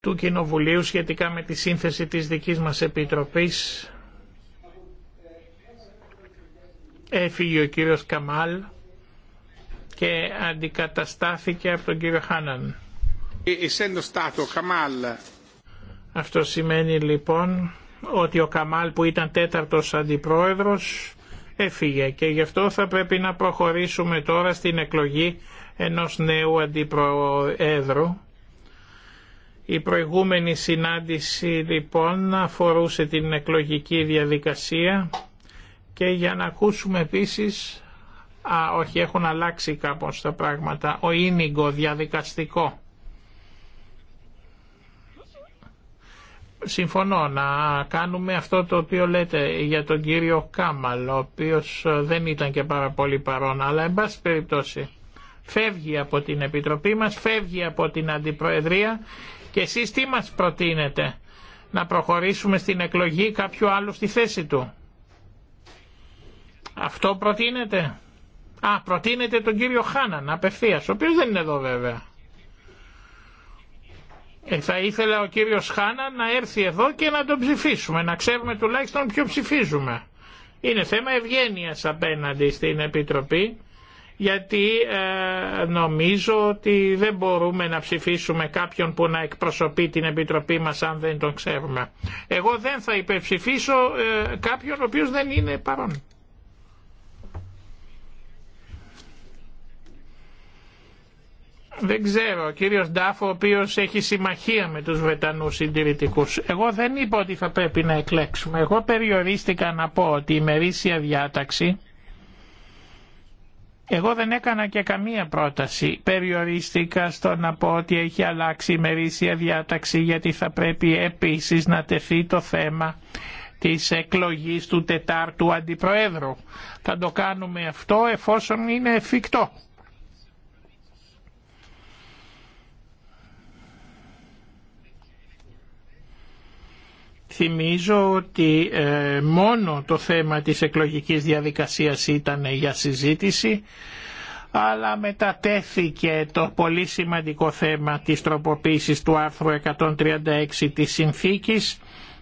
του Κοινοβουλίου σχετικά με τη σύνθεση της δικής μας Επιτροπής έφυγε ο κύριος Καμάλ και αντικαταστάθηκε από τον κύριο Χάναν. Αυτό σημαίνει λοιπόν ότι ο Καμάλ που ήταν τέταρτος αντιπρόεδρος έφυγε και γι' αυτό θα πρέπει να προχωρήσουμε τώρα στην εκλογή ενός νέου αντιπροέδρου η προηγούμενη συνάντηση λοιπόν αφορούσε την εκλογική διαδικασία και για να ακούσουμε επίσης, α όχι έχουν αλλάξει κάπως τα πράγματα, ο ίνιγκο διαδικαστικό. Συμφωνώ να κάνουμε αυτό το οποίο λέτε για τον κύριο Κάμαλ, ο οποίος ε, δεν ήταν και πάρα πολύ παρόν, αλλά εν πάση περιπτώσει φεύγει από την Επιτροπή μας, φεύγει από την Αντιπροεδρία και εσείς τι μας προτείνετε, να προχωρήσουμε στην εκλογή κάποιου άλλου στη θέση του. Αυτό προτείνετε. Α, προτείνετε τον κύριο Χάναν απευθείας, ο οποίος δεν είναι εδώ βέβαια. Ε, θα ήθελα ο κύριος Χάνα να έρθει εδώ και να τον ψηφίσουμε, να ξέρουμε τουλάχιστον ποιο ψηφίζουμε. Είναι θέμα ευγένειας απέναντι στην Επιτροπή γιατί ε, νομίζω ότι δεν μπορούμε να ψηφίσουμε κάποιον που να εκπροσωπεί την Επιτροπή μας αν δεν τον ξέρουμε. Εγώ δεν θα υπερψηφίσω ε, κάποιον ο οποίος δεν είναι παρόν. Δεν ξέρω, ο κύριος Ντάφο ο οποίος έχει συμμαχία με τους Βρετανούς συντηρητικού. Εγώ δεν είπα ότι θα πρέπει να εκλέξουμε. Εγώ περιορίστηκα να πω ότι η μερίσια διάταξη εγώ δεν έκανα και καμία πρόταση. Περιορίστηκα στο να πω ότι έχει αλλάξει η μερίσια διάταξη γιατί θα πρέπει επίσης να τεθεί το θέμα της εκλογής του τετάρτου αντιπροέδρου. Θα το κάνουμε αυτό εφόσον είναι εφικτό. θυμίζω ότι ε, μόνο το θέμα της εκλογικής διαδικασίας ήταν για συζήτηση αλλά μετατέθηκε το πολύ σημαντικό θέμα της τροποποίησης του άρθρου 136 της Συνθήκης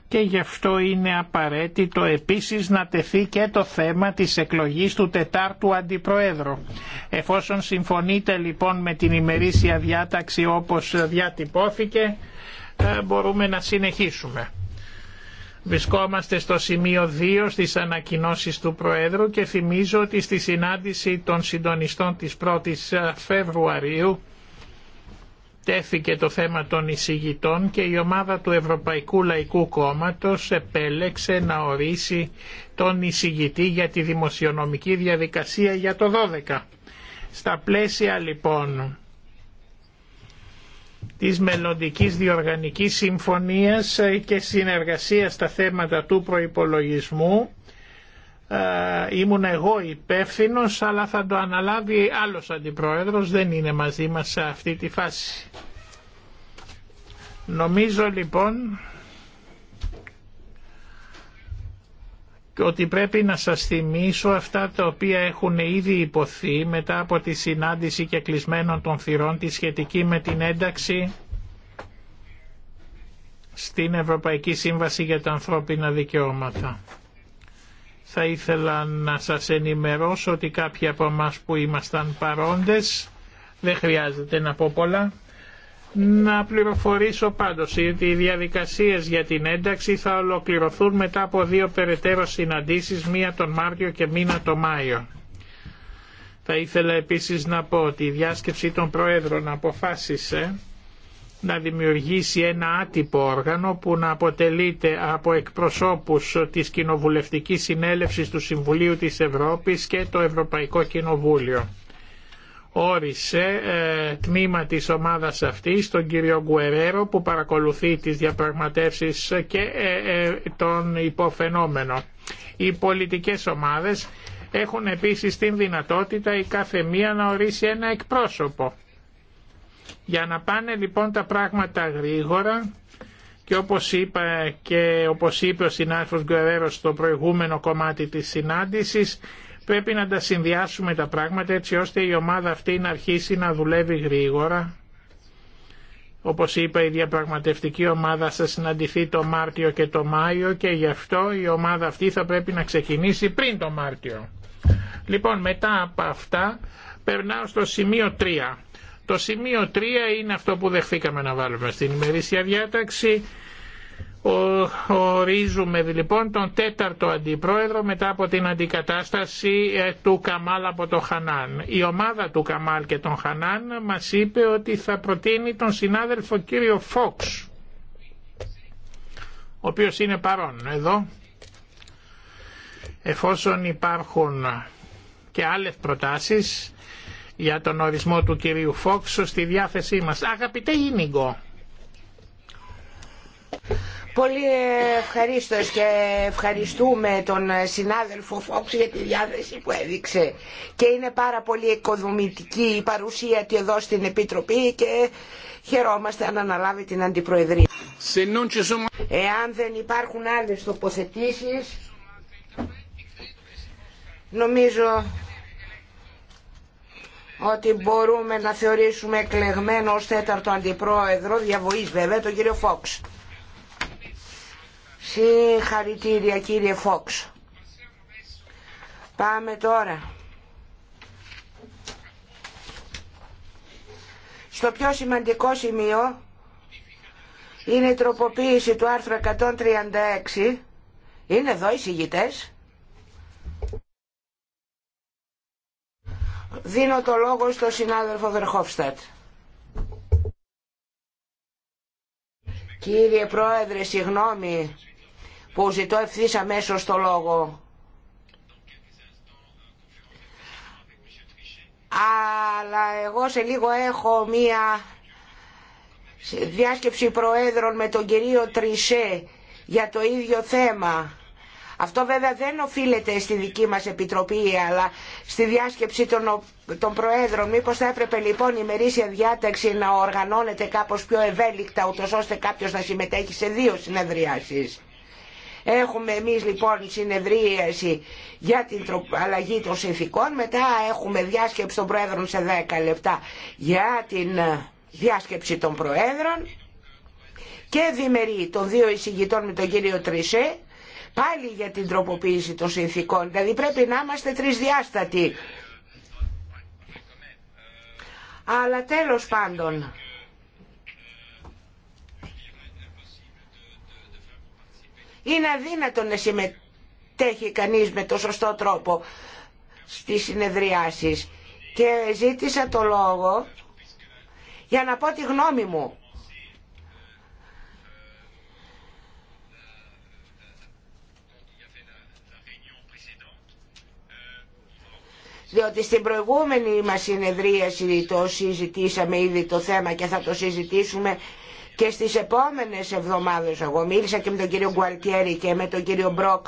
και γι' αυτό είναι απαραίτητο επίσης να τεθεί και το θέμα της εκλογής του τετάρτου αντιπροέδρου. Εφόσον συμφωνείτε λοιπόν με την ημερήσια διάταξη όπως διατυπώθηκε ε, μπορούμε να συνεχίσουμε. Βρισκόμαστε στο σημείο 2 στις ανακοινώσεις του Προέδρου και θυμίζω ότι στη συνάντηση των συντονιστών της 1ης ε, Φεβρουαρίου τέθηκε το θέμα των εισηγητών και η ομάδα του Ευρωπαϊκού Λαϊκού Κόμματος επέλεξε να ορίσει τον εισηγητή για τη δημοσιονομική διαδικασία για το 12. Στα πλαίσια λοιπόν της μελλοντικής διοργανικής συμφωνίας ε, και συνεργασίας στα θέματα του προϋπολογισμού. Ε, ήμουν εγώ υπεύθυνο, αλλά θα το αναλάβει άλλος αντιπρόεδρος, δεν είναι μαζί μας σε αυτή τη φάση. Νομίζω λοιπόν και ότι πρέπει να σας θυμίσω αυτά τα οποία έχουν ήδη υποθεί μετά από τη συνάντηση και κλεισμένων των θυρών τη σχετική με την ένταξη στην Ευρωπαϊκή Σύμβαση για τα Ανθρώπινα Δικαιώματα. Θα ήθελα να σας ενημερώσω ότι κάποιοι από εμά που ήμασταν παρόντες, δεν χρειάζεται να πω πολλά, να πληροφορήσω πάντως ότι οι διαδικασίες για την ένταξη θα ολοκληρωθούν μετά από δύο περαιτέρω συναντήσεις, μία τον Μάρτιο και μία τον Μάιο. Θα ήθελα επίσης να πω ότι η διάσκεψη των Προέδρων αποφάσισε να δημιουργήσει ένα άτυπο όργανο που να αποτελείται από εκπροσώπους της Κοινοβουλευτικής Συνέλευσης του Συμβουλίου της Ευρώπης και το Ευρωπαϊκό Κοινοβούλιο όρισε ε, τμήμα της ομάδας αυτής τον κύριο Γκουερέρο που παρακολουθεί τις διαπραγματεύσεις και ε, ε, τον υποφαινόμενο. Οι πολιτικές ομάδες έχουν επίσης την δυνατότητα η κάθε μία να ορίσει ένα εκπρόσωπο. Για να πάνε λοιπόν τα πράγματα γρήγορα και όπως είπα και όπως είπε ο συνάδελφος Γκουερέρο στο προηγούμενο κομμάτι της συνάντησης Πρέπει να τα συνδυάσουμε τα πράγματα έτσι ώστε η ομάδα αυτή να αρχίσει να δουλεύει γρήγορα. Όπως είπα η διαπραγματευτική ομάδα θα συναντηθεί το Μάρτιο και το Μάιο και γι' αυτό η ομάδα αυτή θα πρέπει να ξεκινήσει πριν το Μάρτιο. Λοιπόν μετά από αυτά περνάω στο σημείο 3. Το σημείο 3 είναι αυτό που δεχθήκαμε να βάλουμε στην ημερήσια διάταξη ορίζουμε λοιπόν τον τέταρτο αντιπρόεδρο μετά από την αντικατάσταση ε, του Καμάλ από τον Χανάν. Η ομάδα του Καμάλ και τον Χανάν μας είπε ότι θα προτείνει τον συνάδελφο κύριο Φόξ ο οποίος είναι παρόν εδώ εφόσον υπάρχουν και άλλες προτάσεις για τον ορισμό του κυρίου Φόξ στη διάθεσή μας. Αγαπητέ Ίνιγκο, Πολύ ευχαρίστω και ευχαριστούμε τον συνάδελφο Φόξ για τη διάθεση που έδειξε. Και είναι πάρα πολύ οικοδομητική η παρουσία του εδώ στην Επιτροπή και χαιρόμαστε να αναλάβει την Αντιπροεδρία. Εάν δεν υπάρχουν άλλες τοποθετήσεις, νομίζω ότι μπορούμε να θεωρήσουμε εκλεγμένο ως τέταρτο αντιπρόεδρο, διαβοής βέβαια, τον κύριο Φόξ. Συγχαρητήρια κύριε Φόξ. Πάμε τώρα. Στο πιο σημαντικό σημείο είναι η τροποποίηση του άρθρου 136. Είναι εδώ οι συγγητές. Δίνω το λόγο στον συνάδελφο Βερχόφστατ. Κύριε Πρόεδρε, συγγνώμη που ζητώ ευθύς αμέσως το λόγο. Αλλά εγώ σε λίγο έχω μία διάσκεψη προέδρων με τον κυρίο Τρισέ για το ίδιο θέμα. Αυτό βέβαια δεν οφείλεται στη δική μας επιτροπή αλλά στη διάσκεψη των, των προέδρων. Μήπως θα έπρεπε λοιπόν η μερίσια διάταξη να οργανώνεται κάπως πιο ευέλικτα ούτως ώστε κάποιος να συμμετέχει σε δύο συνεδριάσεις. Έχουμε εμείς λοιπόν συνεδρίαση για την αλλαγή των συνθηκών, μετά έχουμε διάσκεψη των Προέδρων σε 10 λεπτά για την ε, διάσκεψη των Προέδρων και διμερή των δύο εισηγητών με τον κύριο Τρισέ πάλι για την τροποποίηση των συνθηκών. Δηλαδή πρέπει να είμαστε τρισδιάστατοι. Αλλά τέλος πάντων, Είναι αδύνατο να συμμετέχει κανείς με το σωστό τρόπο στις συνεδριάσεις και ζήτησα το λόγο για να πω τη γνώμη μου. διότι στην προηγούμενη μας συνεδρίαση το συζητήσαμε ήδη το θέμα και θα το συζητήσουμε και στις επόμενες εβδομάδες εγώ μίλησα και με τον κύριο Γκουαλτιέρη και με τον κύριο Μπροκ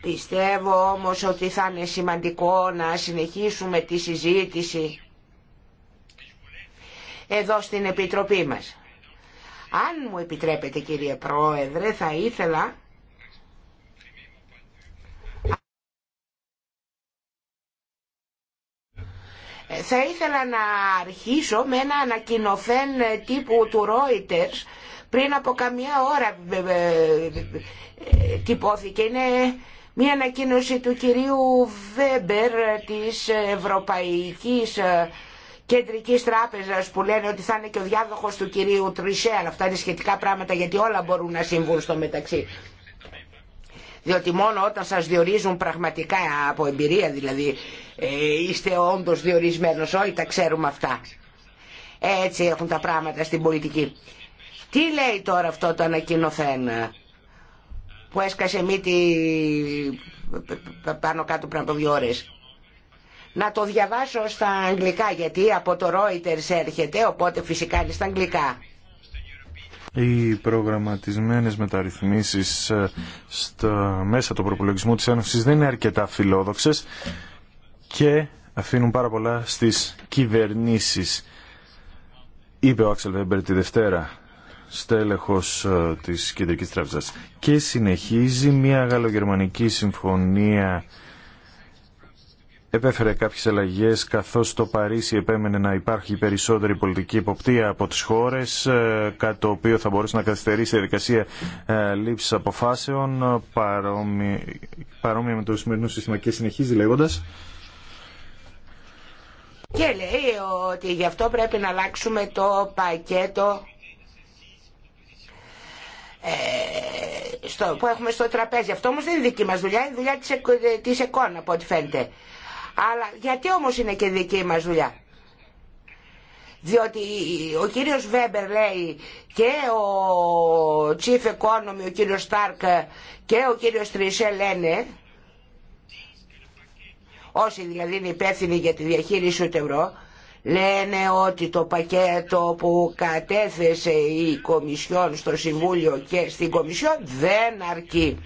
πιστεύω όμως ότι θα είναι σημαντικό να συνεχίσουμε τη συζήτηση εδώ στην Επιτροπή μας. Αν μου επιτρέπετε κύριε Πρόεδρε θα ήθελα Ε, θα ήθελα να αρχίσω με ένα ανακοινοθέν ε, τύπου του Reuters πριν από καμιά ώρα ε, τυπώθηκε. Είναι μια ανακοίνωση του κυρίου Βέμπερ της Ευρωπαϊκής Κεντρικής Τράπεζας που λένε ότι θα είναι και ο διάδοχος του κυρίου Τρισέ αλλά αυτά είναι σχετικά πράγματα γιατί όλα μπορούν να συμβούν στο μεταξύ διότι μόνο όταν σας διορίζουν πραγματικά από εμπειρία δηλαδή ε, είστε όντως διορισμένος όλοι τα ξέρουμε αυτά έτσι έχουν τα πράγματα στην πολιτική τι λέει τώρα αυτό το ανακοινοθέν που έσκασε μύτη πάνω κάτω πριν από δύο ώρες να το διαβάσω στα αγγλικά γιατί από το Reuters έρχεται οπότε φυσικά είναι στα αγγλικά οι προγραμματισμένες μεταρρυθμίσεις ε, στα μέσα του προπολογισμού της Ένωσης δεν είναι αρκετά φιλόδοξες και αφήνουν πάρα πολλά στις κυβερνήσεις. Είπε ο Άξελ Βέμπερ τη Δευτέρα στέλεχος ε, της Κεντρικής Τράπεζας και συνεχίζει μια γαλλογερμανική συμφωνία επέφερε κάποιες αλλαγέ καθώς το Παρίσι επέμενε να υπάρχει περισσότερη πολιτική υποπτία από τις χώρες ε, κάτι το οποίο θα μπορούσε να καθυστερήσει η διαδικασία ε, λήψη αποφάσεων παρόμοια με το σημερινό σύστημα και συνεχίζει λέγοντας και λέει ότι γι' αυτό πρέπει να αλλάξουμε το πακέτο ε, που έχουμε στο τραπέζι. Αυτό όμω δεν είναι δική μα δουλειά, είναι δουλειά τη ΕΚΟΝ από ό,τι φαίνεται. Αλλά γιατί όμως είναι και δική μας δουλειά. Διότι ο κύριος Βέμπερ λέει και ο Chief Economy, ο κύριος Στάρκ και ο κύριος Τρισέ λένε όσοι δηλαδή είναι υπεύθυνοι για τη διαχείριση του ευρώ λένε ότι το πακέτο που κατέθεσε η Κομισιόν στο Συμβούλιο και στην Κομισιόν δεν αρκεί.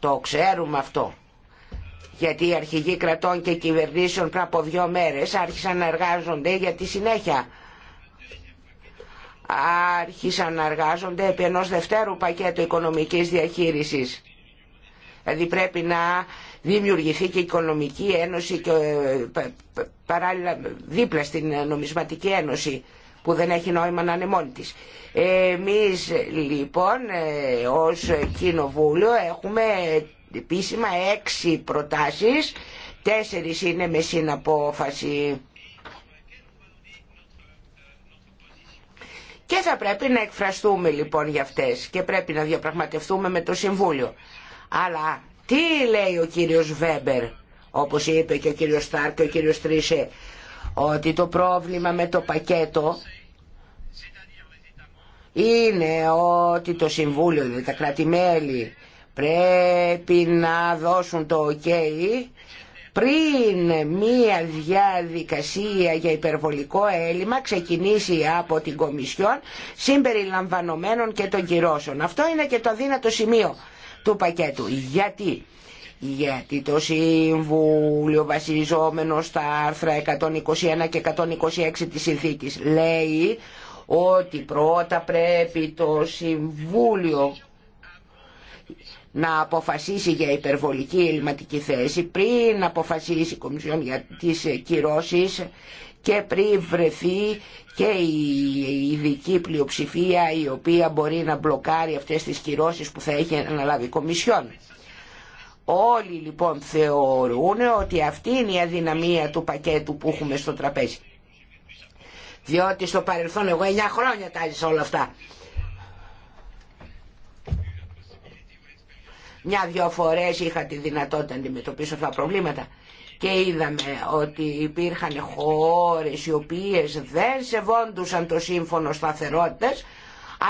Το ξέρουμε αυτό γιατί οι αρχηγοί κρατών και κυβερνήσεων πριν από δύο μέρες άρχισαν να εργάζονται για τη συνέχεια. Άρχισαν να εργάζονται επί ενός δευτέρου πακέτου οικονομικής διαχείρισης. Δηλαδή πρέπει να δημιουργηθεί και Οικονομική Ένωση και ε, παράλληλα δίπλα στην Νομισματική Ένωση που δεν έχει νόημα να είναι μόνη της. Εμείς λοιπόν ε, ως Κοινοβούλιο έχουμε επίσημα, έξι προτάσεις, τέσσερις είναι με συναπόφαση. Και θα πρέπει να εκφραστούμε λοιπόν για αυτές και πρέπει να διαπραγματευτούμε με το Συμβούλιο. Αλλά τι λέει ο κύριος Βέμπερ, όπως είπε και ο κύριος Στάρ και ο κύριος Τρίσε, ότι το πρόβλημα με το πακέτο είναι ότι το Συμβούλιο, δηλαδή τα κρατη πρέπει να δώσουν το ok πριν μία διαδικασία για υπερβολικό έλλειμμα ξεκινήσει από την Κομισιόν συμπεριλαμβανομένων και των κυρώσεων. Αυτό είναι και το δύνατο σημείο του πακέτου. Γιατί, Γιατί το Σύμβουλιο βασιζόμενο στα άρθρα 121 και 126 της συνθήκης λέει ότι πρώτα πρέπει το Συμβούλιο να αποφασίσει για υπερβολική ελληματική θέση πριν αποφασίσει η Κομισιόν για τις κυρώσεις και πριν βρεθεί και η ειδική πλειοψηφία η οποία μπορεί να μπλοκάρει αυτές τις κυρώσεις που θα έχει αναλάβει η Κομισιόν. Όλοι λοιπόν θεωρούν ότι αυτή είναι η αδυναμία του πακέτου που έχουμε στο τραπέζι. Διότι στο παρελθόν εγώ 9 χρόνια τα όλα αυτά Μια-δυο φορές είχα τη δυνατότητα να αντιμετωπίσω αυτά τα προβλήματα και είδαμε ότι υπήρχαν χώρες οι οποίες δεν σεβόντουσαν το σύμφωνο σταθερότητα,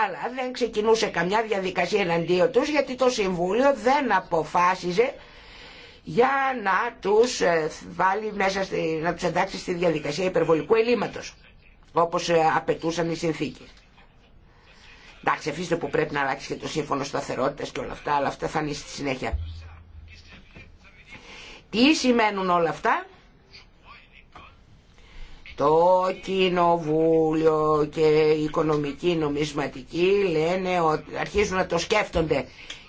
αλλά δεν ξεκινούσε καμιά διαδικασία εναντίον τους γιατί το Συμβούλιο δεν αποφάσιζε για να τους, ε, βάλει μέσα στη, να τους εντάξει στη διαδικασία υπερβολικού ελλείμματος όπως ε, απαιτούσαν οι συνθήκες. Εντάξει, αφήστε που πρέπει να αλλάξει και το σύμφωνο σταθερότητα και όλα αυτά, αλλά αυτά θα είναι στη συνέχεια. Τι σημαίνουν όλα αυτά. Το Κοινοβούλιο και η Οικονομική Νομισματική λένε ότι αρχίζουν να το σκέφτονται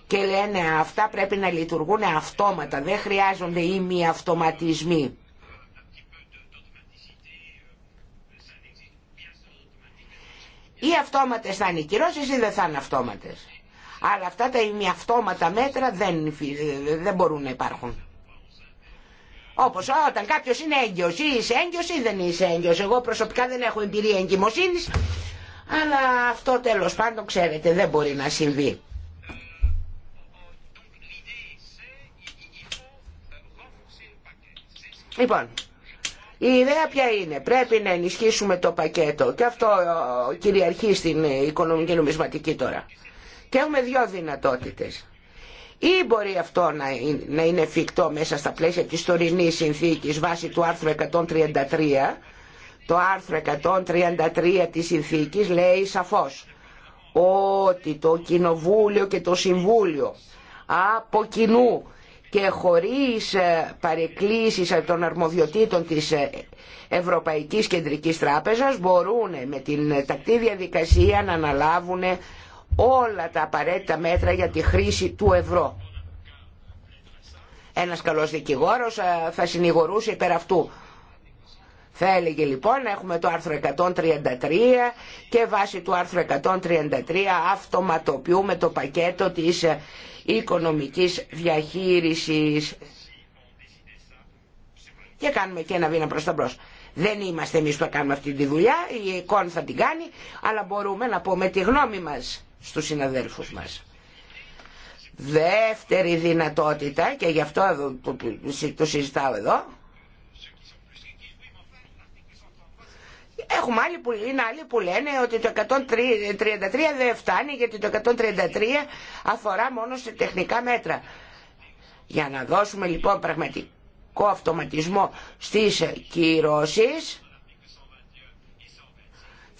και λένε αυτά πρέπει να λειτουργούν αυτόματα, δεν χρειάζονται ή αυτοματισμοί. Ή αυτόματες θα είναι οι κυρώσεις ή δεν θα είναι αυτόματες. Αλλά αυτά τα αυτόματα μέτρα δεν, δεν μπορούν να υπάρχουν. Όπως όταν κάποιος είναι έγκυος ή είσαι έγκυος ή δεν είσαι έγκυος. Εγώ προσωπικά δεν έχω εμπειρία εγκυμοσύνης, αλλά αυτό τέλος πάντων ξέρετε δεν μπορεί να συμβεί. Λοιπόν, η ιδέα ποια είναι. Πρέπει να ενισχύσουμε το πακέτο και αυτό ε, κυριαρχεί στην οικονομική νομισματική τώρα. Και έχουμε δύο δυνατότητες. Ή μπορεί αυτό να είναι εφικτό μέσα στα πλαίσια της τωρινής συνθήκης βάσει του άρθρου 133. Το άρθρο 133 της συνθήκης λέει σαφώς ότι το Κοινοβούλιο και το Συμβούλιο από κοινού και χωρίς ε, παρεκκλήσεις των αρμοδιοτήτων της ε, Ευρωπαϊκής Κεντρικής Τράπεζας μπορούν με την ε, τακτή διαδικασία να αναλάβουν όλα τα απαραίτητα μέτρα για τη χρήση του ευρώ. Ένας καλός δικηγόρος θα συνηγορούσε υπέρ αυτού. Θα έλεγε λοιπόν να έχουμε το άρθρο 133 και βάσει του άρθρου 133 αυτοματοποιούμε το πακέτο της οικονομικής διαχείρισης και κάνουμε και ένα βήμα προς τα μπρος. Δεν είμαστε εμείς που θα κάνουμε αυτή τη δουλειά, η εικόνα θα την κάνει, αλλά μπορούμε να πούμε τη γνώμη μας στους συναδέλφους μας. Δεύτερη δυνατότητα, και γι' αυτό το συζητάω εδώ, Έχουμε άλλοι που, είναι άλλοι που λένε ότι το 133 δεν φτάνει γιατί το 133 αφορά μόνο σε τεχνικά μέτρα. Για να δώσουμε λοιπόν πραγματικό αυτοματισμό στις κυρώσεις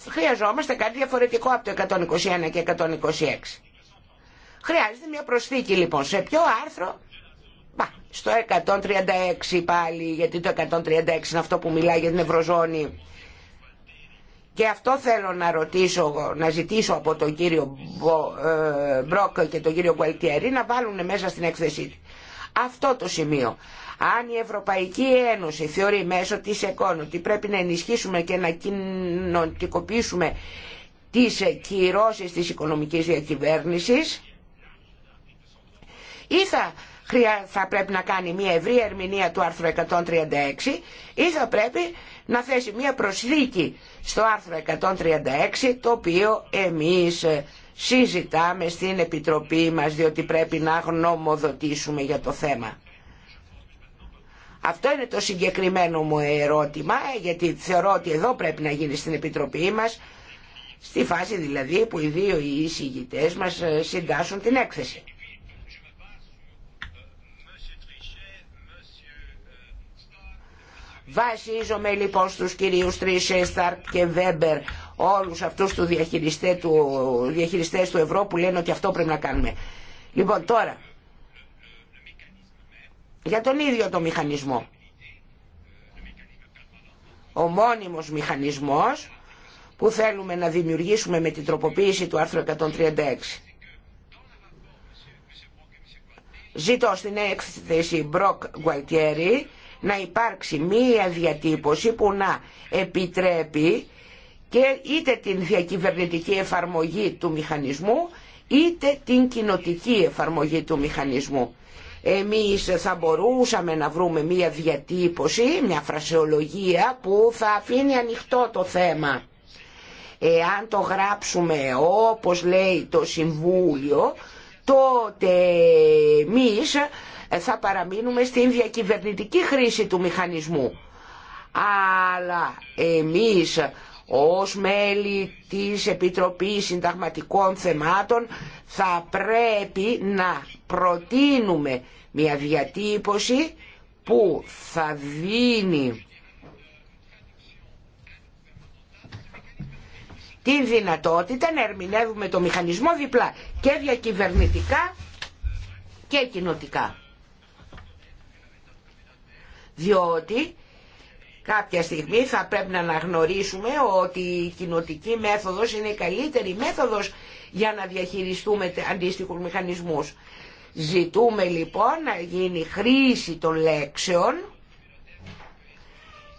χρειαζόμαστε κάτι διαφορετικό από το 121 και 126. Χρειάζεται μια προσθήκη λοιπόν. Σε ποιο άρθρο? Μα, στο 136 πάλι, γιατί το 136 είναι αυτό που μιλάει για την Ευρωζώνη. Και αυτό θέλω να ρωτήσω, να ζητήσω από τον κύριο ε, Μπρόκ και τον κύριο Γκουαλτιέρη να βάλουν μέσα στην έκθεσή του. αυτό το σημείο. Αν η Ευρωπαϊκή Ένωση θεωρεί μέσω της ΕΚΟΝ ότι πρέπει να ενισχύσουμε και να κοινωνικοποιήσουμε τις κυρώσεις της οικονομικής διακυβέρνησης ή θα, πρέπει να κάνει μια ευρύ ερμηνεία του άρθρου 136 ή θα πρέπει να θέσει μία προσθήκη στο άρθρο 136 το οποίο εμείς ε, συζητάμε στην Επιτροπή μας διότι πρέπει να γνωμοδοτήσουμε για το θέμα. Αυτό είναι το συγκεκριμένο μου ερώτημα ε, γιατί θεωρώ ότι εδώ πρέπει να γίνει στην Επιτροπή μας στη φάση δηλαδή που οι δύο οι εισηγητές μας ε, συντάσσουν την έκθεση. Βασίζομαι λοιπόν στους κυρίους Τρίσε, Σταρκ και Βέμπερ, όλους αυτούς του διαχειριστές του, του ευρώ που λένε ότι αυτό πρέπει να κάνουμε. Λοιπόν τώρα, για τον ίδιο το μηχανισμό. Ο μόνιμος μηχανισμός που θέλουμε να δημιουργήσουμε με την τροποποίηση του άρθρου 136. Ζητώ στην έκθεση Μπροκ Γουαλτιέρη να υπάρξει μία διατύπωση που να επιτρέπει και είτε την διακυβερνητική εφαρμογή του μηχανισμού είτε την κοινοτική εφαρμογή του μηχανισμού. Εμείς θα μπορούσαμε να βρούμε μία διατύπωση, μια φρασεολογία που θα αφήνει ανοιχτό το θέμα. Εάν το γράψουμε όπως λέει το Συμβούλιο, τότε εμείς θα παραμείνουμε στην διακυβερνητική χρήση του μηχανισμού. Αλλά εμείς ως μέλη της Επιτροπής Συνταγματικών Θεμάτων θα πρέπει να προτείνουμε μια διατύπωση που θα δίνει τη δυνατότητα να ερμηνεύουμε το μηχανισμό διπλά και διακυβερνητικά και κοινοτικά διότι κάποια στιγμή θα πρέπει να αναγνωρίσουμε ότι η κοινοτική μέθοδος είναι η καλύτερη μέθοδος για να διαχειριστούμε αντίστοιχους μηχανισμούς. Ζητούμε λοιπόν να γίνει χρήση των λέξεων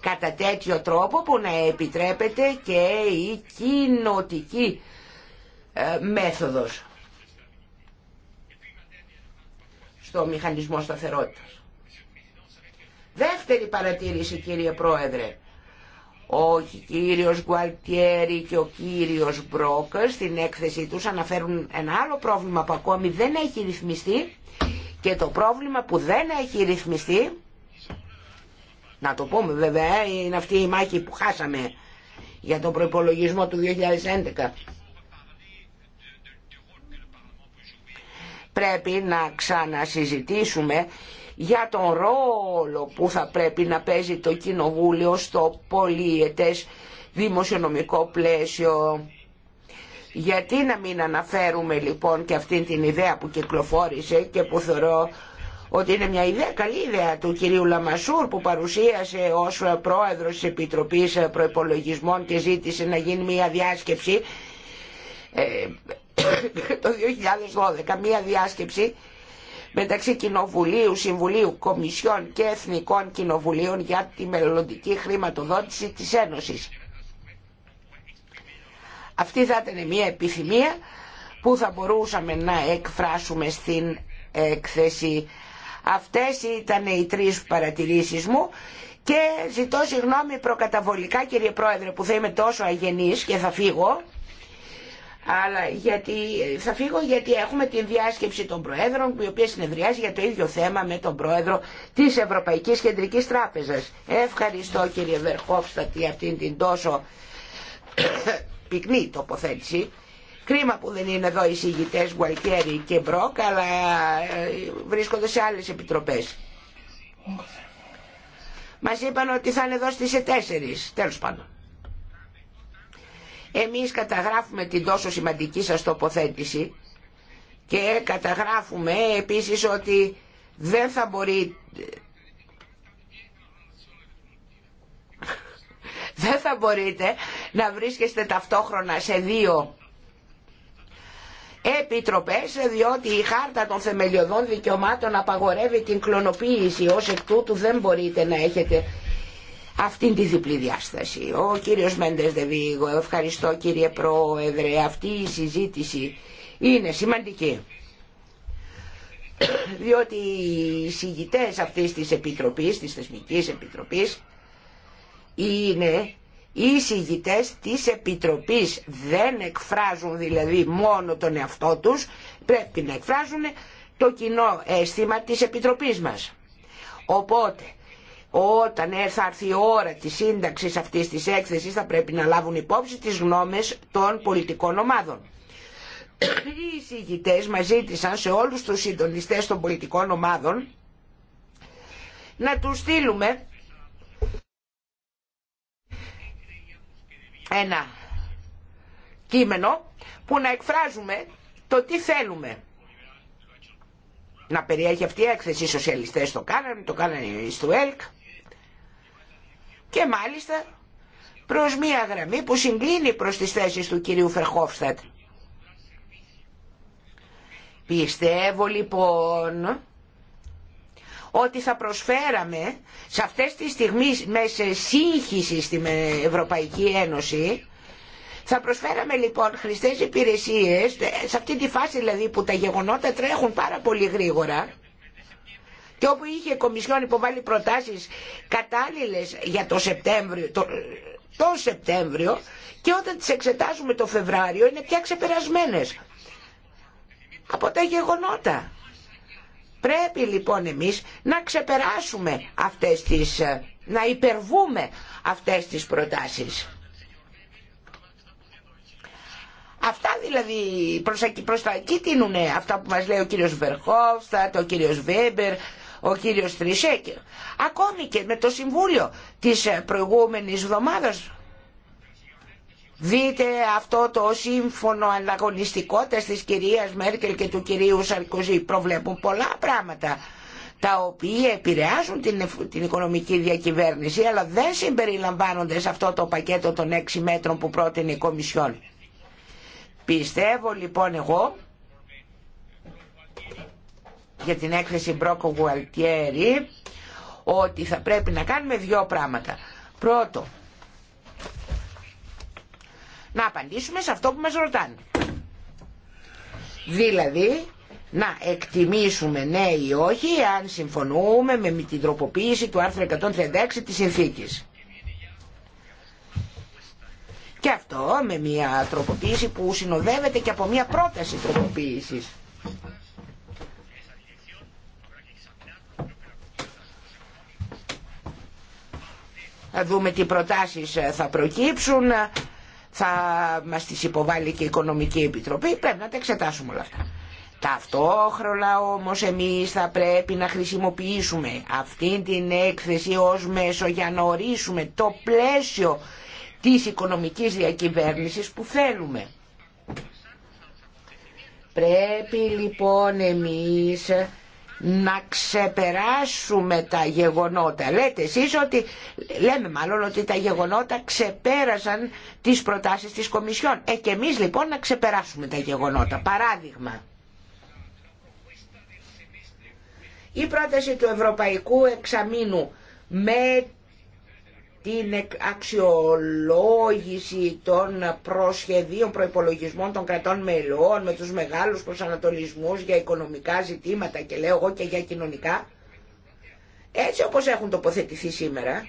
κατά τέτοιο τρόπο που να επιτρέπεται και η κοινοτική ε, μέθοδος στο μηχανισμό σταθερότητας. Δεύτερη παρατήρηση κύριε Πρόεδρε. Ο κύριος Γκουαλτιέρη και ο κύριος Μπρόκ στην έκθεση τους αναφέρουν ένα άλλο πρόβλημα που ακόμη δεν έχει ρυθμιστεί και το πρόβλημα που δεν έχει ρυθμιστεί να το πούμε βέβαια είναι αυτή η μάχη που χάσαμε για τον προϋπολογισμό του 2011 πρέπει να ξανασυζητήσουμε για τον ρόλο που θα πρέπει να παίζει το Κοινοβούλιο στο πολιετές δημοσιονομικό πλαίσιο. Γιατί να μην αναφέρουμε λοιπόν και αυτή την ιδέα που κυκλοφόρησε και που θεωρώ ότι είναι μια ιδέα, καλή ιδέα του κυρίου Λαμασούρ που παρουσίασε ως πρόεδρος της Επιτροπής Προϋπολογισμών και ζήτησε να γίνει μια διάσκεψη ε, το 2012, μια διάσκεψη μεταξύ Κοινοβουλίου, Συμβουλίου, Κομισιών και Εθνικών Κοινοβουλίων για τη μελλοντική χρηματοδότηση της Ένωσης. Αυτή θα ήταν μια επιθυμία που θα μπορούσαμε να εκφράσουμε στην έκθεση. Αυτές ήταν οι τρεις παρατηρήσεις μου και ζητώ συγγνώμη προκαταβολικά κύριε Πρόεδρε που θα είμαι τόσο αγενής και θα φύγω αλλά γιατί, θα φύγω γιατί έχουμε την διάσκεψη των Προέδρων η οποία συνεδριάζει για το ίδιο θέμα με τον Πρόεδρο της Ευρωπαϊκής Κεντρικής Τράπεζας. Ευχαριστώ κύριε Βερχόφστατη για αυτήν την τόσο πυκνή τοποθέτηση. Κρίμα που δεν είναι εδώ οι συγητές Γουαλκέρι και Μπρόκ, αλλά ε, βρίσκονται σε άλλες επιτροπές. Μας είπαν ότι θα είναι εδώ στις 4, τέλος πάντων. Εμείς καταγράφουμε την τόσο σημαντική σας τοποθέτηση και καταγράφουμε επίσης ότι δεν θα μπορεί δεν θα μπορείτε να βρίσκεστε ταυτόχρονα σε δύο επιτροπές διότι η χάρτα των θεμελιωδών δικαιωμάτων απαγορεύει την κλωνοποίηση ως εκ τούτου δεν μπορείτε να έχετε αυτήν τη διπλή διάσταση. Ο κύριος Μέντες Δεβίγο, ευχαριστώ κύριε Πρόεδρε, αυτή η συζήτηση είναι σημαντική. Διότι οι συγητές αυτής της Επιτροπής, της Θεσμικής Επιτροπής, είναι οι συγητές της Επιτροπής. Δεν εκφράζουν δηλαδή μόνο τον εαυτό τους, πρέπει να εκφράζουν το κοινό αίσθημα της Επιτροπής μας. Οπότε όταν θα έρθει η ώρα της σύνταξης αυτής της έκθεσης θα πρέπει να λάβουν υπόψη τις γνώμες των πολιτικών ομάδων. Οι μαζί μας ζήτησαν σε όλους τους συντονιστές των πολιτικών ομάδων να τους στείλουμε ένα κείμενο που να εκφράζουμε το τι θέλουμε να περιέχει αυτή η έκθεση. Οι σοσιαλιστές το κάνανε, το κάνανε οι ΕΛΚ και μάλιστα προς μία γραμμή που συγκλίνει προς τις θέσεις του κυρίου Φερχόφστατ. Πιστεύω λοιπόν ότι θα προσφέραμε σε αυτές τις στιγμές μέσα σύγχυση στην Ευρωπαϊκή Ένωση θα προσφέραμε λοιπόν χρηστές υπηρεσίες σε αυτή τη φάση δηλαδή που τα γεγονότα τρέχουν πάρα πολύ γρήγορα και όπου είχε η Κομισιόν υποβάλει προτάσεις κατάλληλες για το Σεπτέμβριο, και όταν τις εξετάζουμε το Φεβράριο είναι πια ξεπερασμένες από τα γεγονότα. Πρέπει λοιπόν εμείς να ξεπεράσουμε αυτές τις, ε, να υπερβούμε αυτές τις προτάσεις. Αυτά δηλαδή προς, προς τα εκεί τίνουν αυτά που μας λέει ο κύριος Βερχόφστα, ο κύριος Βέμπερ, ο κύριος Τρισέκ, ακόμη και με το Συμβούλιο της προηγούμενης εβδομάδας. Δείτε αυτό το σύμφωνο ανταγωνιστικότητας της κυρίας Μέρκελ και του κυρίου Σαρκοζή. Προβλέπουν πολλά πράγματα τα οποία επηρεάζουν την, την οικονομική διακυβέρνηση αλλά δεν συμπεριλαμβάνονται σε αυτό το πακέτο των έξι μέτρων που πρότεινε η Κομισιόν. Πιστεύω λοιπόν εγώ για την έκθεση Μπρόκο Γουαλτιέρη ότι θα πρέπει να κάνουμε δύο πράγματα. Πρώτο, να απαντήσουμε σε αυτό που μας ρωτάνε. Δηλαδή, να εκτιμήσουμε ναι ή όχι αν συμφωνούμε με την τροποποίηση του άρθρου 136 της συνθήκης. Και αυτό με μια τροποποίηση που συνοδεύεται και από μια πρόταση τροποποίησης. θα δούμε τι προτάσεις ε, θα προκύψουν, ε, θα μας τις υποβάλει και η Οικονομική Επιτροπή, πρέπει να τα εξετάσουμε όλα αυτά. Ταυτόχρονα όμως εμείς θα πρέπει να χρησιμοποιήσουμε αυτή την έκθεση ως μέσο για να ορίσουμε το πλαίσιο της οικονομικής διακυβέρνησης που θέλουμε. Πρέπει λοιπόν εμείς να ξεπεράσουμε τα γεγονότα. Λέτε εσείς ότι, λέμε μάλλον ότι τα γεγονότα ξεπέρασαν τις προτάσεις της Κομισιόν. Ε, και εμείς λοιπόν να ξεπεράσουμε τα γεγονότα. Παράδειγμα. Η πρόταση του Ευρωπαϊκού Εξαμήνου με την αξιολόγηση των προσχεδίων προϋπολογισμών των κρατών μελών με τους μεγάλους προσανατολισμούς για οικονομικά ζητήματα και λέω εγώ και για κοινωνικά έτσι όπως έχουν τοποθετηθεί σήμερα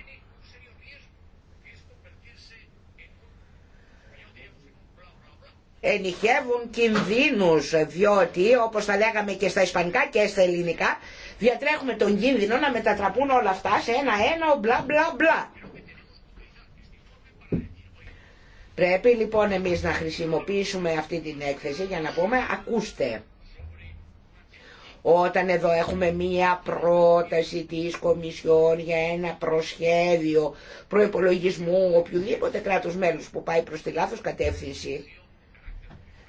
Ενηχεύουν κινδύνους διότι όπως τα λέγαμε και στα ισπανικά και στα ελληνικά διατρέχουμε τον κίνδυνο να μετατραπούν όλα αυτά σε ένα ένα μπλα μπλα μπλα Πρέπει λοιπόν εμείς να χρησιμοποιήσουμε αυτή την έκθεση για να πούμε ακούστε. Όταν εδώ έχουμε μία πρόταση της Κομισιόν για ένα προσχέδιο προϋπολογισμού οποιοδήποτε κράτος μέλους που πάει προς τη λάθος κατεύθυνση,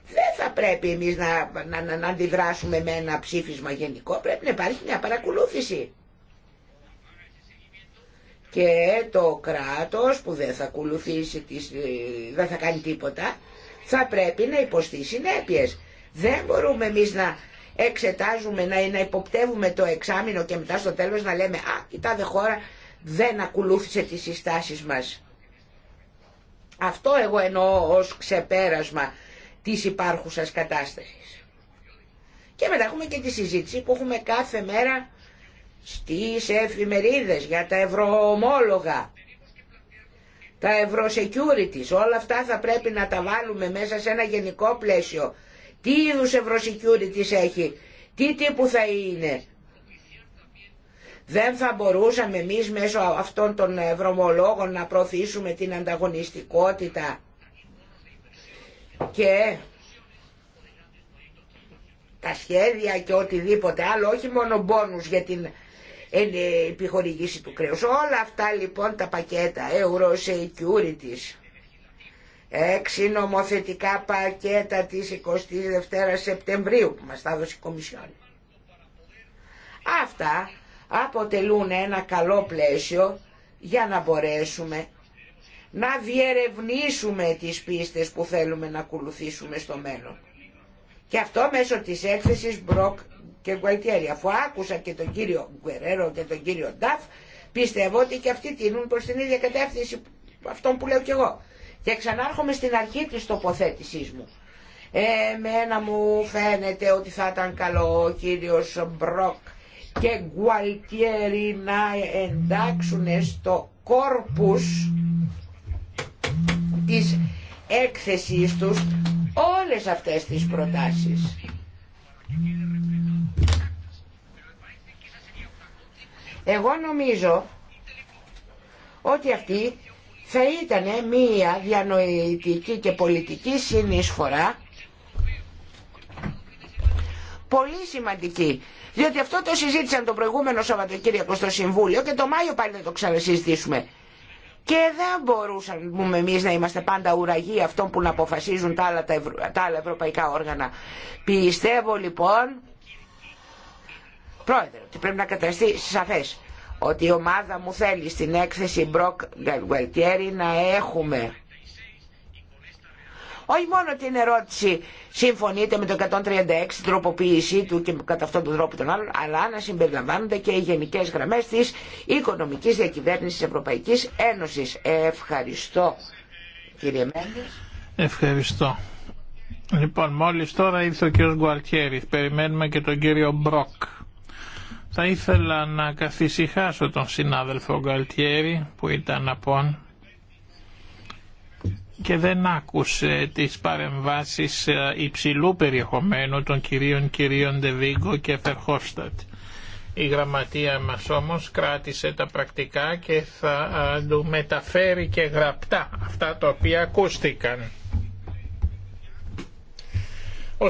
δεν θα πρέπει εμείς να, να, να αντιδράσουμε με ένα ψήφισμα γενικό, πρέπει να υπάρχει μια παρακολούθηση και το κράτος που δεν θα ακολουθήσει, ε, δεν θα κάνει τίποτα, θα πρέπει να υποστεί συνέπειε. Δεν μπορούμε εμείς να εξετάζουμε, να, να υποπτεύουμε το εξάμεινο και μετά στο τέλος να λέμε «Α, η τάδε χώρα δεν ακολούθησε τις συστάσεις μας». Αυτό εγώ εννοώ ως ξεπέρασμα της υπάρχουσας κατάστασης. Και μετά έχουμε και τη συζήτηση που έχουμε κάθε μέρα στις εφημερίδες για τα ευρωομόλογα, τα ευρωσεκιούριτις όλα αυτά θα πρέπει να τα βάλουμε μέσα σε ένα γενικό πλαίσιο. Τι είδους ευρωσεκιούριτις έχει, τι τύπου θα είναι. Δεν θα μπορούσαμε εμείς μέσω αυτών των ευρωομολόγων να προωθήσουμε την ανταγωνιστικότητα και τα σχέδια και οτιδήποτε άλλο, όχι μόνο μπόνους για την είναι ε, επιχορηγήσει του κρέους. Όλα αυτά λοιπόν τα πακέτα, Euro Securities, έξι νομοθετικά πακέτα της 22ης Σεπτεμβρίου που μας τα δώσει η Κομισιόν. Αυτά αποτελούν ένα καλό πλαίσιο για να μπορέσουμε να διερευνήσουμε τις πίστες που θέλουμε να ακολουθήσουμε στο μέλλον. Και αυτό μέσω της έκθεσης Brock και Γκουαλτιέρη. Αφού άκουσα και τον κύριο Γκουερέρο και τον κύριο Νταφ, πιστεύω ότι και αυτοί τείνουν προ την ίδια κατεύθυνση αυτών που λέω κι εγώ. Και ξανάρχομαι στην αρχή της τοποθέτησή μου. Εμένα μου φαίνεται ότι θα ήταν καλό ο κύριος Μπροκ και Γκουαλτιέρη να εντάξουν στο κόρπους της έκθεσής τους όλες αυτές τις προτάσεις. Εγώ νομίζω ότι αυτή θα ήταν μία διανοητική και πολιτική συνεισφορά πολύ σημαντική. Διότι αυτό το συζήτησαν το προηγούμενο Σαββατοκύριακο στο Συμβούλιο και το Μάιο πάλι θα το ξανασυζητήσουμε. Και δεν μπορούσαμε εμεί να είμαστε πάντα ουραγοί αυτών που να αποφασίζουν τα άλλα, τα, τα ευρωπαϊκά όργανα. Πιστεύω λοιπόν, πρόεδρε, ότι πρέπει να καταστεί σαφέ ότι η ομάδα μου θέλει στην έκθεση Μπροκ Γκαλγουελτιέρη να έχουμε όχι μόνο την ερώτηση συμφωνείτε με το 136 τροποποίησή του και κατά αυτόν τον τρόπο τον άλλον, αλλά να συμπεριλαμβάνονται και οι γενικέ γραμμέ τη οικονομική διακυβέρνηση Ευρωπαϊκή Ένωση. Ευχαριστώ κύριε Μέντε. Ευχαριστώ. Λοιπόν, μόλις τώρα ήρθε ο κύριος Γκουαλτιέρη, περιμένουμε και τον κύριο Μπροκ. Θα ήθελα να καθησυχάσω τον συνάδελφο Γκουαλτιέρη που ήταν απόν και δεν άκουσε τις παρεμβάσεις ε, υψηλού περιεχομένου των κυρίων κυρίων Ντεβίγκο και Φερχόστατ. Η γραμματεία μας όμως κράτησε τα πρακτικά και θα του μεταφέρει και γραπτά αυτά τα οποία ακούστηκαν.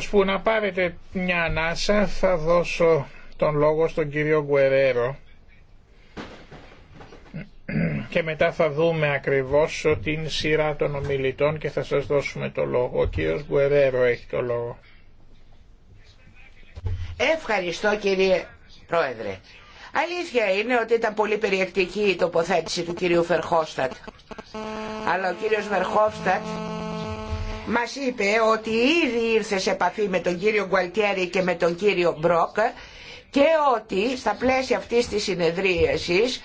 που να πάρετε μια ανάσα θα δώσω τον λόγο στον κύριο Γκουερέρο και μετά θα δούμε ακριβώς την σειρά των ομιλητών και θα σας δώσουμε το λόγο. Ο κύριος Γκουερέρο έχει το λόγο. Ευχαριστώ κύριε Πρόεδρε. Αλήθεια είναι ότι ήταν πολύ περιεκτική η τοποθέτηση του κυρίου Φερχόστατ. Αλλά ο κύριος Φερχόστατ μας είπε ότι ήδη ήρθε σε επαφή με τον κύριο Γκουαλτιέρη και με τον κύριο Μπρόκ και ότι στα πλαίσια αυτής της συνεδρίασης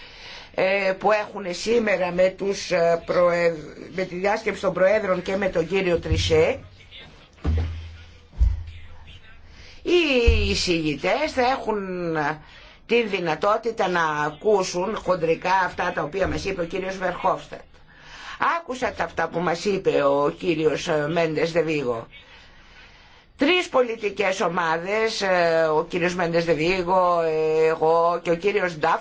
ε, που έχουν σήμερα με, τους ε, με τη διάσκεψη των Προέδρων και με τον κύριο Τρισέ οι εισηγητές θα έχουν ε, τη δυνατότητα να ακούσουν χοντρικά αυτά τα οποία μας είπε ο κύριος Βερχόφστατ. Άκουσα τα αυτά που μας είπε ο κύριος Μέντες Δεβίγο. Τρεις πολιτικές ομάδες, ο κύριος Μέντες Δεβίγο, εγώ και ο κύριος Νταφ,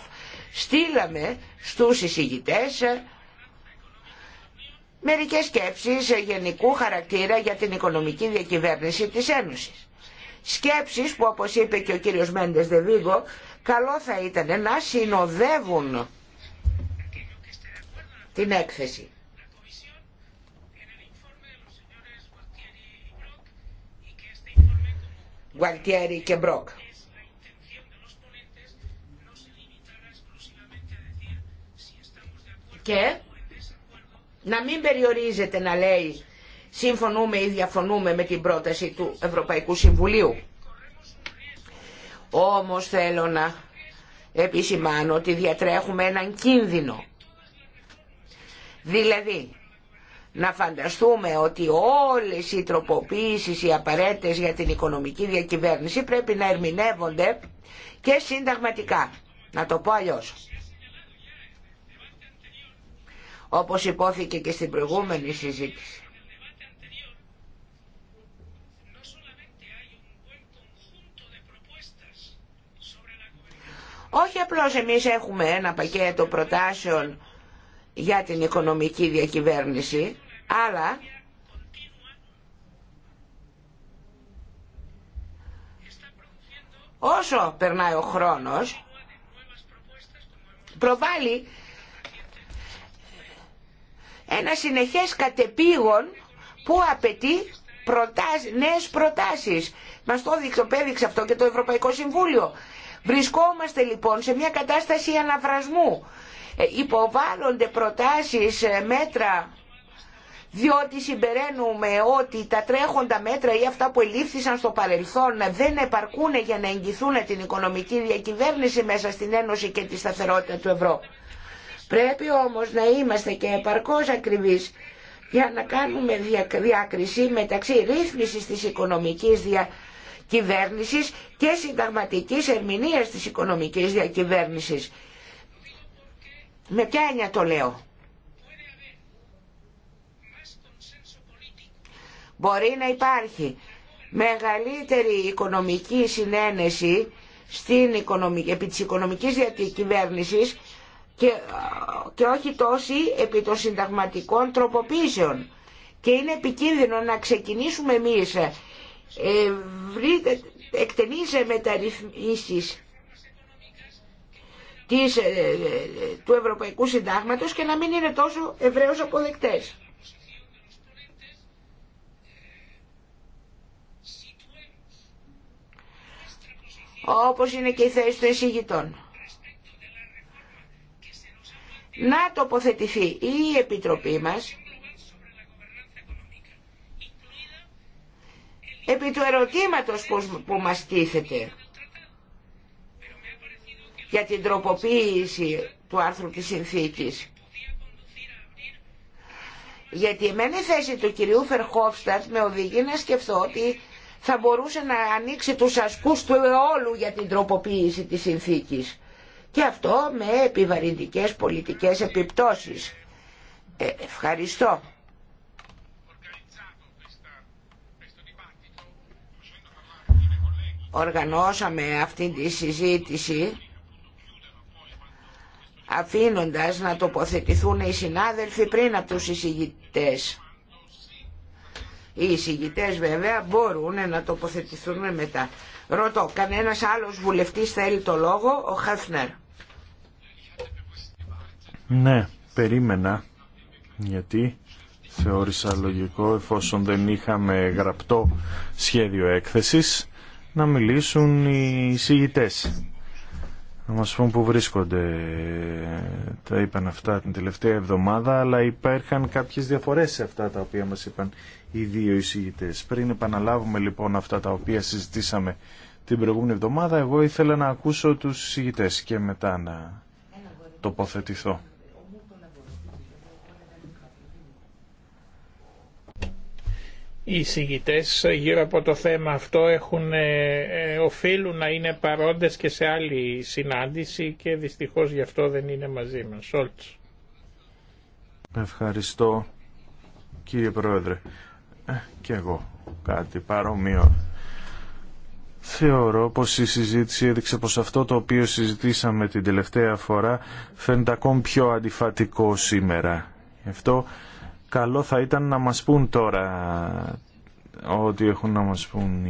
στείλαμε στους εισηγητές ε, μερικές σκέψεις ε, γενικού χαρακτήρα για την οικονομική διακυβέρνηση της Ένωσης. Σκέψεις που όπως είπε και ο κύριος Μέντες Δεβίγκο καλό θα ήταν να συνοδεύουν την έκθεση. Γουαλτιέρη και Μπρόκ. και να μην περιορίζεται να λέει συμφωνούμε ή διαφωνούμε με την πρόταση του Ευρωπαϊκού Συμβουλίου. Όμως θέλω να επισημάνω ότι διατρέχουμε έναν κίνδυνο. Δηλαδή, να φανταστούμε ότι όλες οι τροποποίησεις οι απαραίτητες για την οικονομική διακυβέρνηση πρέπει να ερμηνεύονται και συνταγματικά. Να το πω αλλιώς όπως υπόθηκε και στην προηγούμενη συζήτηση. Όχι απλώς εμείς έχουμε ένα πακέτο προτάσεων για την οικονομική διακυβέρνηση, αλλά όσο περνάει ο χρόνος προβάλλει ένα συνεχές κατεπήγον που απαιτεί προτάσεις, νέες προτάσεις. Μας το έδειξε αυτό και το Ευρωπαϊκό Συμβούλιο. Βρισκόμαστε λοιπόν σε μια κατάσταση αναβρασμού. Ε, υποβάλλονται προτάσεις, ε, μέτρα, διότι συμπεραίνουμε ότι τα τρέχοντα μέτρα ή αυτά που ελήφθησαν στο παρελθόν δεν επαρκούν για να εγγυθούν την οικονομική διακυβέρνηση μέσα στην Ένωση και τη σταθερότητα του ευρώ. Πρέπει όμως να είμαστε και επαρκώς ακριβείς για να κάνουμε διάκριση μεταξύ ρύθμισης της οικονομικής διακυβέρνησης και συνταγματικής ερμηνείας της οικονομικής διακυβέρνησης. Με ποια έννοια το λέω. Μπορεί να υπάρχει μεγαλύτερη οικονομική συνένεση στην οικονομική, επί της οικονομικής διακυβέρνησης και, όχι τόσοι επί των συνταγματικών τροποποίησεων. Και είναι επικίνδυνο να ξεκινήσουμε εμείς ε, βρείτε, τα μεταρρυθμίσεις της, ε, του Ευρωπαϊκού Συντάγματος και να μην είναι τόσο ευρέως αποδεκτές. Όπως είναι και η θέση των εισηγητών να τοποθετηθεί η Επιτροπή μας επί του ερωτήματος που μας τίθεται για την τροποποίηση του άρθρου της συνθήκης. Γιατί η η θέση του κυρίου Φερχόφστατ με οδηγεί να σκεφτώ ότι θα μπορούσε να ανοίξει τους ασκούς του αιώλου για την τροποποίηση της συνθήκης και αυτό με επιβαρυντικές πολιτικές επιπτώσεις. Ε, ευχαριστώ. Οργανώσαμε αυτή τη συζήτηση αφήνοντας να τοποθετηθούν οι συνάδελφοι πριν από τους εισηγητές. Οι εισηγητές βέβαια μπορούν να τοποθετηθούν μετά. Ρωτώ, κανένας άλλος βουλευτής θέλει το λόγο, ο Χέφνερ. Ναι, περίμενα, γιατί θεώρησα λογικό, εφόσον δεν είχαμε γραπτό σχέδιο έκθεσης, να μιλήσουν οι συγητές. Να μας πούν που βρίσκονται. Τα είπαν αυτά την τελευταία εβδομάδα, αλλά υπέρχαν κάποιες διαφορές σε αυτά τα οποία μας είπαν οι δύο εισηγητέ. Πριν επαναλάβουμε λοιπόν αυτά τα οποία συζητήσαμε την προηγούμενη εβδομάδα, εγώ ήθελα να ακούσω του εισηγητέ και μετά να τοποθετηθώ. Οι συγητές γύρω από το θέμα αυτό έχουν, ε, ε, οφείλουν να είναι παρόντες και σε άλλη συνάντηση και δυστυχώς γι' αυτό δεν είναι μαζί μας. Σόλτς. Ευχαριστώ κύριε Πρόεδρε. Ε, και εγώ κάτι παρόμοιο. Θεωρώ πως η συζήτηση έδειξε πως αυτό το οποίο συζητήσαμε την τελευταία φορά φαίνεται ακόμη πιο αντιφατικό σήμερα. Γι' καλό θα ήταν να μας πούν τώρα ό,τι έχουν να μας πούν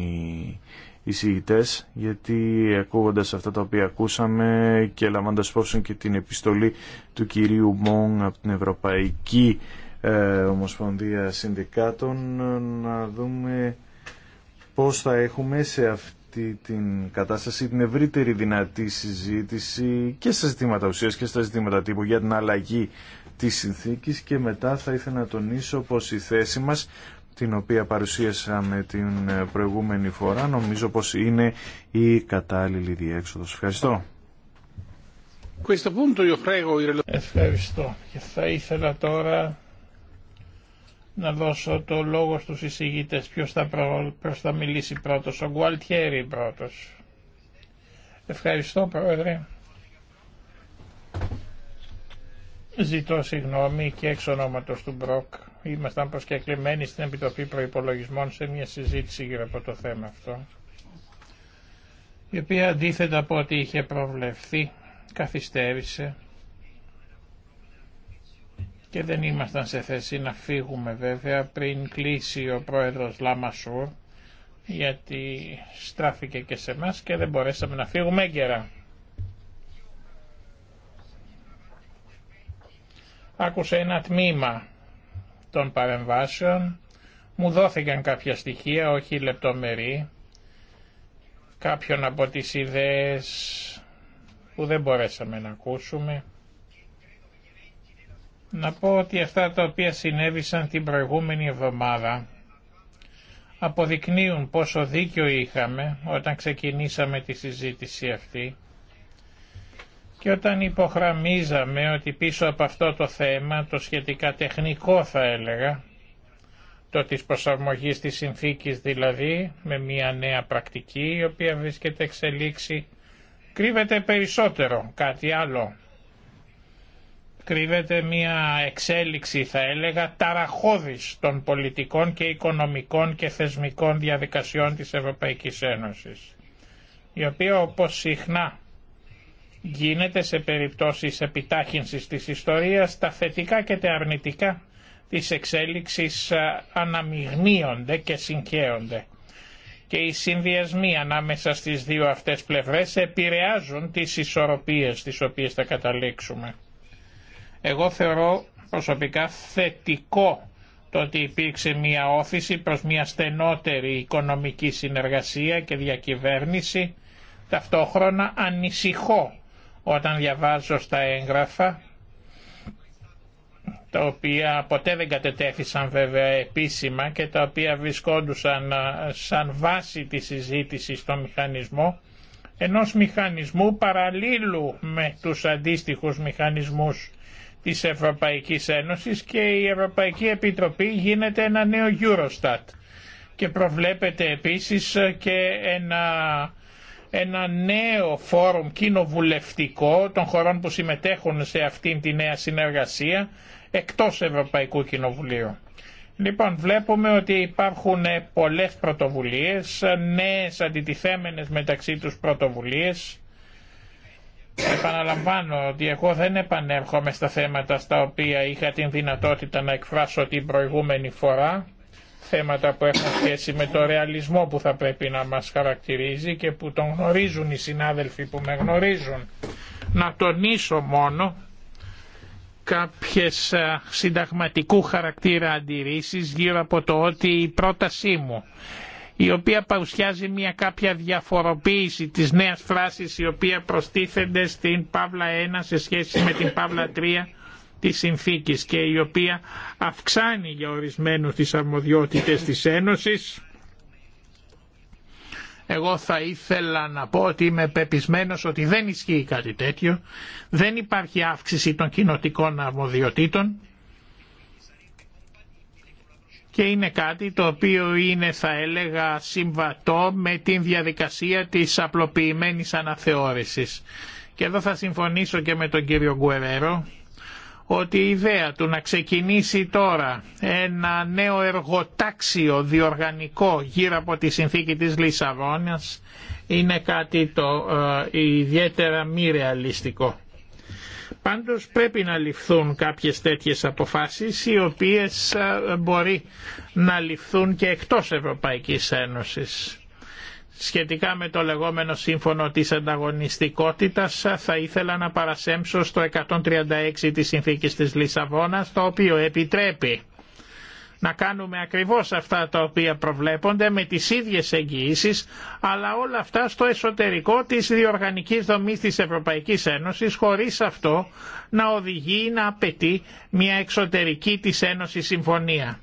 οι συγητές, γιατί ακούγοντας αυτά τα οποία ακούσαμε και λαμβάνοντας πόσο και την επιστολή του κυρίου Μόν από την Ευρωπαϊκή ε, Ομοσπονδία Συνδικάτων να δούμε πώς θα έχουμε σε αυτή την κατάσταση την ευρύτερη δυνατή συζήτηση και στα ζητήματα ουσίας και στα ζητήματα τύπου για την αλλαγή της συνθήκης και μετά θα ήθελα να τονίσω πως η θέση μας την οποία παρουσίασαμε την προηγούμενη φορά νομίζω πως είναι η κατάλληλη διέξοδος. Ευχαριστώ. Ευχαριστώ και θα ήθελα τώρα να δώσω το λόγο στους εισηγητές. Ποιος θα, προ... θα μιλήσει πρώτος, ο Γκουαλτιέρη πρώτος. Ευχαριστώ Πρόεδρε. Ζητώ συγγνώμη και εξ ονόματος του Μπροκ. Ήμασταν προσκεκλημένοι στην Επιτροπή Προϋπολογισμών σε μια συζήτηση γύρω από το θέμα αυτό, η οποία αντίθετα από ό,τι είχε προβλεφθεί καθυστέρησε και δεν ήμασταν σε θέση να φύγουμε βέβαια πριν κλείσει ο πρόεδρος Λαμασούρ γιατί στράφηκε και σε μας και δεν μπορέσαμε να φύγουμε έγκαιρα. Άκουσα ένα τμήμα των παρεμβάσεων, μου δόθηκαν κάποια στοιχεία, όχι λεπτομερή, κάποιον από τις ιδέες που δεν μπορέσαμε να ακούσουμε. Να πω ότι αυτά τα οποία συνέβησαν την προηγούμενη εβδομάδα αποδεικνύουν πόσο δίκιο είχαμε όταν ξεκινήσαμε τη συζήτηση αυτή και όταν υποχραμίζαμε ότι πίσω από αυτό το θέμα, το σχετικά τεχνικό θα έλεγα, το της προσαρμογής της συνθήκης δηλαδή, με μια νέα πρακτική η οποία βρίσκεται εξελίξη, κρύβεται περισσότερο κάτι άλλο κρύβεται μια εξέλιξη θα έλεγα ταραχώδης των πολιτικών και οικονομικών και θεσμικών διαδικασιών της Ευρωπαϊκής Ένωσης η οποία όπως συχνά γίνεται σε περιπτώσεις επιτάχυνσης της ιστορίας τα θετικά και τα αρνητικά της εξέλιξης ε, αναμειγνύονται και συγχέονται και οι συνδυασμοί ανάμεσα στις δύο αυτές πλευρές επηρεάζουν τις ισορροπίες τις οποίες θα καταλήξουμε. Εγώ θεωρώ προσωπικά θετικό το ότι υπήρξε μια όθηση προς μια στενότερη οικονομική συνεργασία και διακυβέρνηση. Ταυτόχρονα ανησυχώ όταν διαβάζω στα έγγραφα τα οποία ποτέ δεν κατετέθησαν βέβαια επίσημα και τα οποία βρισκόντουσαν ε, σαν βάση της συζήτησης στο μηχανισμό ενός μηχανισμού παραλλήλου με τους αντίστοιχους μηχανισμούς της Ευρωπαϊκής Ένωσης και η Ευρωπαϊκή Επιτροπή γίνεται ένα νέο Eurostat και προβλέπεται επίσης και ένα, ένα νέο φόρουμ κοινοβουλευτικό των χωρών που συμμετέχουν σε αυτήν τη νέα συνεργασία εκτός Ευρωπαϊκού Κοινοβουλίου. Λοιπόν, βλέπουμε ότι υπάρχουν πολλές πρωτοβουλίες, νέες αντιτιθέμενες μεταξύ τους πρωτοβουλίες Επαναλαμβάνω ότι εγώ δεν επανέρχομαι στα θέματα στα οποία είχα την δυνατότητα να εκφράσω την προηγούμενη φορά, θέματα που έχουν σχέση με το ρεαλισμό που θα πρέπει να μας χαρακτηρίζει και που τον γνωρίζουν οι συνάδελφοι που με γνωρίζουν. Να τονίσω μόνο κάποιες συνταγματικού χαρακτήρα αντιρρήσεις γύρω από το ότι η πρότασή μου η οποία παρουσιάζει μια κάποια διαφοροποίηση της νέας φράσης η οποία προστίθενται στην Παύλα 1 σε σχέση με την Παύλα 3 της συνθήκης και η οποία αυξάνει για ορισμένους τις αρμοδιότητες της Ένωσης. Εγώ θα ήθελα να πω ότι είμαι πεπισμένος ότι δεν ισχύει κάτι τέτοιο, δεν υπάρχει αύξηση των κοινοτικών αρμοδιοτήτων, και είναι κάτι το οποίο είναι θα έλεγα συμβατό με την διαδικασία της απλοποιημένης αναθεώρησης. Και εδώ θα συμφωνήσω και με τον κύριο Γκουερέρο ότι η ιδέα του να ξεκινήσει τώρα ένα νέο εργοτάξιο διοργανικό γύρω από τη συνθήκη της Λισαβόνας είναι κάτι το ε, ιδιαίτερα μη ρεαλιστικό. Πάντως πρέπει να ληφθούν κάποιες τέτοιες αποφάσεις οι οποίες ε, μπορεί να ληφθούν και εκτός Ευρωπαϊκής Ένωσης. Σχετικά με το λεγόμενο σύμφωνο της ανταγωνιστικότητας ε, θα ήθελα να παρασέμψω στο 136 της Συνθήκης της Λισαβόνας το οποίο επιτρέπει να κάνουμε ακριβώς αυτά τα οποία προβλέπονται με τις ίδιες εγγυήσει, αλλά όλα αυτά στο εσωτερικό της διοργανικής δομής της Ευρωπαϊκής Ένωσης χωρίς αυτό να οδηγεί ή να απαιτεί μια εξωτερική της Ένωσης συμφωνία.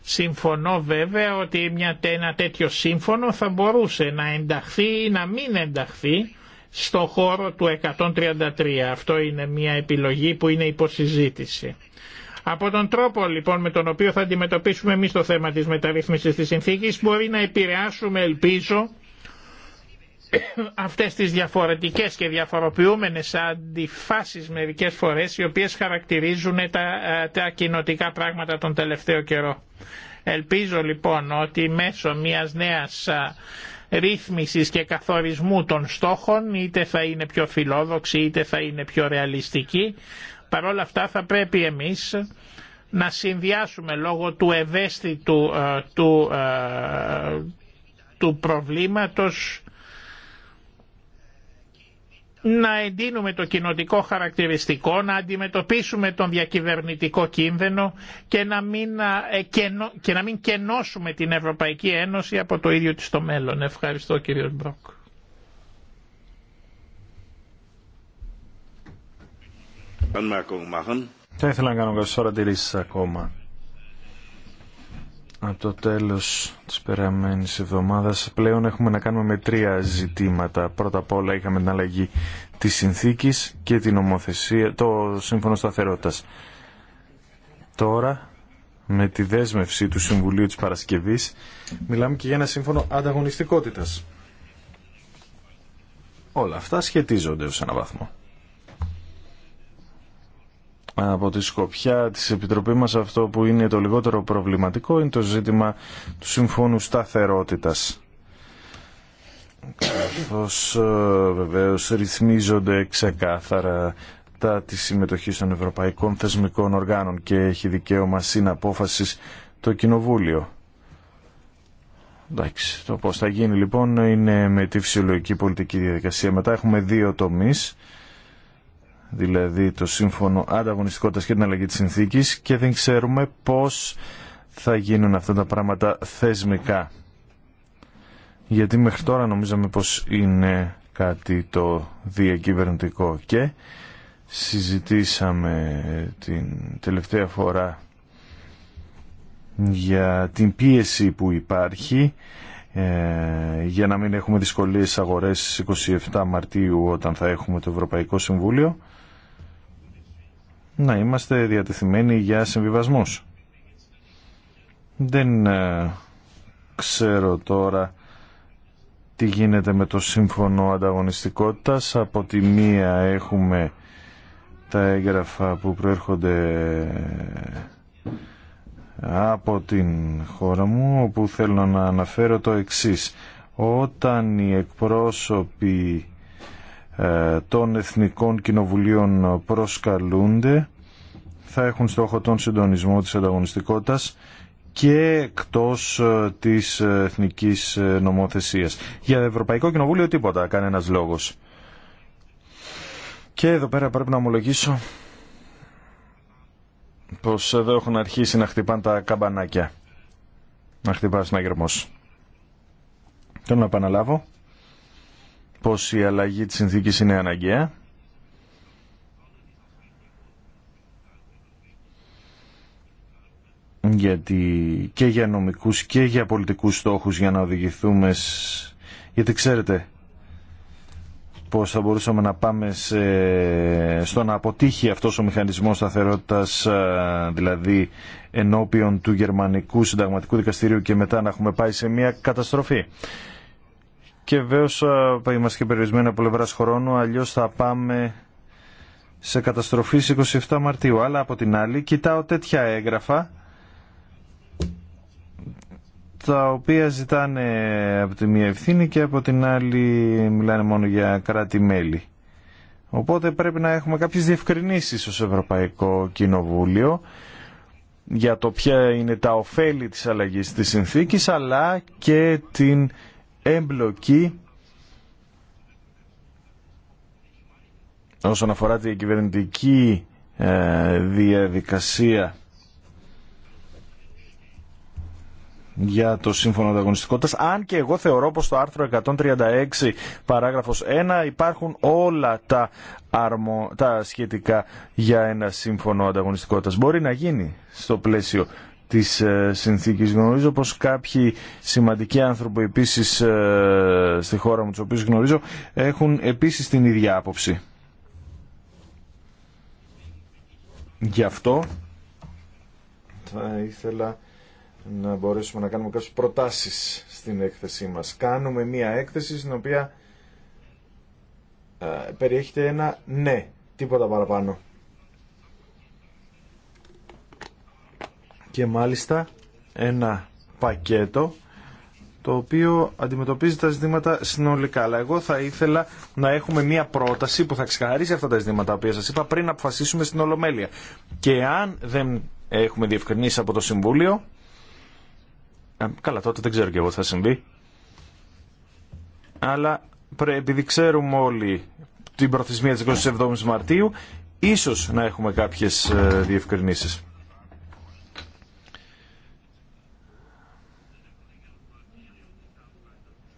Συμφωνώ βέβαια ότι μια, ένα τέτοιο σύμφωνο θα μπορούσε να ενταχθεί ή να μην ενταχθεί στο χώρο του 133. Αυτό είναι μια επιλογή που είναι υποσυζήτηση. Από τον τρόπο λοιπόν με τον οποίο θα αντιμετωπίσουμε εμείς το θέμα της μεταρρύθμισης της συνθήκης μπορεί να επηρεάσουμε ελπίζω αυτές τις διαφορετικές και διαφοροποιούμενες αντιφάσεις μερικές φορές οι οποίες χαρακτηρίζουν τα, τα κοινοτικά πράγματα τον τελευταίο καιρό. Ελπίζω λοιπόν ότι μέσω μιας νέας ρύθμισης και καθορισμού των στόχων είτε θα είναι πιο φιλόδοξη είτε θα είναι πιο ρεαλιστική Παρ' όλα αυτά θα πρέπει εμείς να συνδυάσουμε λόγω του ευαίσθητου ε, του, ε, του προβλήματος να εντείνουμε το κοινοτικό χαρακτηριστικό, να αντιμετωπίσουμε τον διακυβερνητικό κίνδυνο και να μην, ε, και να μην κενώσουμε την Ευρωπαϊκή Ένωση από το ίδιο της το μέλλον. Ευχαριστώ κύριε Μπρόκ. Θα ήθελα να κάνω κάποιες παρατηρήσεις ακόμα. Από το τέλος της περαμένης εβδομάδας πλέον έχουμε να κάνουμε με τρία ζητήματα. Πρώτα απ' όλα είχαμε την αλλαγή της συνθήκης και την ομοθεσία, το Σύμφωνο Σταθερότητας. Τώρα, με τη δέσμευση του Συμβουλίου της Παρασκευής, μιλάμε και για ένα σύμφωνο ανταγωνιστικότητας. Όλα αυτά σχετίζονται σε έναν βαθμό από τη σκοπιά της Επιτροπή μας αυτό που είναι το λιγότερο προβληματικό είναι το ζήτημα του Συμφώνου Σταθερότητας. Καθώς ε, βεβαίως ρυθμίζονται ξεκάθαρα τα τη συμμετοχής των Ευρωπαϊκών Θεσμικών Οργάνων και έχει δικαίωμα συναπόφασης το Κοινοβούλιο. Εντάξει, το πώς θα γίνει λοιπόν είναι με τη φυσιολογική πολιτική διαδικασία. Μετά έχουμε δύο τομείς δηλαδή το σύμφωνο ανταγωνιστικότητας και την αλλαγή της συνθήκης και δεν ξέρουμε πώς θα γίνουν αυτά τα πράγματα θεσμικά. Γιατί μέχρι τώρα νομίζαμε πως είναι κάτι το διακυβερνητικό και συζητήσαμε την τελευταία φορά για την πίεση που υπάρχει ε, για να μην έχουμε δυσκολίες αγορές 27 Μαρτίου όταν θα έχουμε το Ευρωπαϊκό Συμβούλιο να είμαστε διατεθειμένοι για συμβιβασμούς. Δεν ε, ξέρω τώρα τι γίνεται με το σύμφωνο ανταγωνιστικότητας. Από τη μία έχουμε τα έγγραφα που προέρχονται ε, από την χώρα μου, όπου θέλω να αναφέρω το εξής. Όταν οι εκπρόσωποι ε, των Εθνικών Κοινοβουλίων προσκαλούνται, θα έχουν στόχο τον συντονισμό της ανταγωνιστικότητας και εκτός ε, της εθνικής ε, νομοθεσίας. Για Ευρωπαϊκό Κοινοβούλιο τίποτα, κανένα λόγος. Και εδώ πέρα πρέπει να ομολογήσω πως εδώ έχουν αρχίσει να χτυπάνε τα καμπανάκια. Να χτυπάς να γερμός. Θέλω να επαναλάβω πως η αλλαγή της συνθήκης είναι αναγκαία γιατί και για νομικούς και για πολιτικούς στόχους για να οδηγηθούμε γιατί ξέρετε πως θα μπορούσαμε να πάμε σε... στο να αποτύχει αυτός ο μηχανισμός σταθερότητας δηλαδή ενώπιον του Γερμανικού Συνταγματικού Δικαστηρίου και μετά να έχουμε πάει σε μια καταστροφή. Και βέβαια είμαστε και περιορισμένοι από πλευρά χρόνου, αλλιώς θα πάμε σε καταστροφή 27 Μαρτίου. Αλλά από την άλλη κοιτάω τέτοια έγγραφα τα οποία ζητάνε από τη μία ευθύνη και από την άλλη μιλάνε μόνο για κράτη-μέλη. Οπότε πρέπει να έχουμε κάποιες διευκρινήσεις ως Ευρωπαϊκό Κοινοβούλιο για το ποια είναι τα ωφέλη της αλλαγής της συνθήκης αλλά και την εμπλοκή όσον αφορά την κυβερνητική ε, διαδικασία για το σύμφωνο ανταγωνιστικότητα. αν και εγώ θεωρώ πως στο άρθρο 136 παράγραφος 1 υπάρχουν όλα τα, αρμο, τα σχετικά για ένα σύμφωνο ανταγωνιστικότητα. Μπορεί να γίνει στο πλαίσιο της ε, συνθήκης. Γνωρίζω πως κάποιοι σημαντικοί άνθρωποι επίσης ε, στη χώρα μου, του οποίου γνωρίζω, έχουν επίσης την ίδια άποψη. Γι' αυτό θα ήθελα να μπορέσουμε να κάνουμε κάποιες προτάσεις στην έκθεσή μας. Κάνουμε μία έκθεση στην οποία ε, περιέχεται ένα ναι, τίποτα παραπάνω. Και μάλιστα ένα πακέτο το οποίο αντιμετωπίζει τα ζητήματα συνολικά. Αλλά εγώ θα ήθελα να έχουμε μία πρόταση που θα ξεχαρίσει αυτά τα ζητήματα που σας είπα πριν να αποφασίσουμε στην Ολομέλεια. Και αν δεν έχουμε διευκρινίσει από το Συμβούλιο, ε, καλά, τότε δεν ξέρω και εγώ τι θα συμβεί. Αλλά επειδή ξέρουμε όλοι την προθεσμία της 27 η Μαρτίου, ίσως να έχουμε κάποιες ε, διευκρινήσει.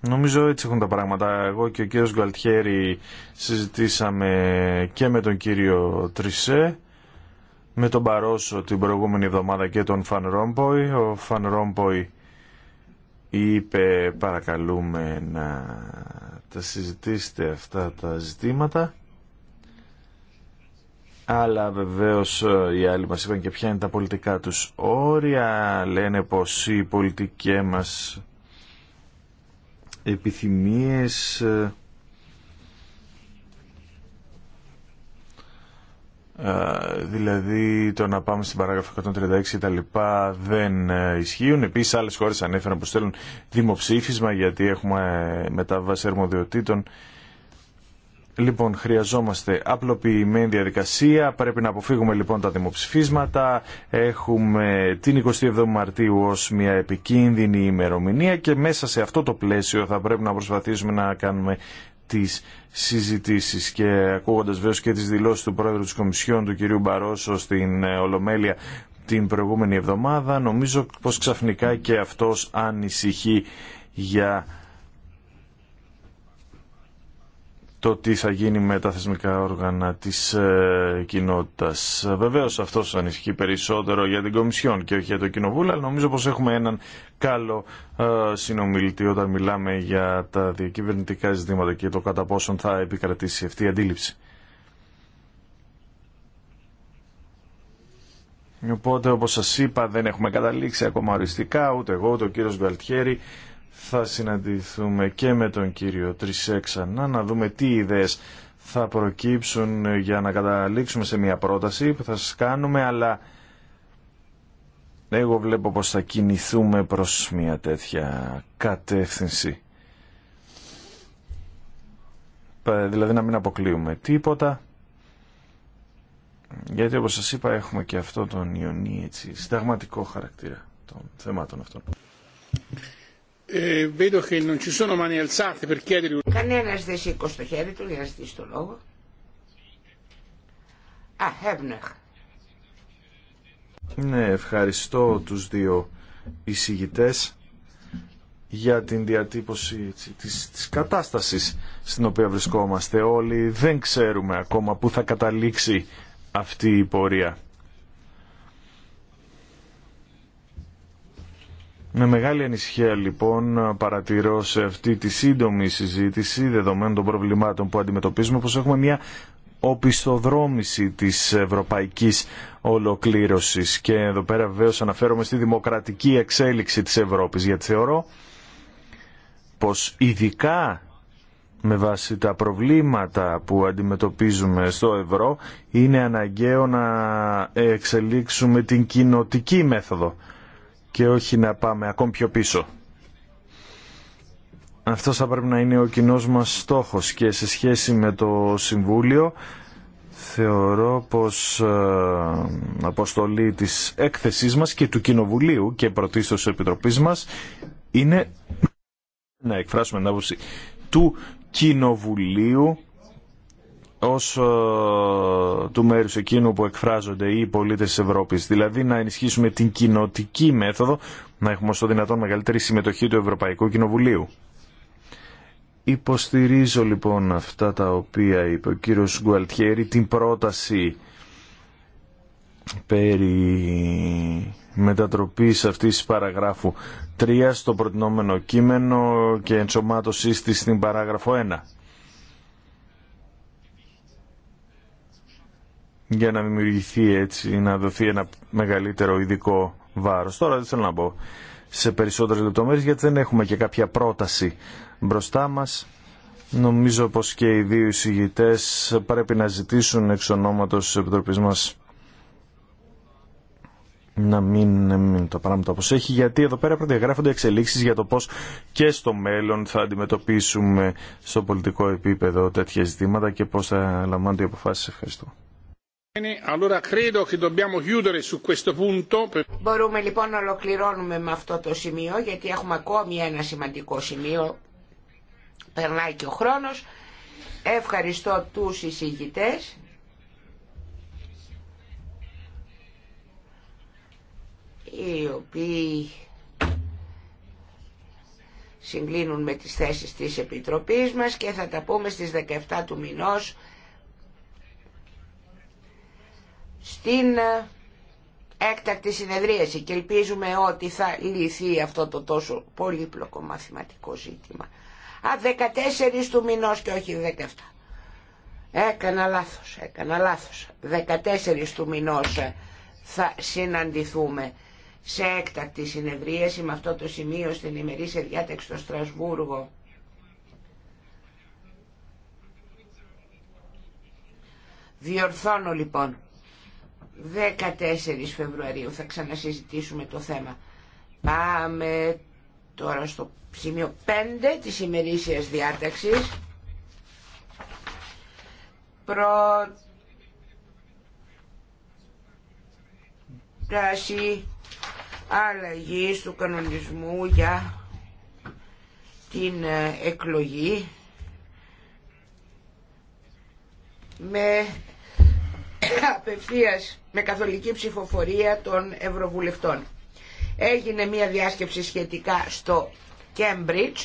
Νομίζω έτσι έχουν τα πράγματα. Εγώ και ο κύριος Γκαλτιέρη συζητήσαμε και με τον κύριο Τρισέ, με τον Παρόσο την προηγούμενη εβδομάδα και τον Φαν Ρόμποϊ. Ο Φαν Ρόμποϊ είπε παρακαλούμε να τα συζητήσετε αυτά τα ζητήματα αλλά βεβαίως ε, οι άλλοι μας είπαν και ποια είναι τα πολιτικά τους όρια λένε πως οι πολιτικές μας επιθυμίες ε, Ε, δηλαδή το να πάμε στην παράγραφο 136 τα λοιπά δεν ε, ισχύουν. Επίσης άλλε χώρε ανέφεραν που στέλνουν δημοψήφισμα γιατί έχουμε μετάβαση αρμοδιοτήτων. Λοιπόν, χρειαζόμαστε απλοποιημένη διαδικασία, πρέπει να αποφύγουμε λοιπόν τα δημοψηφίσματα, έχουμε την 27 Μαρτίου ω μια επικίνδυνη ημερομηνία και μέσα σε αυτό το πλαίσιο θα πρέπει να προσπαθήσουμε να κάνουμε τις συζητήσεις και ακούγοντας βέβαια και τις δηλώσεις του πρόεδρου της Κομισιόν του κυρίου Μπαρόσο στην ε, Ολομέλεια την προηγούμενη εβδομάδα νομίζω πως ξαφνικά και αυτός ανησυχεί για το τι θα γίνει με τα θεσμικά όργανα της ε, κοινότητας. Βεβαίως αυτός ανησυχεί περισσότερο για την Κομισιόν και όχι για το Κοινοβούλιο, αλλά νομίζω πως έχουμε έναν καλό ε, συνομιλητή όταν μιλάμε για τα διακυβερνητικά ζητήματα και το κατά πόσον θα επικρατήσει αυτή η αντίληψη. Οπότε όπως σας είπα δεν έχουμε καταλήξει ακόμα οριστικά, ούτε εγώ, ούτε ο κύριος Γκαλτιέρη θα συναντηθούμε και με τον κύριο Τρισέξανα να δούμε τι ιδέες θα προκύψουν για να καταλήξουμε σε μια πρόταση που θα σας κάνουμε αλλά εγώ βλέπω πως θα κινηθούμε προς μια τέτοια κατεύθυνση ε, δηλαδή να μην αποκλείουμε τίποτα γιατί όπως σας είπα έχουμε και αυτό τον Ιωνί έτσι, συνταγματικό χαρακτήρα των θεμάτων αυτών. Ε, Κανένας δεν σήκωσε το χέρι του για να στήσει το λόγο. Α, Χέμπνεχ. Ναι, ευχαριστώ τους δύο εισηγητές για την διατύπωση της, της κατάστασης στην οποία βρισκόμαστε όλοι. Δεν ξέρουμε ακόμα πού θα καταλήξει αυτή η πορεία. Με μεγάλη ανησυχία λοιπόν παρατηρώ σε αυτή τη σύντομη συζήτηση δεδομένων των προβλημάτων που αντιμετωπίζουμε πως έχουμε μια οπισθοδρόμηση της ευρωπαϊκής ολοκλήρωσης και εδώ πέρα βεβαίω αναφέρομαι στη δημοκρατική εξέλιξη της Ευρώπης γιατί θεωρώ πως ειδικά με βάση τα προβλήματα που αντιμετωπίζουμε στο ευρώ είναι αναγκαίο να εξελίξουμε την κοινοτική μέθοδο και όχι να πάμε ακόμη πιο πίσω. Αυτό θα πρέπει να είναι ο κοινό μας στόχος και σε σχέση με το Συμβούλιο θεωρώ πως ε, αποστολή της έκθεσής μας και του Κοινοβουλίου και πρωτίστως της Επιτροπής μας είναι να εκφράσουμε την άποψη του Κοινοβουλίου ως ε, του μέρους εκείνου που εκφράζονται οι πολίτες της Ευρώπης. Δηλαδή να ενισχύσουμε την κοινοτική μέθοδο, να έχουμε στο δυνατόν μεγαλύτερη συμμετοχή του Ευρωπαϊκού Κοινοβουλίου. Υποστηρίζω λοιπόν αυτά τα οποία είπε ο κύριος Γκουαλτιέρη, την πρόταση περί μετατροπής αυτής της παραγράφου 3 στο προτινόμενο κείμενο και ενσωμάτωσής της στην παράγραφο 1. για να δημιουργηθεί έτσι, να δοθεί ένα μεγαλύτερο ειδικό βάρος. Τώρα δεν θέλω να μπω σε περισσότερες λεπτομέρειες γιατί δεν έχουμε και κάποια πρόταση μπροστά μας. Νομίζω πως και οι δύο εισηγητές πρέπει να ζητήσουν εξ ονόματος της Επιτροπής μας να μην, να μην πράγματα όπως έχει, γιατί εδώ πέρα πρέπει να γράφονται εξελίξεις για το πώς και στο μέλλον θα αντιμετωπίσουμε στο πολιτικό επίπεδο τέτοια ζητήματα και πώς θα λαμβάνονται οι αποφάσεις. Ευχαριστώ. Μπορούμε λοιπόν να ολοκληρώνουμε με αυτό το σημείο γιατί έχουμε ακόμη ένα σημαντικό σημείο. Περνάει και ο χρόνος. Ευχαριστώ τους εισηγητές. οι οποίοι συγκλίνουν με τις θέσεις της Επιτροπής μας και θα τα πούμε στις 17 του μηνός στην ε, έκτακτη συνεδρίαση και ελπίζουμε ότι θα λυθεί αυτό το τόσο πολύπλοκο μαθηματικό ζήτημα. Α, 14 του μηνός και όχι 17. Έκανα λάθος, έκανα λάθος. 14 του μηνός ε, θα συναντηθούμε σε έκτακτη συνεδρίαση με αυτό το σημείο στην ημερήσια διάταξη στο Στρασβούργο. Διορθώνω λοιπόν 14 Φεβρουαρίου θα ξανασυζητήσουμε το θέμα. Πάμε τώρα στο σημείο 5 της ημερήσιας διάταξης. Πρόταση αλλαγής του κανονισμού για την ε, εκλογή με απευθείας με καθολική ψηφοφορία των Ευρωβουλευτών. Έγινε μια διάσκεψη σχετικά στο Κέμπριτζ.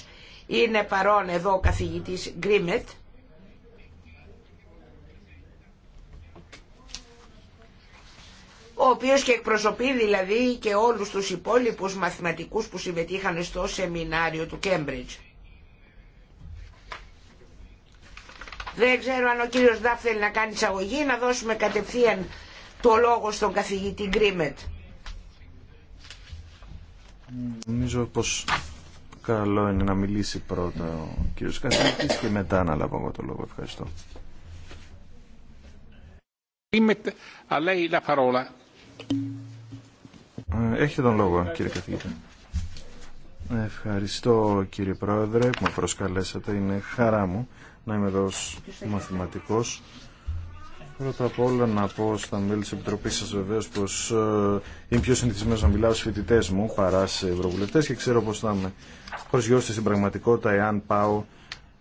Είναι παρόν εδώ ο καθηγητής Γκρίμετ. ο οποίος και εκπροσωπεί δηλαδή και όλους τους υπόλοιπους μαθηματικούς που συμμετείχαν στο σεμινάριο του Κέμπριτζ. Δεν ξέρω αν ο κύριο Νταφ θέλει να κάνει εισαγωγή, να δώσουμε κατευθείαν το λόγο στον καθηγητή Γκρίμετ. Νομίζω πω καλό είναι να μιλήσει πρώτα ο κύριο καθηγητή και μετά να λάβω εγώ το λόγο. Ευχαριστώ. Ε, έχετε τον λόγο κύριε καθηγητή. Ευχαριστώ κύριε Πρόεδρε που με προσκαλέσατε. Είναι χαρά μου να είμαι εδώ ως μαθηματικός. Πρώτα απ' όλα να πω στα μέλη της Επιτροπής σας βεβαίως πως ε, είμαι πιο συνηθισμένος να μιλάω στους φοιτητέ μου παρά σε ευρωβουλευτές και ξέρω πως θα με προσγειώσετε στην πραγματικότητα εάν πάω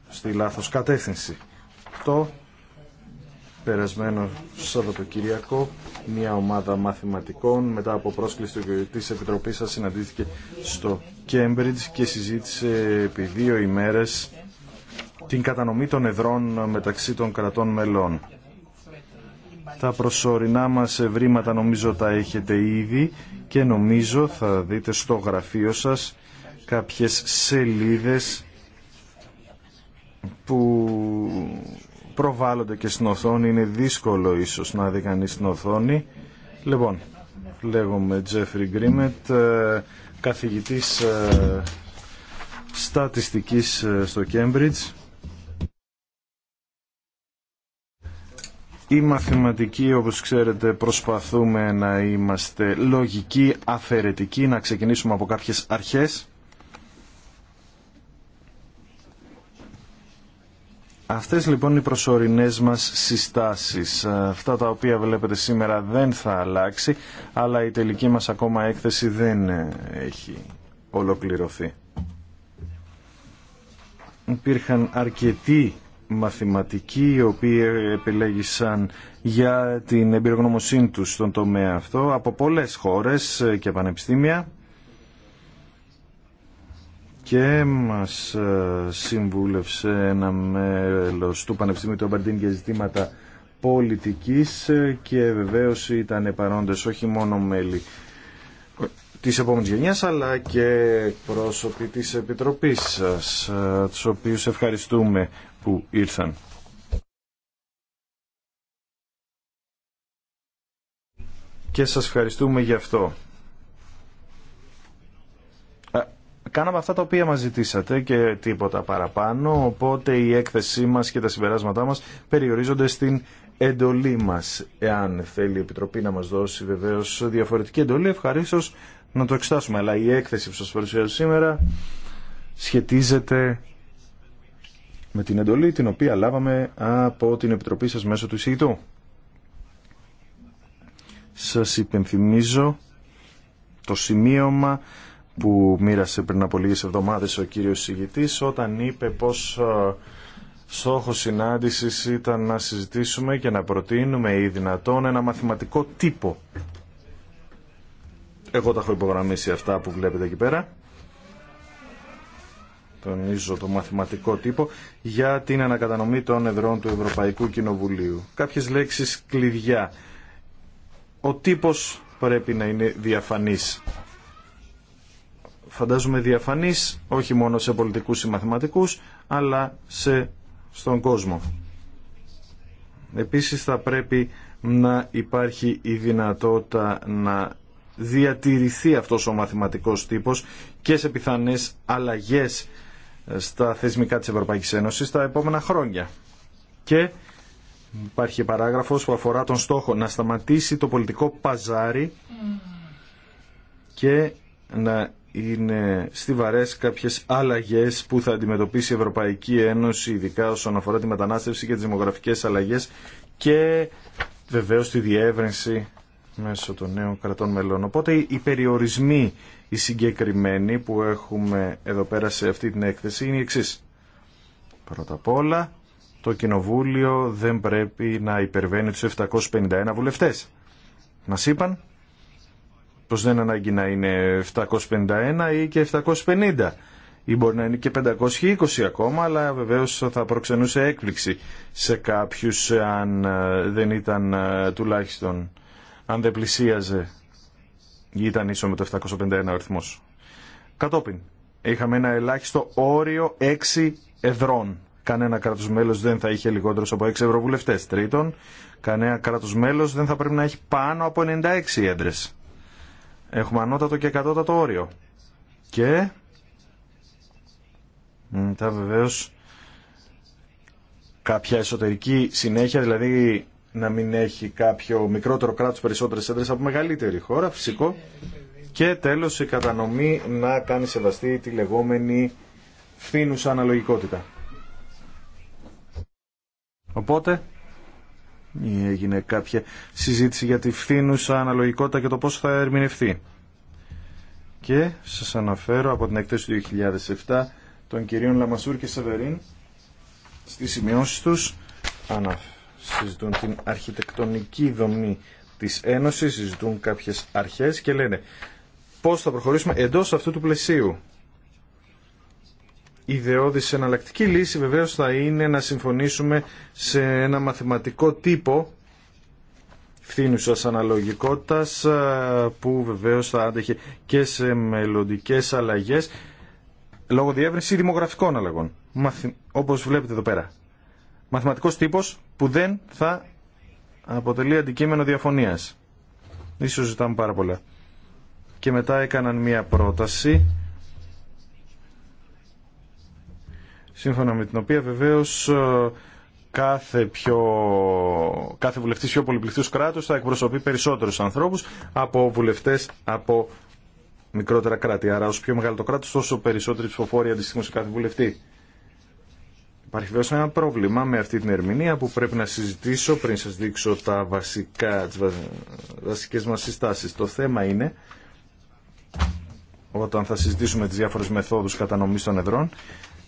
στη λάθος κατεύθυνση. Το περασμένο Σαββατοκυριακό μια ομάδα μαθηματικών μετά από πρόσκληση της Επιτροπής σας συναντήθηκε στο Κέμπριτζ και συζήτησε επί δύο ημέρες την κατανομή των εδρών μεταξύ των κρατών μελών. Τα προσωρινά μας ευρήματα νομίζω τα έχετε ήδη και νομίζω θα δείτε στο γραφείο σας κάποιες σελίδες που προβάλλονται και στην οθόνη. Είναι δύσκολο ίσως να δει κανείς στην οθόνη. Λοιπόν, λέγομαι Τζέφρι Γκρίμετ, ε, καθηγητής ε, στατιστικής ε, στο Κέμπριτζ οι μαθηματικοί, όπως ξέρετε, προσπαθούμε να είμαστε λογικοί, αφαιρετικοί, να ξεκινήσουμε από κάποιες αρχές. Αυτές λοιπόν οι προσωρινές μας συστάσεις, ε, αυτά τα οποία βλέπετε σήμερα δεν θα αλλάξει, αλλά η τελική μας ακόμα έκθεση δεν ε, έχει ολοκληρωθεί. Υπήρχαν αρκετοί μαθηματικοί οι οποίοι επιλέγησαν για την εμπειρογνωμοσύνη τους στον τομέα αυτό από πολλές χώρες και πανεπιστήμια και μας ε, συμβούλευσε ένα μέλος του Πανεπιστήμιου του Αμπαντίν για ζητήματα πολιτικής και βεβαίως ήταν παρόντες όχι μόνο μέλη της επόμενης γενιάς αλλά και πρόσωποι της Επιτροπής σας ε, τους οποίους ευχαριστούμε που ήρθαν. Και σας ευχαριστούμε γι' αυτό. Ε, κάναμε αυτά τα οποία μας ζητήσατε και τίποτα παραπάνω, οπότε η έκθεσή μας και τα συμπεράσματά μας περιορίζονται στην εντολή μας. Εάν θέλει η Επιτροπή να μας δώσει βεβαίως διαφορετική εντολή, ευχαρίστως να το εξετάσουμε. Αλλά η έκθεση που σας παρουσιάζω σήμερα σχετίζεται με την εντολή την οποία λάβαμε από την Επιτροπή σας μέσω του εισηγητού. Σας υπενθυμίζω το σημείωμα που μοίρασε πριν από λίγες εβδομάδες ο κύριος εισηγητής όταν είπε πως ε, στόχος συνάντησης ήταν να συζητήσουμε και να προτείνουμε ή δυνατόν ένα μαθηματικό τύπο. Εγώ τα έχω υπογραμμίσει αυτά που βλέπετε εκεί πέρα τονίζω το μαθηματικό τύπο, για την ανακατανομή των εδρών του Ευρωπαϊκού Κοινοβουλίου. Κάποιες λέξεις κλειδιά. Ο τύπος πρέπει να είναι διαφανής. Φαντάζομαι διαφανής όχι μόνο σε πολιτικούς ή μαθηματικούς, αλλά σε, στον κόσμο. Επίσης θα πρέπει να υπάρχει η δυνατότητα να διατηρηθεί αυτός ο μαθηματικός τύπος και σε πιθανές αλλαγές στα θεσμικά της Ευρωπαϊκής Ένωσης τα επόμενα χρόνια. Και υπάρχει παράγραφος που αφορά τον στόχο να σταματήσει το πολιτικό παζάρι και να είναι στιβαρές κάποιες αλλαγές που θα αντιμετωπίσει η Ευρωπαϊκή Ένωση ειδικά όσον αφορά τη μετανάστευση και τις δημογραφικές αλλαγές και βεβαίως τη διεύρυνση μέσω των νέων κρατών μελών. Οπότε οι περιορισμοί οι συγκεκριμένοι που έχουμε εδώ πέρα σε αυτή την έκθεση είναι οι εξή. Πρώτα απ' όλα, το Κοινοβούλιο δεν πρέπει να υπερβαίνει τους 751 βουλευτές. Μας είπαν πως δεν ανάγκη να είναι 751 ή και 750 ή μπορεί να είναι και 520 ακόμα, αλλά βεβαίως θα προξενούσε έκπληξη σε κάποιους αν ε, δεν ήταν ε, τουλάχιστον αν δεν πλησίαζε ή ήταν ίσο με το 751 ο αριθμός. Κατόπιν, είχαμε ένα ελάχιστο όριο 6 εδρών. Κανένα κράτο μέλο δεν θα είχε λιγότερο από 6 ευρωβουλευτέ. Τρίτον, κανένα κράτο μέλο δεν θα πρέπει να έχει πάνω από 96 έντρε. Έχουμε ανώτατο και κατώτατο όριο. Και. Μετά βεβαίω κάποια εσωτερική συνέχεια, δηλαδή να μην έχει κάποιο μικρότερο κράτος περισσότερες έντρες από μεγαλύτερη χώρα, φυσικό. Και τέλος η κατανομή να κάνει σεβαστή τη λεγόμενη φθήνουσα αναλογικότητα. Οπότε έγινε κάποια συζήτηση για τη φθήνουσα αναλογικότητα και το πώς θα ερμηνευτεί. Και σας αναφέρω από την εκθέση του 2007 των κυρίων Λαμασούρ και Σεβερίν στις σημειώσεις τους αναφέρω συζητούν την αρχιτεκτονική δομή της Ένωσης, συζητούν κάποιες αρχές και λένε πώς θα προχωρήσουμε εντός αυτού του πλαισίου. Η ιδεώδης εναλλακτική λύση βεβαίως θα είναι να συμφωνήσουμε σε ένα μαθηματικό τύπο φθήνουσας αναλογικότητας που βεβαίως θα άντεχε και σε μελλοντικέ αλλαγές λόγω διεύρυνση δημογραφικών αλλαγών. Όπως βλέπετε εδώ πέρα μαθηματικός τύπος που δεν θα αποτελεί αντικείμενο διαφωνίας. Ίσως ζητάμε πάρα πολλά. Και μετά έκαναν μία πρόταση σύμφωνα με την οποία βεβαίως ε, κάθε, πιο, κάθε βουλευτής πιο πολυπληθούς κράτους θα εκπροσωπεί περισσότερους ανθρώπους από βουλευτές από μικρότερα κράτη. Άρα όσο πιο μεγάλο το κράτος τόσο περισσότεροι ψηφοφόροι αντιστοιχούν σε κάθε βουλευτή. Υπάρχει βέβαια ένα πρόβλημα με αυτή την ερμηνεία που πρέπει να συζητήσω πριν σας δείξω τα βασικά, τις βασικές μας συστάσεις. Το θέμα είναι, όταν θα συζητήσουμε τις διάφορες μεθόδους κατανομής των εδρών,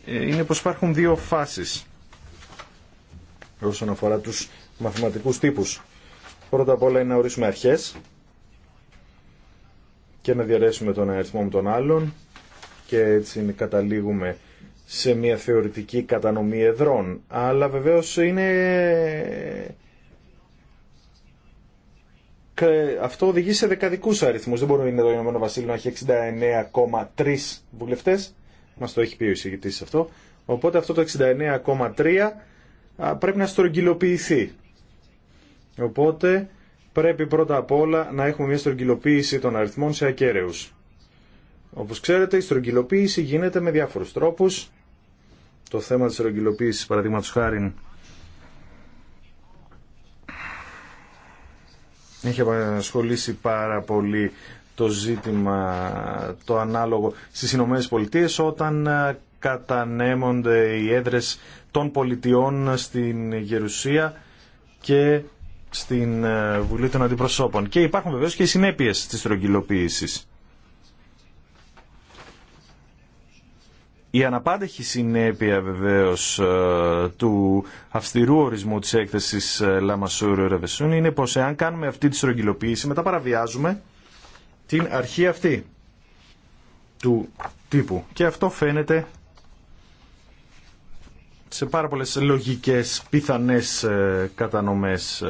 ε, είναι πως υπάρχουν δύο φάσεις όσον αφορά τους μαθηματικούς τύπους. Πρώτα απ' όλα είναι να ορίσουμε αρχές και να διαρρέσουμε τον αριθμό με τον άλλον και έτσι καταλήγουμε σε μια θεωρητική κατανομή εδρών. Αλλά βεβαίως είναι... αυτό οδηγεί σε δεκαδικού αριθμού. Δεν μπορεί να είναι το Ηνωμένο Βασίλειο να έχει 69,3 βουλευτέ μα το έχει πει ο εισηγητή αυτό. Οπότε αυτό το 69,3 πρέπει να στρογγυλοποιηθεί. Οπότε πρέπει πρώτα απ' όλα να έχουμε μια στρογγυλοποίηση των αριθμών σε ακέραιους. Όπως ξέρετε η στρογγυλοποίηση γίνεται με διάφορους τρόπους το θέμα της ρογγυλοποίησης παραδείγματο χάρη έχει απασχολήσει πάρα πολύ το ζήτημα το ανάλογο στις Ηνωμένες Πολιτείες όταν ε, κατανέμονται οι έδρες των πολιτιών στην Γερουσία και στην ε, Βουλή των Αντιπροσώπων. Και υπάρχουν βεβαίως και οι συνέπειες της τρογγυλοποίησης. Η αναπάντεχη συνέπεια βεβαίω ε, του αυστηρού ορισμού τη έκθεση ε, Λαμασούρου Ρεβεσούν είναι πως εάν κάνουμε αυτή τη στρογγυλοποίηση μετά παραβιάζουμε την αρχή αυτή του τύπου. Και αυτό φαίνεται σε πάρα πολλέ λογικές πιθανέ ε, κατανομές.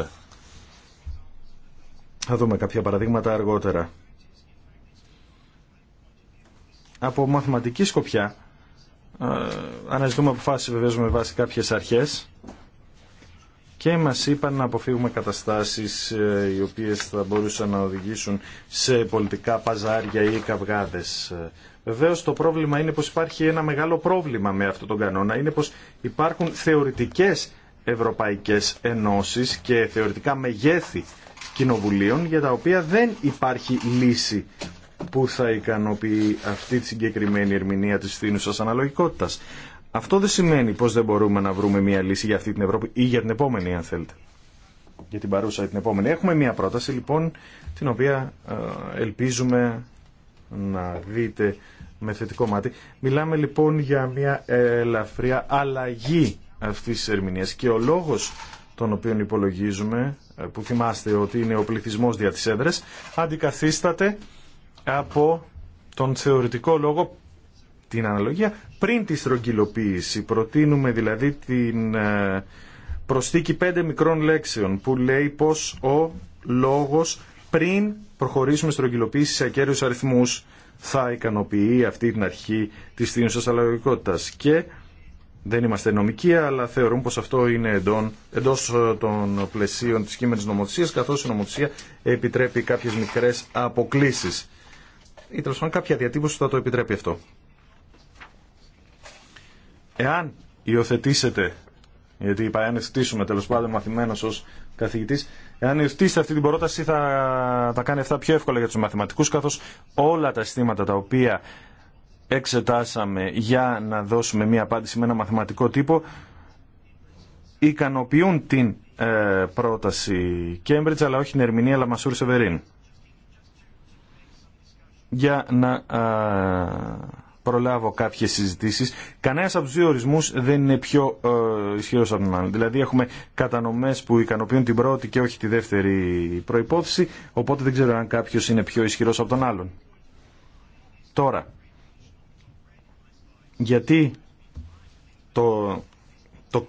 Θα δούμε κάποια παραδείγματα αργότερα. Από μαθηματική σκοπιά ε, αναζητούμε αποφάσεις βεβαίως με βάση κάποιες αρχές και μας είπαν να αποφύγουμε καταστάσεις ε, οι οποίες θα μπορούσαν να οδηγήσουν σε πολιτικά παζάρια ή καυγάδες. Ε, βεβαίως το πρόβλημα είναι πως υπάρχει ένα μεγάλο πρόβλημα με αυτόν τον κανόνα, είναι πως υπάρχουν θεωρητικές ευρωπαϊκές ενώσεις και θεωρητικά μεγέθη κοινοβουλίων για τα οποία δεν υπάρχει λύση που θα ικανοποιεί αυτή τη συγκεκριμένη ερμηνεία της θήνουσας αναλογικότητας. Αυτό δεν σημαίνει πως δεν μπορούμε να βρούμε μια λύση για αυτή την Ευρώπη ή για την επόμενη αν θέλετε. Για την παρούσα ή την επόμενη. Έχουμε μια πρόταση λοιπόν την οποία ε, ελπίζουμε να δείτε με θετικό μάτι. Μιλάμε λοιπόν για μια ελαφριά αλλαγή αυτής της ερμηνείας και ο λόγος τον οποίο υπολογίζουμε, ε, που θυμάστε ότι είναι ο πληθυσμός δια της έδρας, αντικαθίσταται από τον θεωρητικό λόγο την αναλογία πριν τη στρογγυλοποίηση. Προτείνουμε δηλαδή την ε, προσθήκη πέντε μικρών λέξεων που λέει πως ο λόγος πριν προχωρήσουμε στρογγυλοποίηση σε ακέραιους αριθμούς θα ικανοποιεί αυτή την αρχή της θύνουσας αλλαγωγικότητας. Και δεν είμαστε νομικοί, αλλά θεωρούμε πως αυτό είναι εντών, εντός ε, των πλαισίων της κείμενης νομοθεσίας, καθώς η νομοθεσία επιτρέπει κάποιες μικρές αποκλήσεις ή τέλο πάντων κάποια διατύπωση θα το επιτρέπει αυτό. Εάν υιοθετήσετε, γιατί είπα αν ευθύσουμε τέλο πάντων μαθημένο ω καθηγητή, εάν υιοθετήσετε αυτή την πρόταση θα τα κάνει αυτά πιο εύκολα για του μαθηματικού, καθώ όλα τα συστήματα τα οποία εξετάσαμε για να δώσουμε μία απάντηση με ένα μαθηματικό τύπο ικανοποιούν την ε, πρόταση Cambridge αλλά όχι την ερμηνεία Λαμασούρη Σεβερίν για να ε, προλάβω κάποιε συζητήσει. Κανένα από του δύο ορισμού δεν είναι πιο ε, ισχυρός ισχυρό από τον άλλον. Δηλαδή, έχουμε κατανομέ που ικανοποιούν την πρώτη και όχι τη δεύτερη προπόθεση, οπότε δεν ξέρω αν κάποιο είναι πιο ισχυρό από τον άλλον. Τώρα, γιατί το, το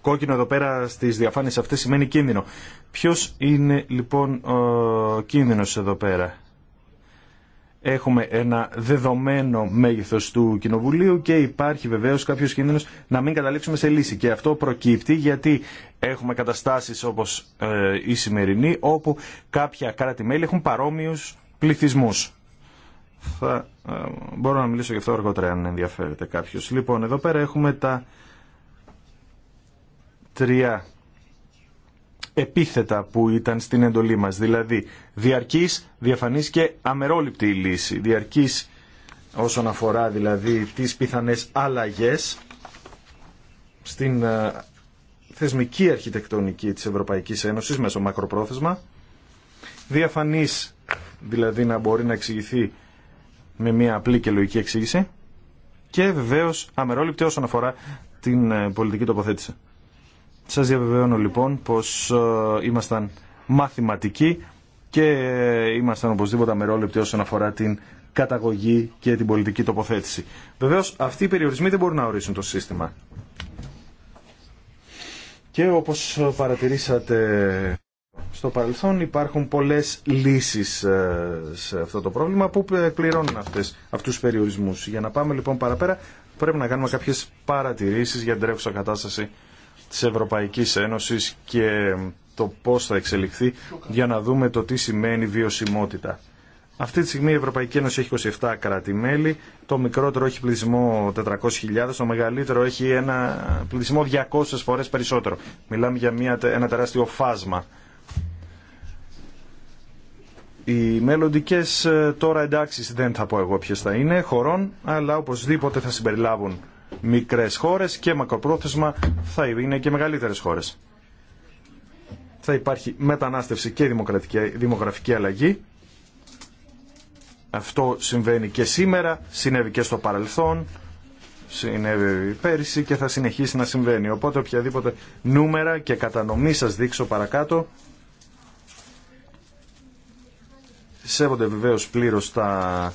κόκκινο εδώ πέρα στις διαφάνειες αυτές σημαίνει κίνδυνο. Ποιος είναι λοιπόν ο κίνδυνος εδώ πέρα έχουμε ένα δεδομένο μέγεθο του Κοινοβουλίου και υπάρχει βεβαίω κάποιο κίνδυνο να μην καταλήξουμε σε λύση. Και αυτό προκύπτει γιατί έχουμε καταστάσεις όπως ε, η σημερινή όπου κάποια κράτη-μέλη έχουν παρόμοιου πληθυσμού. Θα, ε, μπορώ να μιλήσω γι' αυτό αργότερα αν ενδιαφέρεται κάποιο. Λοιπόν, εδώ πέρα έχουμε τα τρία επίθετα που ήταν στην εντολή μας. Δηλαδή, διαρκής, διαφανής και αμερόληπτη η λύση. Διαρκής όσον αφορά δηλαδή τις πιθανές αλλαγές στην ε, θεσμική αρχιτεκτονική της Ευρωπαϊκής Ένωσης μέσω μακροπρόθεσμα. Διαφανής δηλαδή να μπορεί να εξηγηθεί με μια απλή και λογική εξήγηση και βεβαίως αμερόληπτη όσον αφορά την ε, πολιτική τοποθέτηση. Σας διαβεβαιώνω λοιπόν πως ε, ήμασταν μαθηματικοί και ε, ήμασταν οπωσδήποτε αμερόληπτοι όσον αφορά την καταγωγή και την πολιτική τοποθέτηση. Βεβαίως αυτοί οι περιορισμοί δεν μπορούν να ορίσουν το σύστημα. Και όπως παρατηρήσατε στο παρελθόν υπάρχουν πολλές λύσεις ε, σε αυτό το πρόβλημα που πληρώνουν αυτές, αυτούς τους περιορισμούς. Για να πάμε λοιπόν παραπέρα πρέπει να κάνουμε κάποιες παρατηρήσεις για την τρέχουσα κατάσταση της Ευρωπαϊκής Ένωσης και το πώς θα εξελιχθεί για να δούμε το τι σημαίνει βιωσιμότητα. Αυτή τη στιγμή η Ευρωπαϊκή Ένωση έχει 27 κράτη-μέλη, το μικρότερο έχει πληθυσμό 400.000, το μεγαλύτερο έχει ένα πληθυσμό 200 φορές περισσότερο. Μιλάμε για μια, ένα τεράστιο φάσμα. Οι μελλοντικέ ε, τώρα εντάξει δεν θα πω εγώ ποιες θα είναι, χωρών, αλλά οπωσδήποτε θα συμπεριλάβουν μικρές χώρες και μακροπρόθεσμα θα είναι και μεγαλύτερες χώρες. Θα υπάρχει μετανάστευση και δημογραφική αλλαγή. Αυτό συμβαίνει και σήμερα, συνέβη και στο παρελθόν, συνέβη πέρυσι και θα συνεχίσει να συμβαίνει. Οπότε οποιαδήποτε νούμερα και κατανομή σας δείξω παρακάτω, σέβονται βεβαίως πλήρως τα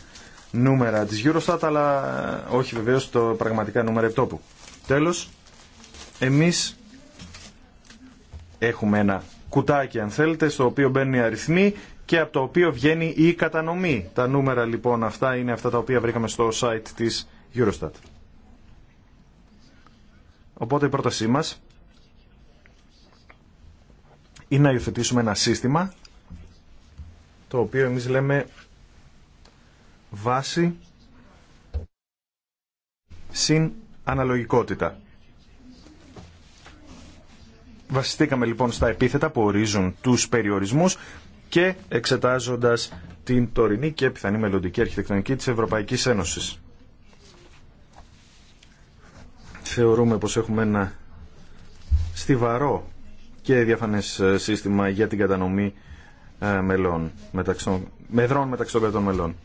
νούμερα της Eurostat, αλλά ε, όχι βεβαίως το πραγματικά νούμερα επτόπου. Τέλος, εμείς έχουμε ένα κουτάκι αν θέλετε, στο οποίο μπαίνουν οι αριθμοί και από το οποίο βγαίνει η κατανομή. Τα νούμερα λοιπόν αυτά είναι αυτά τα οποία βρήκαμε στο site της Eurostat. Οπότε η πρότασή μας είναι να υιοθετήσουμε ένα σύστημα το οποίο εμείς λέμε βάση συν αναλογικότητα. Βασιστήκαμε λοιπόν στα επίθετα που ορίζουν τους περιορισμούς και εξετάζοντας την τωρινή και πιθανή μελλοντική αρχιτεκτονική της Ευρωπαϊκής Ένωσης. Θεωρούμε πως έχουμε ένα στιβαρό και διαφανές ε, σύστημα για την κατανομή ε, μελών, μεταξύ μεδρών μεταξύ των κρατών μελών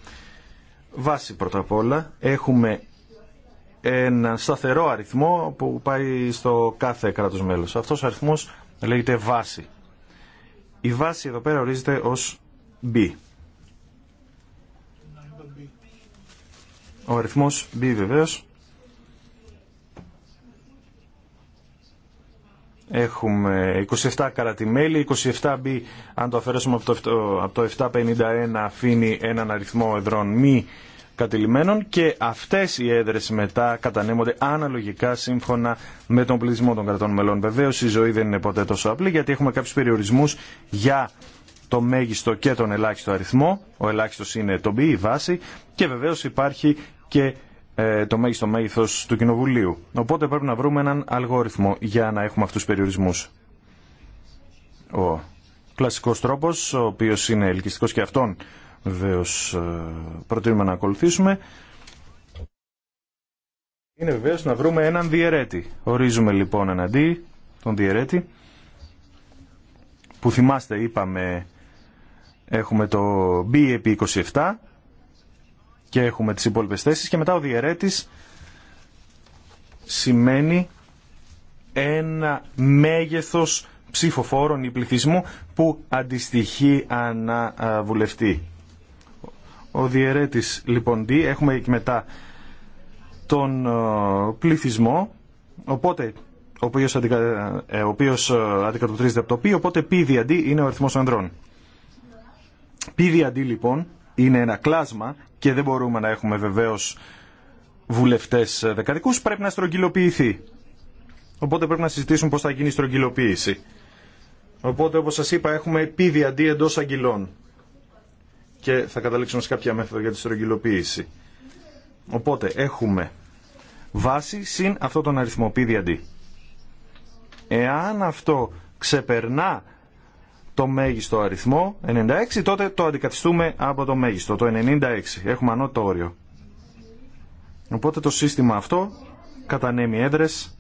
βάση πρώτα απ' όλα. Έχουμε ένα σταθερό αριθμό που πάει στο κάθε κράτος μέλος. Αυτός ο αριθμός λέγεται βάση. Η βάση εδώ πέρα ορίζεται ως B. Ο αριθμός B βεβαίως Έχουμε 27 καρατιμέλη, 27 μπι, αν το αφαιρέσουμε από το, από το 751 αφήνει έναν αριθμό εδρών μη κατηλημένων και αυτές οι έδρες μετά κατανέμονται αναλογικά σύμφωνα με τον πληθυσμό των κρατών μελών. Βεβαίως η ζωή δεν είναι ποτέ τόσο απλή γιατί έχουμε κάποιους περιορισμούς για το μέγιστο και τον ελάχιστο αριθμό. Ο ελάχιστος είναι το μπι, η βάση και βεβαίως υπάρχει και ε, το μέγιστο μέγεθο του Κοινοβουλίου. Οπότε πρέπει να βρούμε έναν αλγόριθμο για να έχουμε αυτού του περιορισμούς. Ο κλασικός τρόπος, ο οποίος είναι ελκυστικός και αυτόν, βεβαίω ε, προτείνουμε να ακολουθήσουμε, είναι βεβαίω να βρούμε έναν διαιρέτη. Ορίζουμε λοιπόν εναντί τον διαιρέτη, που θυμάστε είπαμε έχουμε το B e επί 27, και έχουμε τις υπόλοιπες θέσεις και μετά ο διαιρέτης σημαίνει ένα μέγεθος ψηφοφόρων ή πληθυσμού που αντιστοιχεί αναβουλευτή. Ο διαιρέτης λοιπόν έχουμε και μετά τον πληθυσμό, οπότε ο οποίος, αντικα... Ε, ο οποίος αντικατοπτρίζεται από το οπότε π διαντί είναι ο αριθμός ανδρών. Π διαντί λοιπόν είναι ένα κλάσμα και δεν μπορούμε να έχουμε βεβαίως βουλευτές δεκαδικούς, πρέπει να στρογγυλοποιηθεί. Οπότε πρέπει να συζητήσουμε πώς θα γίνει η στρογγυλοποίηση. Οπότε όπως σας είπα έχουμε πίδι αντί εντός αγγυλών. Και θα καταλήξουμε σε κάποια μέθοδο για τη στρογγυλοποίηση. Οπότε έχουμε βάση συν αυτόν τον αριθμό αντί. Εάν αυτό ξεπερνά το μέγιστο αριθμό 96, τότε το αντικαθιστούμε από το μέγιστο, το 96. Έχουμε ανώ όριο. Οπότε το σύστημα αυτό κατανέμει έδρες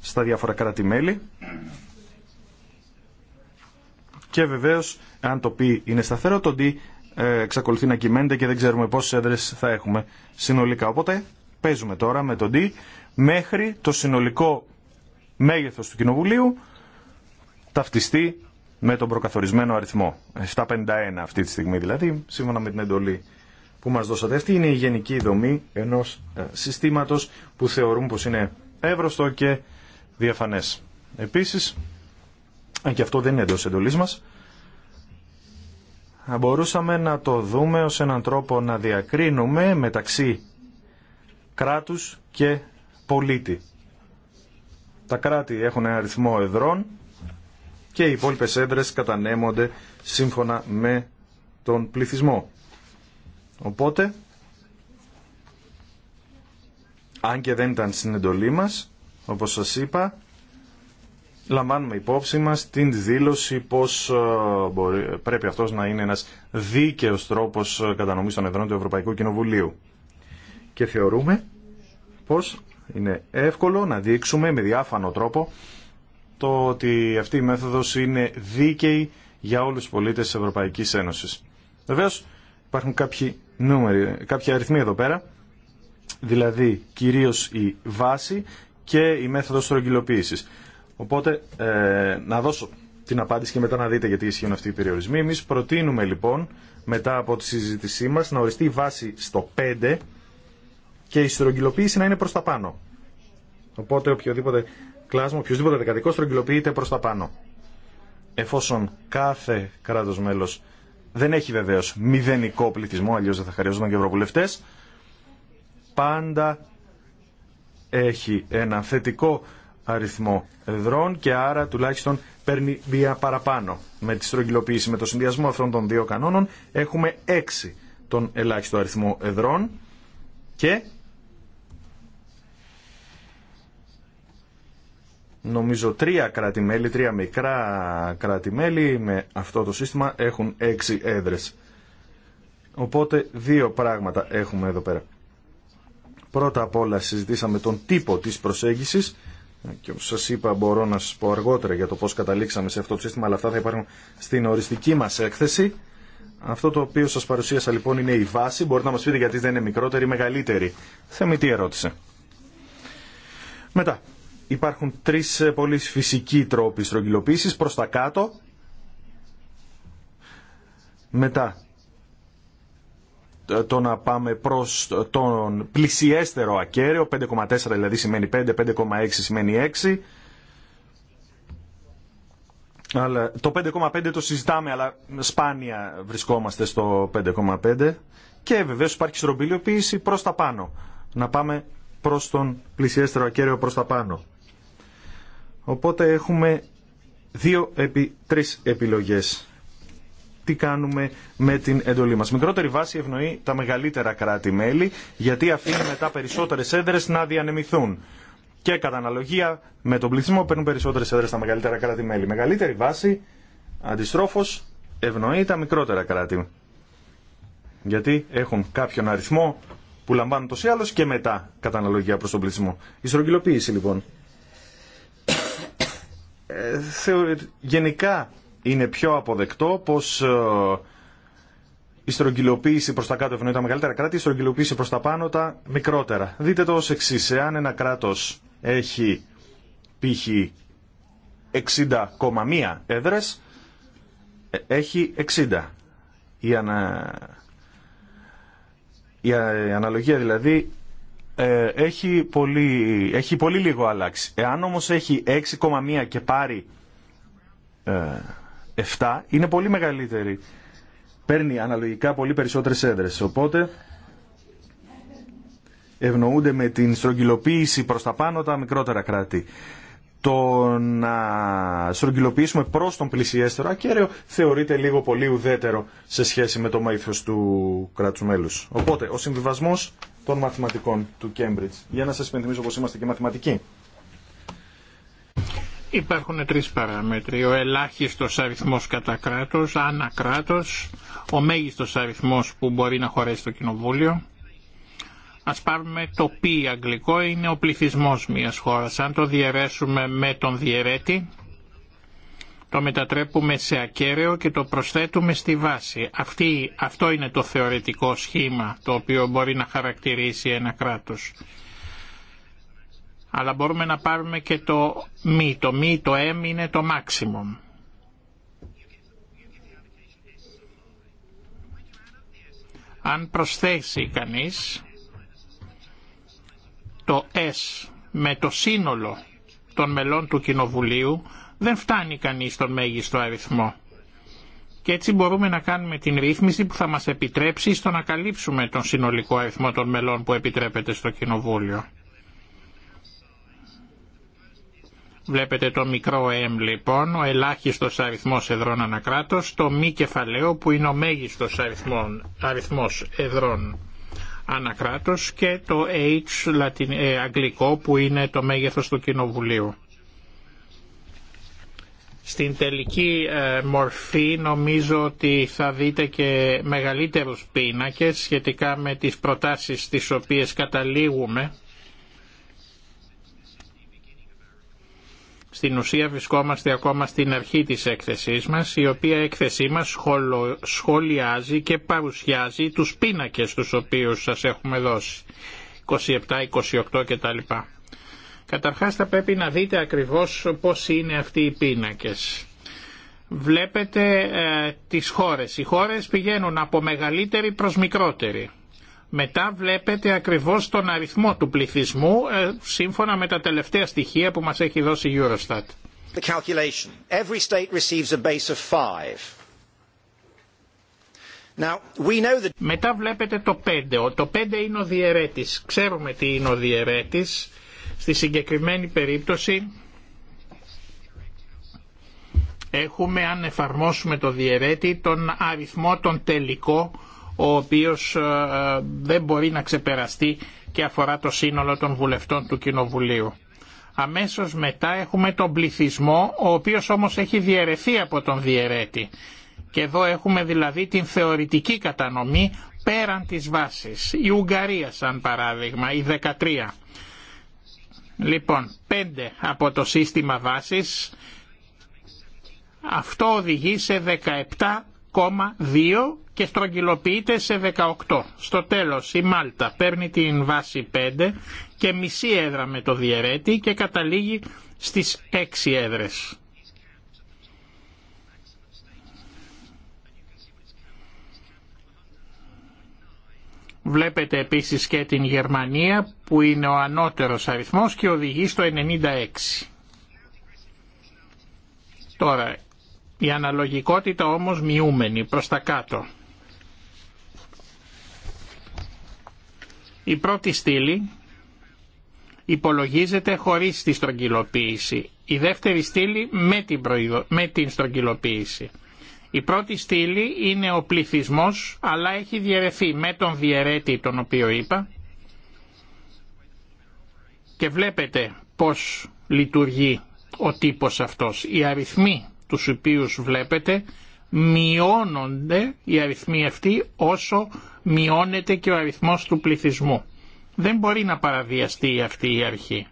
στα διάφορα κράτη-μέλη και βεβαίως αν το πει είναι σταθερό το D ε, εξακολουθεί να κυμαίνεται και δεν ξέρουμε πόσες έδρες θα έχουμε συνολικά. Οπότε παίζουμε τώρα με το D μέχρι το συνολικό μέγεθος του Κοινοβουλίου ταυτιστεί με τον προκαθορισμένο αριθμό. 751 αυτή τη στιγμή δηλαδή, σύμφωνα με την εντολή που μας δώσατε. Αυτή είναι η γενική δομή ενός ε, συστήματος που θεωρούν πως είναι εύρωστο και διαφανές. Επίσης, και αυτό δεν είναι εντός εντολής μας, μπορούσαμε να το δούμε ως έναν τρόπο να διακρίνουμε μεταξύ κράτους και πολίτη. Τα κράτη έχουν ένα αριθμό εδρών και οι υπόλοιπε έδρε κατανέμονται σύμφωνα με τον πληθυσμό. Οπότε, αν και δεν ήταν στην εντολή μας, όπως σας είπα, λαμβάνουμε υπόψη μας την δήλωση πως ε, πρέπει αυτός να είναι ένας δίκαιος τρόπος ε, κατανομής των εδρών του Ευρωπαϊκού Κοινοβουλίου. Και θεωρούμε πως είναι εύκολο να δείξουμε με διάφανο τρόπο το ότι αυτή η μέθοδος είναι δίκαιη για όλους τους πολίτες της Ευρωπαϊκής Ένωσης. Βεβαίω, υπάρχουν κάποιοι νούμεροι, κάποια αριθμοί εδώ πέρα, δηλαδή κυρίως η βάση και η μέθοδος στρογγυλοποίησης. Οπότε ε, να δώσω την απάντηση και μετά να δείτε γιατί ισχύουν αυτοί οι περιορισμοί. Εμεί προτείνουμε λοιπόν μετά από τη συζήτησή μα να οριστεί η βάση στο 5 και η στρογγυλοποίηση να είναι προ τα πάνω. Οπότε οποιοδήποτε κλάσμα, οποιοδήποτε δεκαδικό στρογγυλοποιείται προ τα πάνω. Εφόσον κάθε κράτο μέλο δεν έχει βεβαίω μηδενικό πληθυσμό, αλλιώ δεν θα χρειαζόταν και ευρωβουλευτέ, πάντα έχει ένα θετικό αριθμό εδρών και άρα τουλάχιστον παίρνει μία παραπάνω. Με τη στρογγυλοποίηση, με το συνδυασμό αυτών των δύο κανόνων έχουμε έξι τον ελάχιστο αριθμό εδρών και νομίζω τρία κράτη-μέλη, τρία μικρά κράτη-μέλη με αυτό το σύστημα έχουν έξι έδρες. Οπότε δύο πράγματα έχουμε εδώ πέρα. Πρώτα απ' όλα συζητήσαμε τον τύπο της προσέγγισης και όπως σας είπα μπορώ να σας πω αργότερα για το πώς καταλήξαμε σε αυτό το σύστημα αλλά αυτά θα υπάρχουν στην οριστική μας έκθεση. Αυτό το οποίο σας παρουσίασα λοιπόν είναι η βάση. Μπορείτε να μας πείτε γιατί δεν είναι μικρότερη ή μεγαλύτερη. Θεμητή ερώτηση. Μετά, Υπάρχουν τρεις ε, πολύ φυσικοί τρόποι στρογγυλοποίησης, προς τα κάτω, μετά το να πάμε προς τον πλησιέστερο ακέραιο, 5,4 δηλαδή σημαίνει 5, 5,6 σημαίνει 6, αλλά το 5,5 το συζητάμε, αλλά σπάνια βρισκόμαστε στο 5,5. Και βεβαίως υπάρχει στρογγυλοποίηση προς τα πάνω. Να πάμε προς τον πλησιέστερο ακέραιο προς τα πάνω. Οπότε έχουμε δύο επί τρεις επιλογές. Τι κάνουμε με την εντολή μας. Μικρότερη βάση ευνοεί τα μεγαλύτερα κράτη-μέλη γιατί αφήνει μετά περισσότερες έδρες να διανεμηθούν. Και κατά αναλογία με τον πληθυσμό παίρνουν περισσότερες έδρες τα μεγαλύτερα κράτη-μέλη. Μεγαλύτερη βάση, αντιστρόφως, ευνοεί τα μικρότερα κράτη. Γιατί έχουν κάποιον αριθμό που λαμβάνουν το ή και μετά κατά αναλογία προς τον πληθυσμό. Η στρογγυλοποίηση λοιπόν. Ε, γενικά είναι πιο αποδεκτό πως ε, η στρογγυλοποίηση προς τα κάτω ευνοεί τα μεγαλύτερα κράτη, η στρογγυλοποίηση προς τα πάνω τα μικρότερα. Δείτε το ως εξή. Εάν ένα κράτος έχει π.χ. 60,1 έδρες ε, έχει 60. Η, ανα... η αναλογία δηλαδή ε, έχει, πολύ, έχει πολύ λίγο αλλάξει. Εάν όμως έχει 6,1 και πάρει 7, ε, είναι πολύ μεγαλύτερη. Παίρνει αναλογικά πολύ περισσότερες έδρες. Οπότε ευνοούνται με την στρογγυλοποίηση προς τα πάνω τα μικρότερα κράτη. Το να στρογγυλοποιήσουμε προς τον πλησιέστερο ακέραιο θεωρείται λίγο πολύ ουδέτερο σε σχέση με το μέγεθο του κράτους μέλους. Οπότε ο συμβιβασμός των μαθηματικών του Cambridge. Για να σας υπενθυμίσω πως είμαστε και μαθηματικοί. Υπάρχουν τρεις παράμετροι. Ο ελάχιστος αριθμός κατά κράτος, ανά ο μέγιστος αριθμός που μπορεί να χωρέσει το κοινοβούλιο. Ας πάρουμε το π αγγλικό, είναι ο πληθυσμός μιας χώρας. Αν το διαιρέσουμε με τον διαιρέτη, το μετατρέπουμε σε ακέραιο και το προσθέτουμε στη βάση. Αυτή, αυτό είναι το θεωρητικό σχήμα το οποίο μπορεί να χαρακτηρίσει ένα κράτος. Αλλά μπορούμε να πάρουμε και το μη. Το μη, το εμ είναι το maximum. Αν προσθέσει κανείς το S με το σύνολο των μελών του Κοινοβουλίου, δεν φτάνει κανείς στον μέγιστο αριθμό. Και έτσι μπορούμε να κάνουμε την ρύθμιση που θα μας επιτρέψει στο να καλύψουμε τον συνολικό αριθμό των μελών που επιτρέπεται στο Κοινοβούλιο. Βλέπετε το μικρό M λοιπόν, ο ελάχιστος αριθμός εδρών ανακράτος, το μη κεφαλαίο που είναι ο μέγιστος αριθμός, εδρών ανακράτος και το H λατιν, ε, αγγλικό που είναι το μέγεθος του Κοινοβουλίου. Στην τελική ε, μορφή νομίζω ότι θα δείτε και μεγαλύτερους πίνακες σχετικά με τις προτάσεις τις οποίες καταλήγουμε. Στην ουσία βρισκόμαστε ακόμα στην αρχή της έκθεσής μας, η οποία έκθεσή μας σχολιάζει και παρουσιάζει τους πίνακες τους οποίους σας έχουμε δώσει, 27, 28 κτλ. Καταρχάς θα πρέπει να δείτε ακριβώς πώς είναι αυτοί οι πίνακες. Βλέπετε ε, τις χώρες. Οι χώρες πηγαίνουν από μεγαλύτερη προς μικρότερη. Μετά βλέπετε ακριβώς τον αριθμό του πληθυσμού ε, σύμφωνα με τα τελευταία στοιχεία που μας έχει δώσει η Eurostat. Μετά βλέπετε το 5. Το 5 είναι ο διαιρέτης. Ξέρουμε τι είναι ο διαιρέτης. Στη συγκεκριμένη περίπτωση έχουμε αν εφαρμόσουμε το διαιρέτη τον αριθμό τον τελικό ο οποίος ε, δεν μπορεί να ξεπεραστεί και αφορά το σύνολο των βουλευτών του Κοινοβουλίου. Αμέσως μετά έχουμε τον πληθυσμό, ο οποίος όμως έχει διαιρεθεί από τον διαιρέτη. Και εδώ έχουμε δηλαδή την θεωρητική κατανομή πέραν της βάσης. Η Ουγγαρία σαν παράδειγμα, η 13. Λοιπόν, 5 από το σύστημα βάσης, αυτό οδηγεί σε 17,2 και στρογγυλοποιείται σε 18. Στο τέλος η Μάλτα παίρνει την βάση 5 και μισή έδρα με το διαιρέτη και καταλήγει στις 6 έδρες. Βλέπετε επίσης και την Γερμανία που είναι ο ανώτερος αριθμός και οδηγεί στο 96. Τώρα, η αναλογικότητα όμως μειούμενη προς τα κάτω. Η πρώτη στήλη υπολογίζεται χωρίς τη στρογγυλοποίηση. Η δεύτερη στήλη με την, προειδο... στρογγυλοποίηση. Η πρώτη στήλη είναι ο πληθυσμός αλλά έχει διαιρεθεί με τον διαιρέτη τον οποίο είπα και βλέπετε πώς λειτουργεί ο τύπος αυτός. Οι αριθμοί τους οποίους βλέπετε μειώνονται οι αριθμοί αυτοί όσο μειώνεται και ο αριθμός του πληθυσμού. Δεν μπορεί να παραδιαστεί αυτή η αρχή.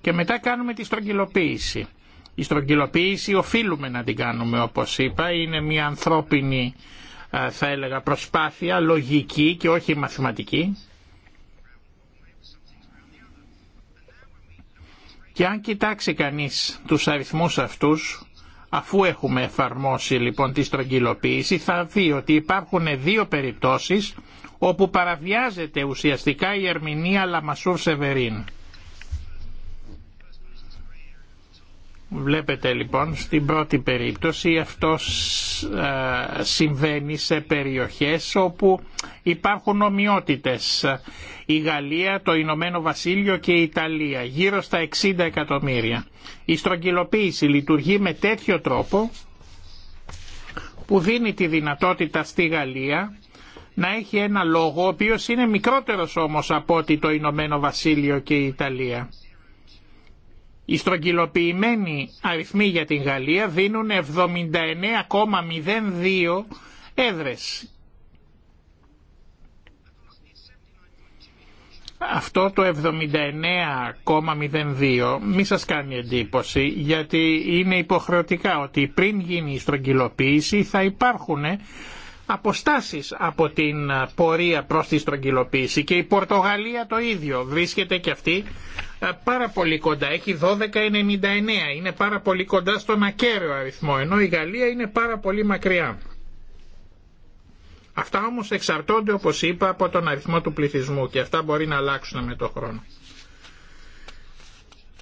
Και μετά κάνουμε τη στρογγυλοποίηση. Η στρογγυλοποίηση οφείλουμε να την κάνουμε όπως είπα, είναι μια ανθρώπινη θα έλεγα προσπάθεια, λογική και όχι μαθηματική Και αν κοιτάξει κανείς τους αριθμούς αυτούς, αφού έχουμε εφαρμόσει λοιπόν τη στρογγυλοποίηση, θα δει ότι υπάρχουν δύο περιπτώσεις όπου παραβιάζεται ουσιαστικά η ερμηνεία Λαμασούρ Σεβερίν. Βλέπετε λοιπόν στην πρώτη περίπτωση αυτό ε, συμβαίνει σε περιοχές όπου υπάρχουν ομοιότητες. Η Γαλλία, το Ηνωμένο Βασίλειο και η Ιταλία, γύρω στα 60 εκατομμύρια. Η στρογγυλοποίηση λειτουργεί με τέτοιο τρόπο που δίνει τη δυνατότητα στη Γαλλία να έχει ένα λόγο ο οποίος είναι μικρότερος όμως από ότι το Ηνωμένο Βασίλειο και η Ιταλία. Οι στρογγυλοποιημένοι αριθμοί για την Γαλλία δίνουν 79,02 έδρες. Αυτό το 79,02 μη σας κάνει εντύπωση γιατί είναι υποχρεωτικά ότι πριν γίνει η στρογγυλοποίηση θα υπάρχουν αποστάσεις από την πορεία προς τη στρογγυλοποίηση και η Πορτογαλία το ίδιο βρίσκεται και αυτή ε, πάρα πολύ κοντά, έχει 12,99, είναι πάρα πολύ κοντά στον ακέραιο αριθμό, ενώ η Γαλλία είναι πάρα πολύ μακριά. Αυτά όμως εξαρτώνται όπως είπα από τον αριθμό του πληθυσμού και αυτά μπορεί να αλλάξουν με το χρόνο.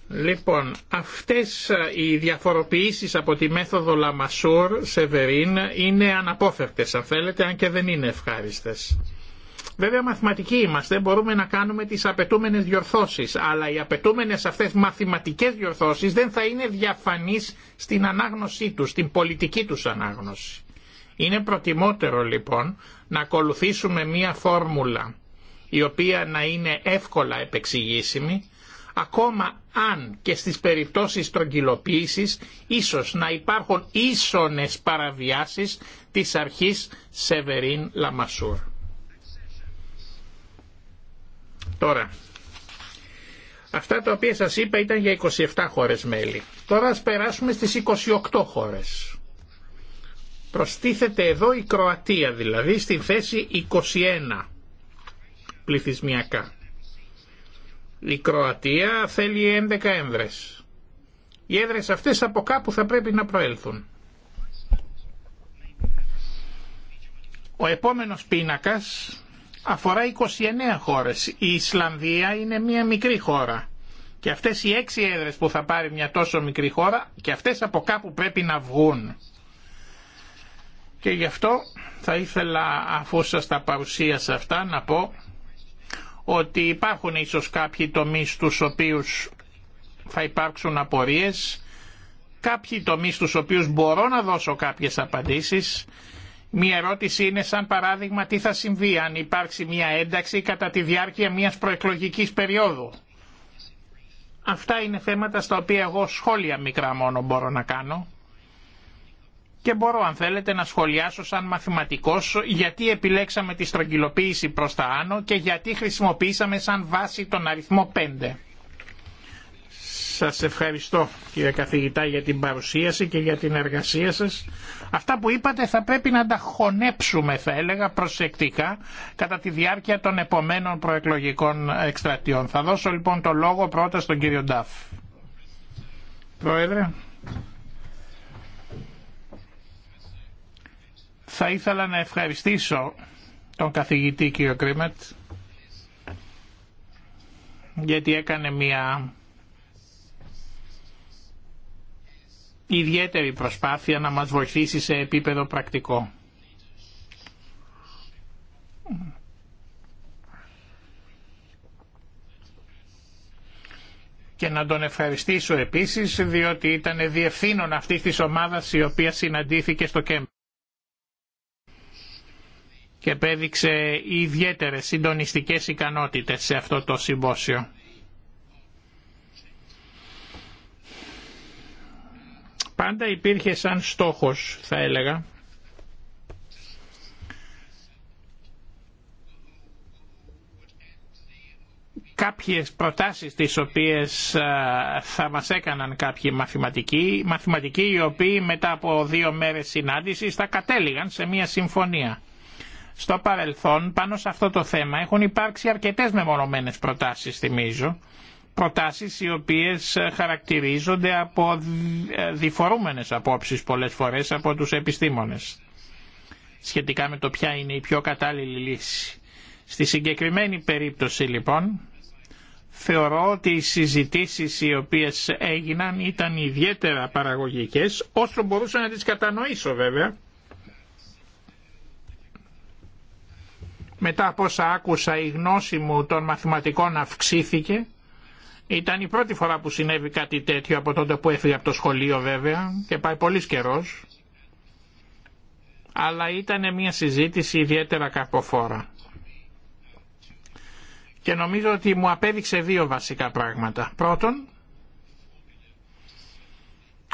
Λοιπόν, αυτές ε, οι διαφοροποιήσεις από τη μέθοδο Λαμασούρ, Σεβερίν, είναι αναπόφευκτες αν θέλετε, αν και δεν είναι ευχάριστες. Βέβαια μαθηματικοί είμαστε, μπορούμε να κάνουμε τις απαιτούμενες διορθώσεις, αλλά οι απαιτούμενες αυτές μαθηματικές διορθώσεις δεν θα είναι διαφανείς στην ανάγνωσή τους, στην πολιτική τους ανάγνωση. Είναι προτιμότερο λοιπόν να ακολουθήσουμε μία φόρμουλα η οποία να είναι εύκολα επεξηγήσιμη, ακόμα αν και στις περιπτώσεις τρογγυλοποίησης ίσως να υπάρχουν ίσονες παραβιάσεις της αρχής Σεβερίν Λαμασούρ. Τώρα, αυτά τα οποία σας είπα ήταν για 27 χώρες μέλη. Τώρα ας περάσουμε στις 28 χώρες. Προστίθεται εδώ η Κροατία, δηλαδή στην θέση 21 πληθυσμιακά. Η Κροατία θέλει 11 ένδρες. Οι έδρες αυτές από κάπου θα πρέπει να προέλθουν. Ο επόμενος πίνακας αφορά 29 χώρες. Η Ισλανδία είναι μια μικρή χώρα. Και αυτές οι έξι έδρες που θα πάρει μια τόσο μικρή χώρα και αυτές από κάπου πρέπει να βγουν. Και γι' αυτό θα ήθελα αφού σας τα παρουσίασα αυτά να πω ότι υπάρχουν ίσως κάποιοι τομείς τους οποίους θα υπάρξουν απορίες, κάποιοι τομείς τους οποίους μπορώ να δώσω κάποιες απαντήσεις Μία ερώτηση είναι σαν παράδειγμα τι θα συμβεί αν υπάρξει μία ένταξη κατά τη διάρκεια μιας προεκλογικής περίοδου. Αυτά είναι θέματα στα οποία εγώ σχόλια μικρά μόνο μπορώ να κάνω και μπορώ αν θέλετε να σχολιάσω σαν μαθηματικός γιατί επιλέξαμε τη στρογγυλοποίηση προς τα άνω και γιατί χρησιμοποίησαμε σαν βάση τον αριθμό 5. Σας ευχαριστώ κύριε καθηγητά για την παρουσίαση και για την εργασία σας. Αυτά που είπατε θα πρέπει να τα χωνέψουμε θα έλεγα προσεκτικά κατά τη διάρκεια των επομένων προεκλογικών εκστρατιών. Θα δώσω λοιπόν το λόγο πρώτα στον κύριο Ντάφ. Πρόεδρε. Θα ήθελα να ευχαριστήσω τον καθηγητή κύριο Κρίμετ γιατί έκανε μια ιδιαίτερη προσπάθεια να μας βοηθήσει σε επίπεδο πρακτικό. Και να τον ευχαριστήσω επίσης διότι ήταν διευθύνων αυτή της ομάδας η οποία συναντήθηκε στο ΚΕΜΠ και επέδειξε ιδιαίτερες συντονιστικές ικανότητες σε αυτό το συμπόσιο. πάντα υπήρχε σαν στόχος θα έλεγα κάποιες προτάσεις τις οποίες θα μας έκαναν κάποιοι μαθηματικοί, μαθηματικοί οι οποίοι μετά από δύο μέρες συνάντησης θα κατέληγαν σε μια συμφωνία. Στο παρελθόν πάνω σε αυτό το θέμα έχουν υπάρξει αρκετές μεμονωμένες προτάσεις θυμίζω προτάσεις οι οποίες ε, χαρακτηρίζονται από ε, διφορούμενες απόψεις πολλές φορές από τους επιστήμονες σχετικά με το ποια είναι η πιο κατάλληλη λύση. Στη συγκεκριμένη περίπτωση λοιπόν θεωρώ ότι οι συζητήσεις οι οποίες έγιναν ήταν ιδιαίτερα παραγωγικές όσο μπορούσα να τις κατανοήσω βέβαια. Μετά από όσα άκουσα η γνώση μου των μαθηματικών αυξήθηκε ήταν η πρώτη φορά που συνέβη κάτι τέτοιο από τότε που έφυγε από το σχολείο βέβαια και πάει πολύ καιρό. Αλλά ήταν μια συζήτηση ιδιαίτερα κακοφόρα. Και νομίζω ότι μου απέδειξε δύο βασικά πράγματα. Πρώτον,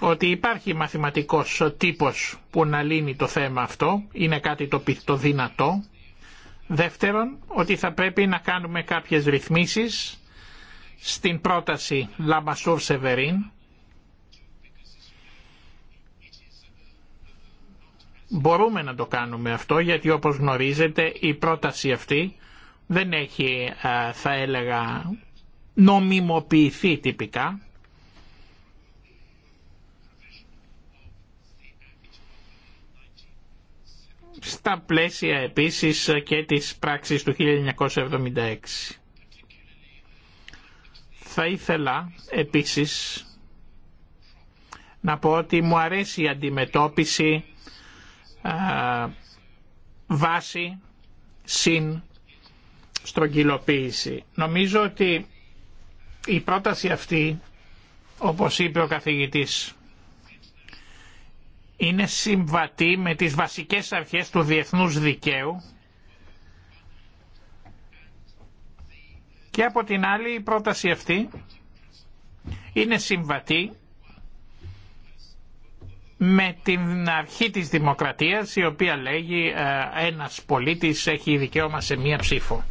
ότι υπάρχει μαθηματικός τύπος που να λύνει το θέμα αυτό, είναι κάτι το δυνατό. Δεύτερον, ότι θα πρέπει να κάνουμε κάποιες ρυθμίσεις στην πρόταση Λαμπασούρ Σεβερίν μπορούμε να το κάνουμε αυτό γιατί όπως γνωρίζετε η πρόταση αυτή δεν έχει θα έλεγα νομιμοποιηθεί τυπικά στα πλαίσια επίσης και της πράξης του 1976. Θα ήθελα επίσης να πω ότι μου αρέσει η αντιμετώπιση βάση συν στρογγυλοποίηση. Νομίζω ότι η πρόταση αυτή, όπως είπε ο καθηγητής, είναι συμβατή με τις βασικές αρχές του διεθνούς δικαίου Και από την άλλη η πρόταση αυτή είναι συμβατή με την αρχή της δημοκρατίας η οποία λέγει ε, ένας πολίτης έχει δικαίωμα σε μία ψήφο.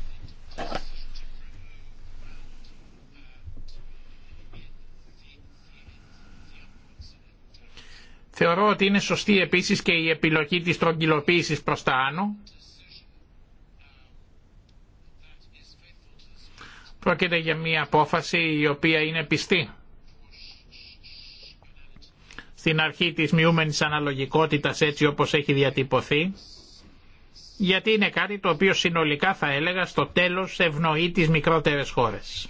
Θεωρώ ότι είναι σωστή επίσης και η επιλογή της τρογγυλοποίησης προς τα άνω Πρόκειται για μια απόφαση η οποία είναι πιστή. Στην αρχή της μειούμενης αναλογικότητας έτσι όπως έχει διατυπωθεί, γιατί είναι κάτι το οποίο συνολικά θα έλεγα στο τέλος ευνοεί τις μικρότερες χώρες.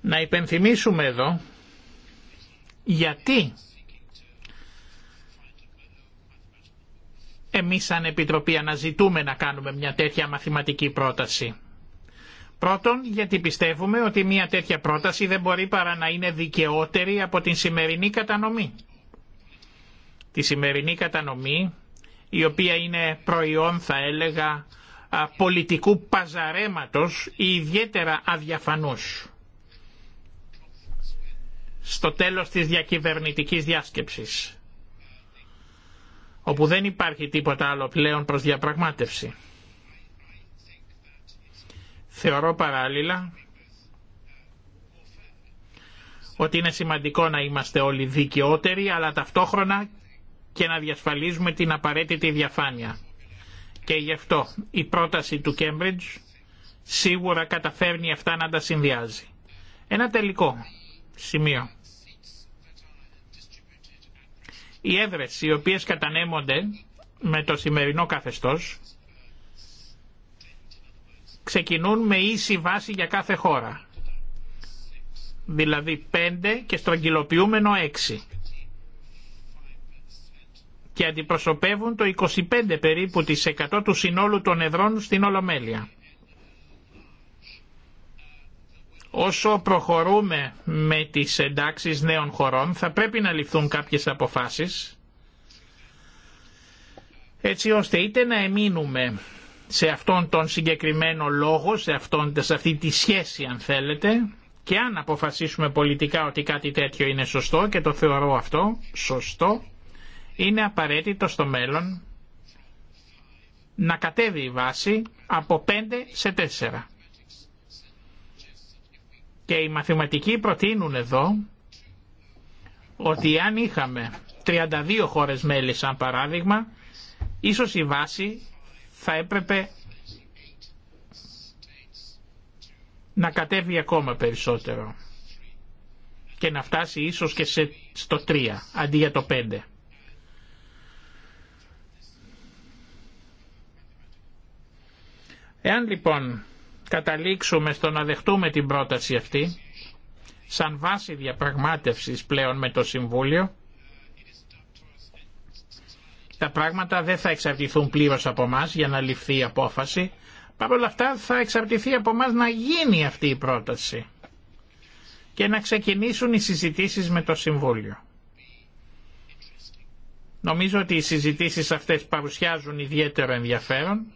Να υπενθυμίσουμε εδώ γιατί εμείς σαν Επιτροπή αναζητούμε να κάνουμε μια τέτοια μαθηματική πρόταση. Πρώτον, γιατί πιστεύουμε ότι μια τέτοια πρόταση δεν μπορεί παρά να είναι δικαιότερη από την σημερινή κατανομή. Τη σημερινή κατανομή, η οποία είναι προϊόν, θα έλεγα, πολιτικού παζαρέματος ή ιδιαίτερα αδιαφανούς. Στο τέλος της διακυβερνητικής διάσκεψης όπου δεν υπάρχει τίποτα άλλο πλέον προς διαπραγμάτευση. Θεωρώ παράλληλα ότι είναι σημαντικό να είμαστε όλοι δικαιότεροι, αλλά ταυτόχρονα και να διασφαλίζουμε την απαραίτητη διαφάνεια. Και γι' αυτό η πρόταση του Cambridge σίγουρα καταφέρνει αυτά να τα συνδυάζει. Ένα τελικό σημείο. Οι έδρες οι οποίες κατανέμονται με το σημερινό καθεστώς ξεκινούν με ίση βάση για κάθε χώρα. Δηλαδή 5 και στρογγυλοποιούμενο 6 και αντιπροσωπεύουν το 25 περίπου της 100 του συνόλου των εδρών στην Ολομέλεια. Όσο προχωρούμε με τις εντάξεις νέων χωρών θα πρέπει να ληφθούν κάποιες αποφάσεις έτσι ώστε είτε να εμείνουμε σε αυτόν τον συγκεκριμένο λόγο, σε, αυτόν, σε αυτή τη σχέση αν θέλετε και αν αποφασίσουμε πολιτικά ότι κάτι τέτοιο είναι σωστό και το θεωρώ αυτό σωστό είναι απαραίτητο στο μέλλον να κατέβει η βάση από 5 σε και οι μαθηματικοί προτείνουν εδώ ότι αν είχαμε 32 χώρες μέλη σαν παράδειγμα, ίσως η βάση θα έπρεπε να κατέβει ακόμα περισσότερο και να φτάσει ίσως και σε, στο 3 αντί για το 5. Εάν λοιπόν καταλήξουμε στο να δεχτούμε την πρόταση αυτή σαν βάση διαπραγμάτευσης πλέον με το Συμβούλιο τα πράγματα δεν θα εξαρτηθούν πλήρως από εμά για να ληφθεί η απόφαση Παρ' όλα αυτά θα εξαρτηθεί από εμά να γίνει αυτή η πρόταση και να ξεκινήσουν οι συζητήσεις με το Συμβούλιο. Νομίζω ότι οι συζητήσεις αυτές παρουσιάζουν ιδιαίτερο ενδιαφέρον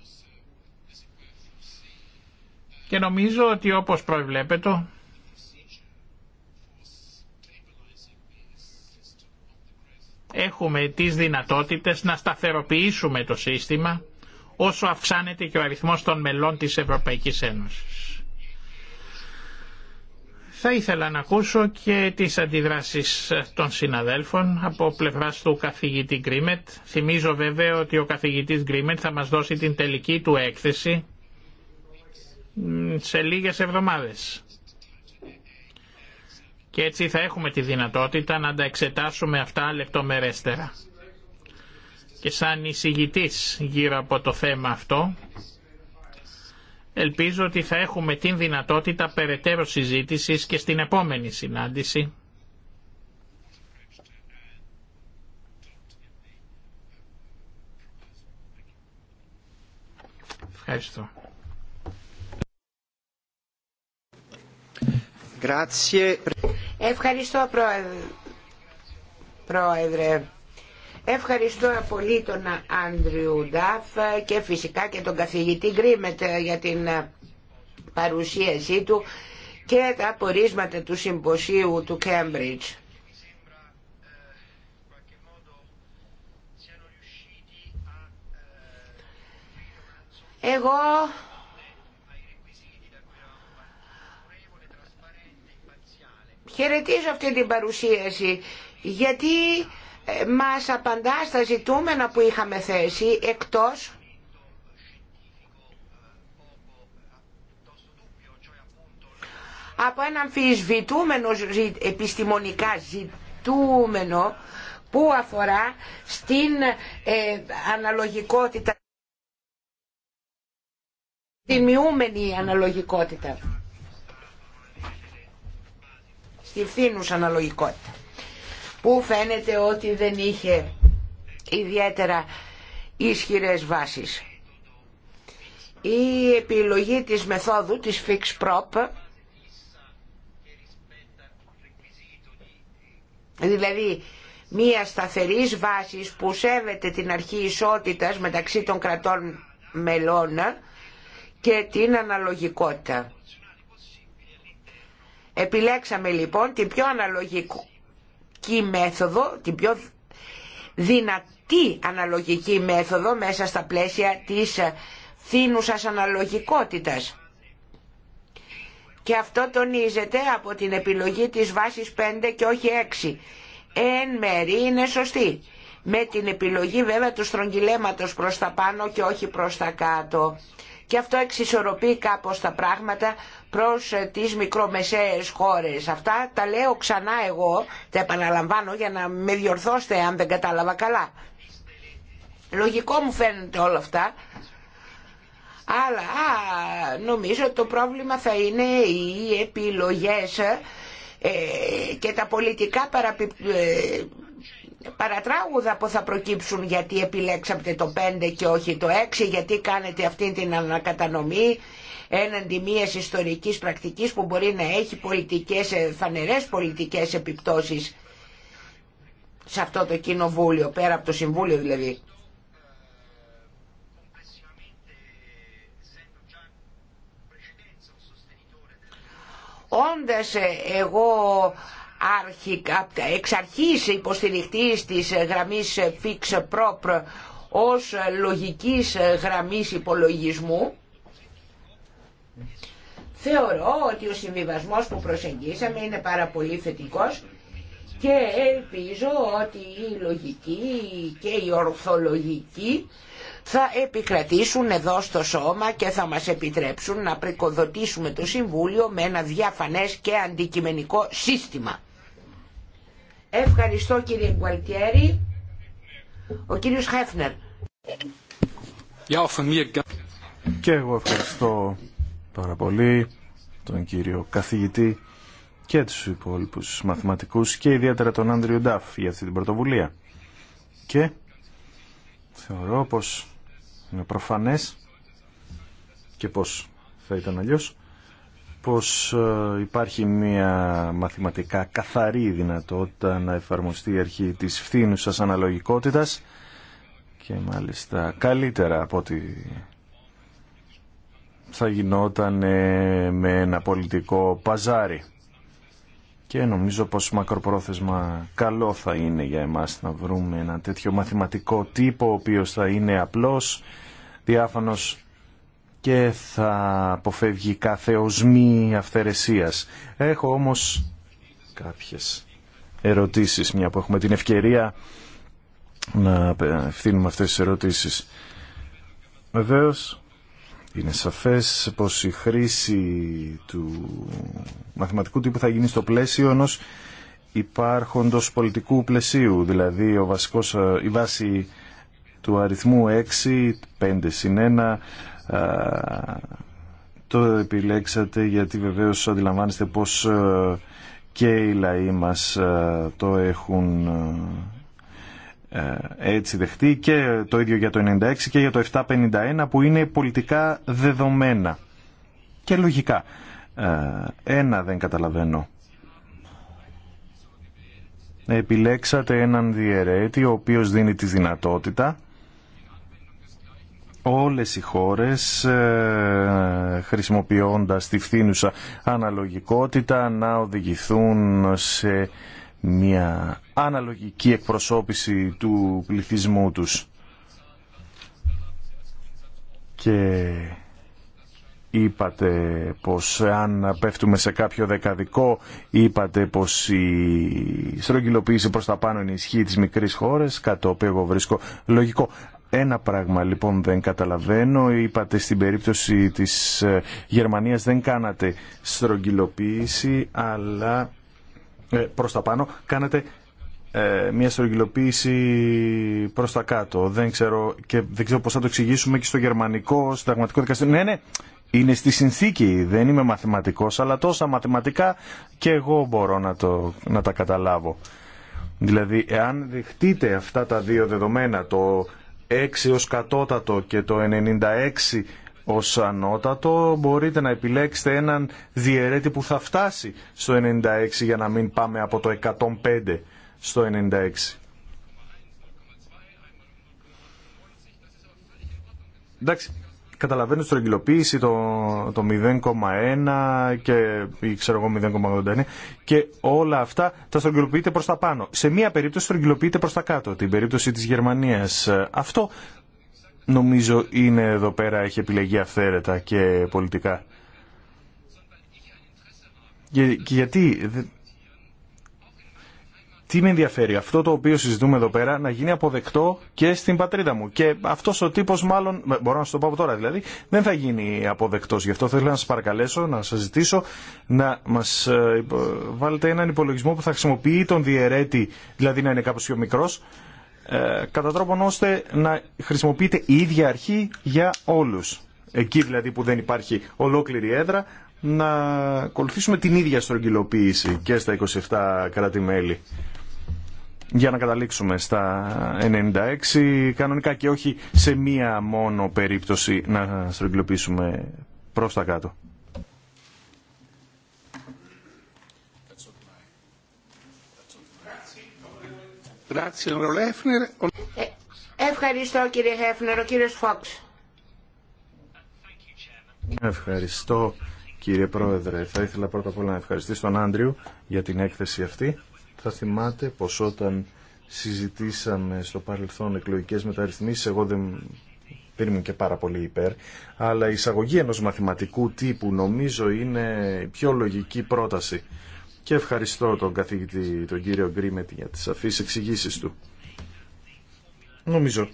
και νομίζω ότι όπως προβλέπετε, έχουμε τις δυνατότητες να σταθεροποιήσουμε το σύστημα όσο αυξάνεται και ο αριθμός των μελών της Ευρωπαϊκής Ένωσης. Θα ήθελα να ακούσω και τις αντιδράσεις των συναδέλφων από πλευράς του καθηγητή Γκρίμετ. Θυμίζω βέβαια ότι ο καθηγητής Γκρίμετ θα μας δώσει την τελική του έκθεση σε λίγες εβδομάδες. Και έτσι θα έχουμε τη δυνατότητα να τα εξετάσουμε αυτά λεπτομερέστερα. Και σαν εισηγητής γύρω από το θέμα αυτό, ελπίζω ότι θα έχουμε την δυνατότητα περαιτέρω συζήτησης και στην επόμενη συνάντηση. Ευχαριστώ. Ευχαριστώ πρόεδρε. Ευχαριστώ πολύ τον Άντριου Νταφ και φυσικά και τον καθηγητή Γκρίμετ για την παρουσίασή του και τα απορίσματα του συμποσίου του Κέμπριτζ. Εγώ χαιρετίζω αυτή την παρουσίαση γιατί ε, μας απαντά στα ζητούμενα που είχαμε θέσει εκτός από ένα αμφισβητούμενο επιστημονικά ζητούμενο που αφορά στην ε, αναλογικότητα, την μειούμενη αναλογικότητα στη φθήνους αναλογικότητα που φαίνεται ότι δεν είχε ιδιαίτερα ισχυρές βάσεις. Η επιλογή της μεθόδου της Fix Prop δηλαδή μία σταθερής βάσης που σέβεται την αρχή ισότητας μεταξύ των κρατών μελών και την αναλογικότητα. Επιλέξαμε λοιπόν την πιο αναλογική μέθοδο, την πιο δυνατή αναλογική μέθοδο μέσα στα πλαίσια της θύνουσας αναλογικότητας. Και αυτό τονίζεται από την επιλογή της βάσης 5 και όχι 6. Εν μέρη είναι σωστή. Με την επιλογή βέβαια του στρογγυλέματος προς τα πάνω και όχι προς τα κάτω. Και αυτό εξισορροπεί κάπως τα πράγματα προς ε, τις μικρομεσαίες χώρες. Αυτά τα λέω ξανά εγώ, τα επαναλαμβάνω για να με διορθώσετε αν δεν κατάλαβα καλά. Λογικό μου φαίνεται όλα αυτά. Αλλά α, νομίζω το πρόβλημα θα είναι οι επιλογές ε, ε, και τα πολιτικά παραπι... ε, παρατράγουδα που θα προκύψουν γιατί επιλέξατε το 5 και όχι το 6, γιατί κάνετε αυτή την ανακατανομή έναντι μιας ιστορικής πρακτικής που μπορεί να έχει πολιτικές, ε, φανερές πολιτικές επιπτώσεις σε αυτό το κοινοβούλιο, πέρα από το Συμβούλιο δηλαδή. Όντας ε, εγώ εξ αρχής υποστηριχτής της ε, γραμμής fix prop ως λογικής γραμμής υπολογισμού, Θεωρώ ότι ο συμβιβασμός που προσεγγίσαμε είναι πάρα πολύ θετικός και ελπίζω ότι η λογική και η ορθολογική θα επικρατήσουν εδώ στο σώμα και θα μας επιτρέψουν να πρικοδοτήσουμε το Συμβούλιο με ένα διαφανές και αντικειμενικό σύστημα. Ευχαριστώ κύριε Γκουαλτιέρη. Ο κύριος Χέφνερ. Και εγώ ευχαριστώ πάρα πολύ τον κύριο καθηγητή και τους υπόλοιπους μαθηματικούς και ιδιαίτερα τον Άνδριο Νταφ για αυτή την πρωτοβουλία. Και θεωρώ πως είναι προφανές και πως θα ήταν αλλιώς πως ε, υπάρχει μια μαθηματικά καθαρή δυνατότητα να εφαρμοστεί η αρχή της φθήνουσας αναλογικότητας και μάλιστα καλύτερα από ό,τι θα γινόταν με ένα πολιτικό παζάρι. Και νομίζω πως μακροπρόθεσμα καλό θα είναι για εμάς να βρούμε ένα τέτοιο μαθηματικό τύπο ο οποίος θα είναι απλός, διάφανος και θα αποφεύγει κάθε οσμή αυθαιρεσίας. Έχω όμως κάποιες ερωτήσεις, μια που έχουμε την ευκαιρία να ευθύνουμε αυτές τις ερωτήσεις. Βεβαίως, είναι σαφές πως η χρήση του μαθηματικού τύπου θα γίνει στο πλαίσιο ενός υπάρχοντος πολιτικού πλαισίου, δηλαδή ο βασικός, η βάση του αριθμού 6, 5 συν 1, το επιλέξατε γιατί βεβαίως αντιλαμβάνεστε πως ε, και οι λαοί μας ε, το έχουν ε, ε, έτσι δεχτεί και το ίδιο για το 96 και για το 751 που είναι πολιτικά δεδομένα και λογικά. Ε, ένα δεν καταλαβαίνω. Επιλέξατε έναν διαιρέτη ο οποίος δίνει τη δυνατότητα όλες οι χώρες ε, χρησιμοποιώντας τη φθήνουσα αναλογικότητα να οδηγηθούν σε μια αναλογική εκπροσώπηση του πληθυσμού τους και είπατε πως αν πέφτουμε σε κάποιο δεκαδικό είπατε πως η στρογγυλοποίηση προς τα πάνω είναι ισχύ της μικρής χώρες κάτι που εγώ βρίσκω λογικό ένα πράγμα λοιπόν δεν καταλαβαίνω είπατε στην περίπτωση της ε, Γερμανίας δεν κάνατε στρογγυλοποίηση αλλά ε, προς τα πάνω, κάνετε ε, μια στρογγυλοποίηση προς τα κάτω. Δεν ξέρω, και δεν ξέρω πώς θα το εξηγήσουμε και στο γερμανικό συνταγματικό δικαστήριο. Ναι, ναι, είναι στη συνθήκη, δεν είμαι μαθηματικός, αλλά τόσα μαθηματικά και εγώ μπορώ να, το, να τα καταλάβω. Δηλαδή, εάν δεχτείτε αυτά τα δύο δεδομένα, το 6 ως κατώτατο και το 96 ως ανώτατο, μπορείτε να επιλέξετε έναν διαιρέτη που θα φτάσει στο 96 για να μην πάμε από το 105 στο 96. Εντάξει, καταλαβαίνω στρογγυλοποίηση το, το 0,1 και ξέρω εγώ 0,89 και όλα αυτά τα στρογγυλοποιείτε προς τα πάνω. Σε μία περίπτωση στρογγυλοποιείτε προς τα κάτω, την περίπτωση της Γερμανίας. Αυτό νομίζω είναι εδώ πέρα, έχει επιλεγεί αυθαίρετα και πολιτικά. Και, γιατί... Τι με ενδιαφέρει αυτό το οποίο συζητούμε εδώ πέρα να γίνει αποδεκτό και στην πατρίδα μου. Και αυτός ο τύπος μάλλον, μπορώ να σου το πω από τώρα δηλαδή, δεν θα γίνει αποδεκτός. Γι' αυτό θέλω να σας παρακαλέσω, να σας ζητήσω να μας ε, βάλετε έναν υπολογισμό που θα χρησιμοποιεί τον διαιρέτη, δηλαδή να είναι κάπως πιο μικρός, ε, κατά τρόπον ώστε να χρησιμοποιείται η ίδια αρχή για όλους. Εκεί δηλαδή που δεν υπάρχει ολόκληρη έδρα, να ακολουθήσουμε την ίδια στρογγυλοποίηση και στα 27 κρατη Για να καταλήξουμε στα 96 κανονικά και όχι σε μία μόνο περίπτωση να στρογγυλοποιήσουμε προς τα κάτω. Ε, ευχαριστώ κύριε Ο Φόξ. Ευχαριστώ κύριε Πρόεδρε. Θα ήθελα πρώτα απ' όλα να ευχαριστήσω τον Άντριου για την έκθεση αυτή. Θα θυμάται πω όταν συζητήσαμε στο παρελθόν εκλογικές μεταρρυθμίσεις, εγώ δεν δεν ήμουν και πάρα πολύ υπέρ, αλλά η εισαγωγή ενός μαθηματικού τύπου νομίζω είναι η πιο λογική πρόταση και ευχαριστώ τον καθηγητή τον κύριο Γκρίμετ για τις σαφείς εξηγήσεις του. Νομίζω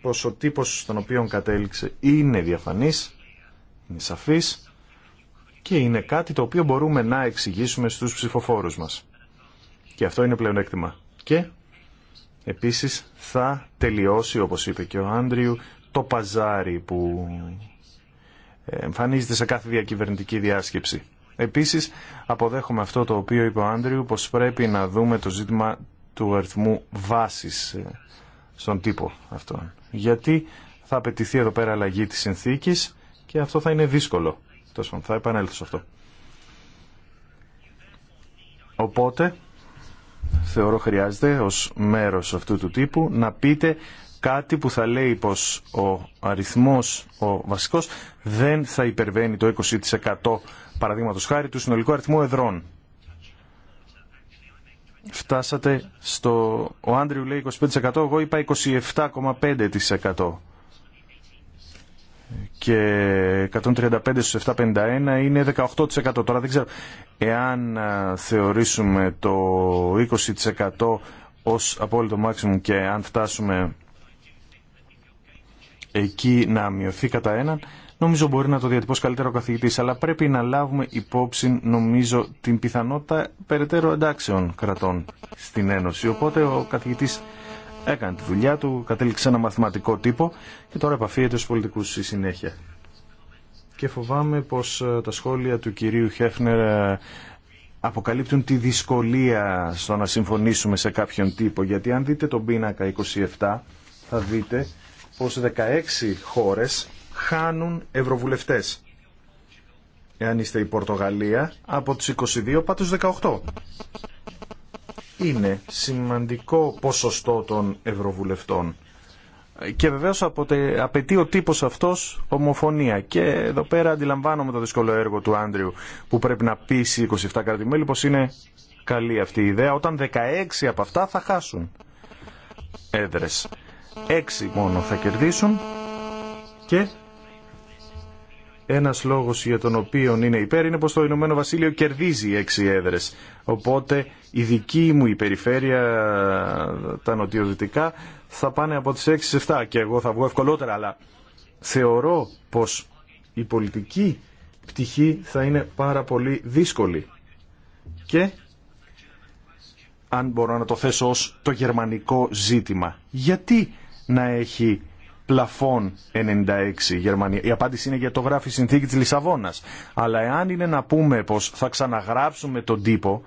πως ο τύπος στον οποίο κατέληξε είναι διαφανής, είναι σαφής και είναι κάτι το οποίο μπορούμε να εξηγήσουμε στους ψηφοφόρους μας. Και αυτό είναι πλεονέκτημα. Και επίσης θα τελειώσει, όπως είπε και ο Άντριου, το παζάρι που εμφανίζεται σε κάθε διακυβερνητική διάσκεψη. Επίσης, αποδέχομαι αυτό το οποίο είπε ο Άντριου, πως πρέπει να δούμε το ζήτημα του αριθμού βάσης ε, στον τύπο αυτόν. Γιατί θα απαιτηθεί εδώ πέρα αλλαγή της συνθήκης και αυτό θα είναι δύσκολο. Τόσο θα επανέλθω σε αυτό. Οπότε, θεωρώ χρειάζεται ως μέρος αυτού του τύπου να πείτε κάτι που θα λέει πως ο αριθμός ο βασικός δεν θα υπερβαίνει το 20% παραδείγματος χάρη, του συνολικού αριθμού εδρών. Φτάσατε στο... Ο Άντριου λέει 25%, εγώ είπα 27,5%. Και 135 στους 751 είναι 18%. Τώρα δεν ξέρω, εάν θεωρήσουμε το 20% ως απόλυτο μάξιμου και αν φτάσουμε εκεί να μειωθεί κατά έναν, Νομίζω μπορεί να το διατυπώσει καλύτερα ο καθηγητής, αλλά πρέπει να λάβουμε υπόψη, νομίζω, την πιθανότητα περαιτέρω εντάξεων κρατών στην Ένωση. Οπότε ο καθηγητής έκανε τη δουλειά του, κατέληξε ένα μαθηματικό τύπο και τώρα επαφίεται στου πολιτικού στη συνέχεια. Και φοβάμαι πω ε, τα σχόλια του κυρίου Χέφνερ ε, αποκαλύπτουν τη δυσκολία στο να συμφωνήσουμε σε κάποιον τύπο, γιατί αν δείτε τον πίνακα 27 θα δείτε πως 16 χώρες χάνουν ευρωβουλευτές. Εάν είστε η Πορτογαλία, από τους 22 πάτε 18. Είναι σημαντικό ποσοστό των ευρωβουλευτών. Και βεβαίω απαιτεί ο τύπο αυτός ομοφωνία. Και εδώ πέρα αντιλαμβάνομαι το δύσκολο έργο του Άντριου που πρέπει να πείσει 27 κρατημέλη πως είναι καλή αυτή η ιδέα. Όταν 16 από αυτά θα χάσουν Έδρε. 6 μόνο θα κερδίσουν και ένας λόγος για τον οποίο είναι υπέρ είναι πως το Ηνωμένο Βασίλειο κερδίζει έξι έδρες. Οπότε η δική μου η περιφέρεια, τα νοτιοδυτικά, θα πάνε από τις 6 σε 7 και εγώ θα βγω ευκολότερα. Αλλά θεωρώ πως η πολιτική πτυχή θα είναι πάρα πολύ δύσκολη. Και αν μπορώ να το θέσω ως το γερμανικό ζήτημα. Γιατί να έχει πλαφών 96 Γερμανία. Η απάντηση είναι για το γράφει η συνθήκη της Λισαβόνας. Αλλά εάν είναι να πούμε πως θα ξαναγράψουμε τον τύπο,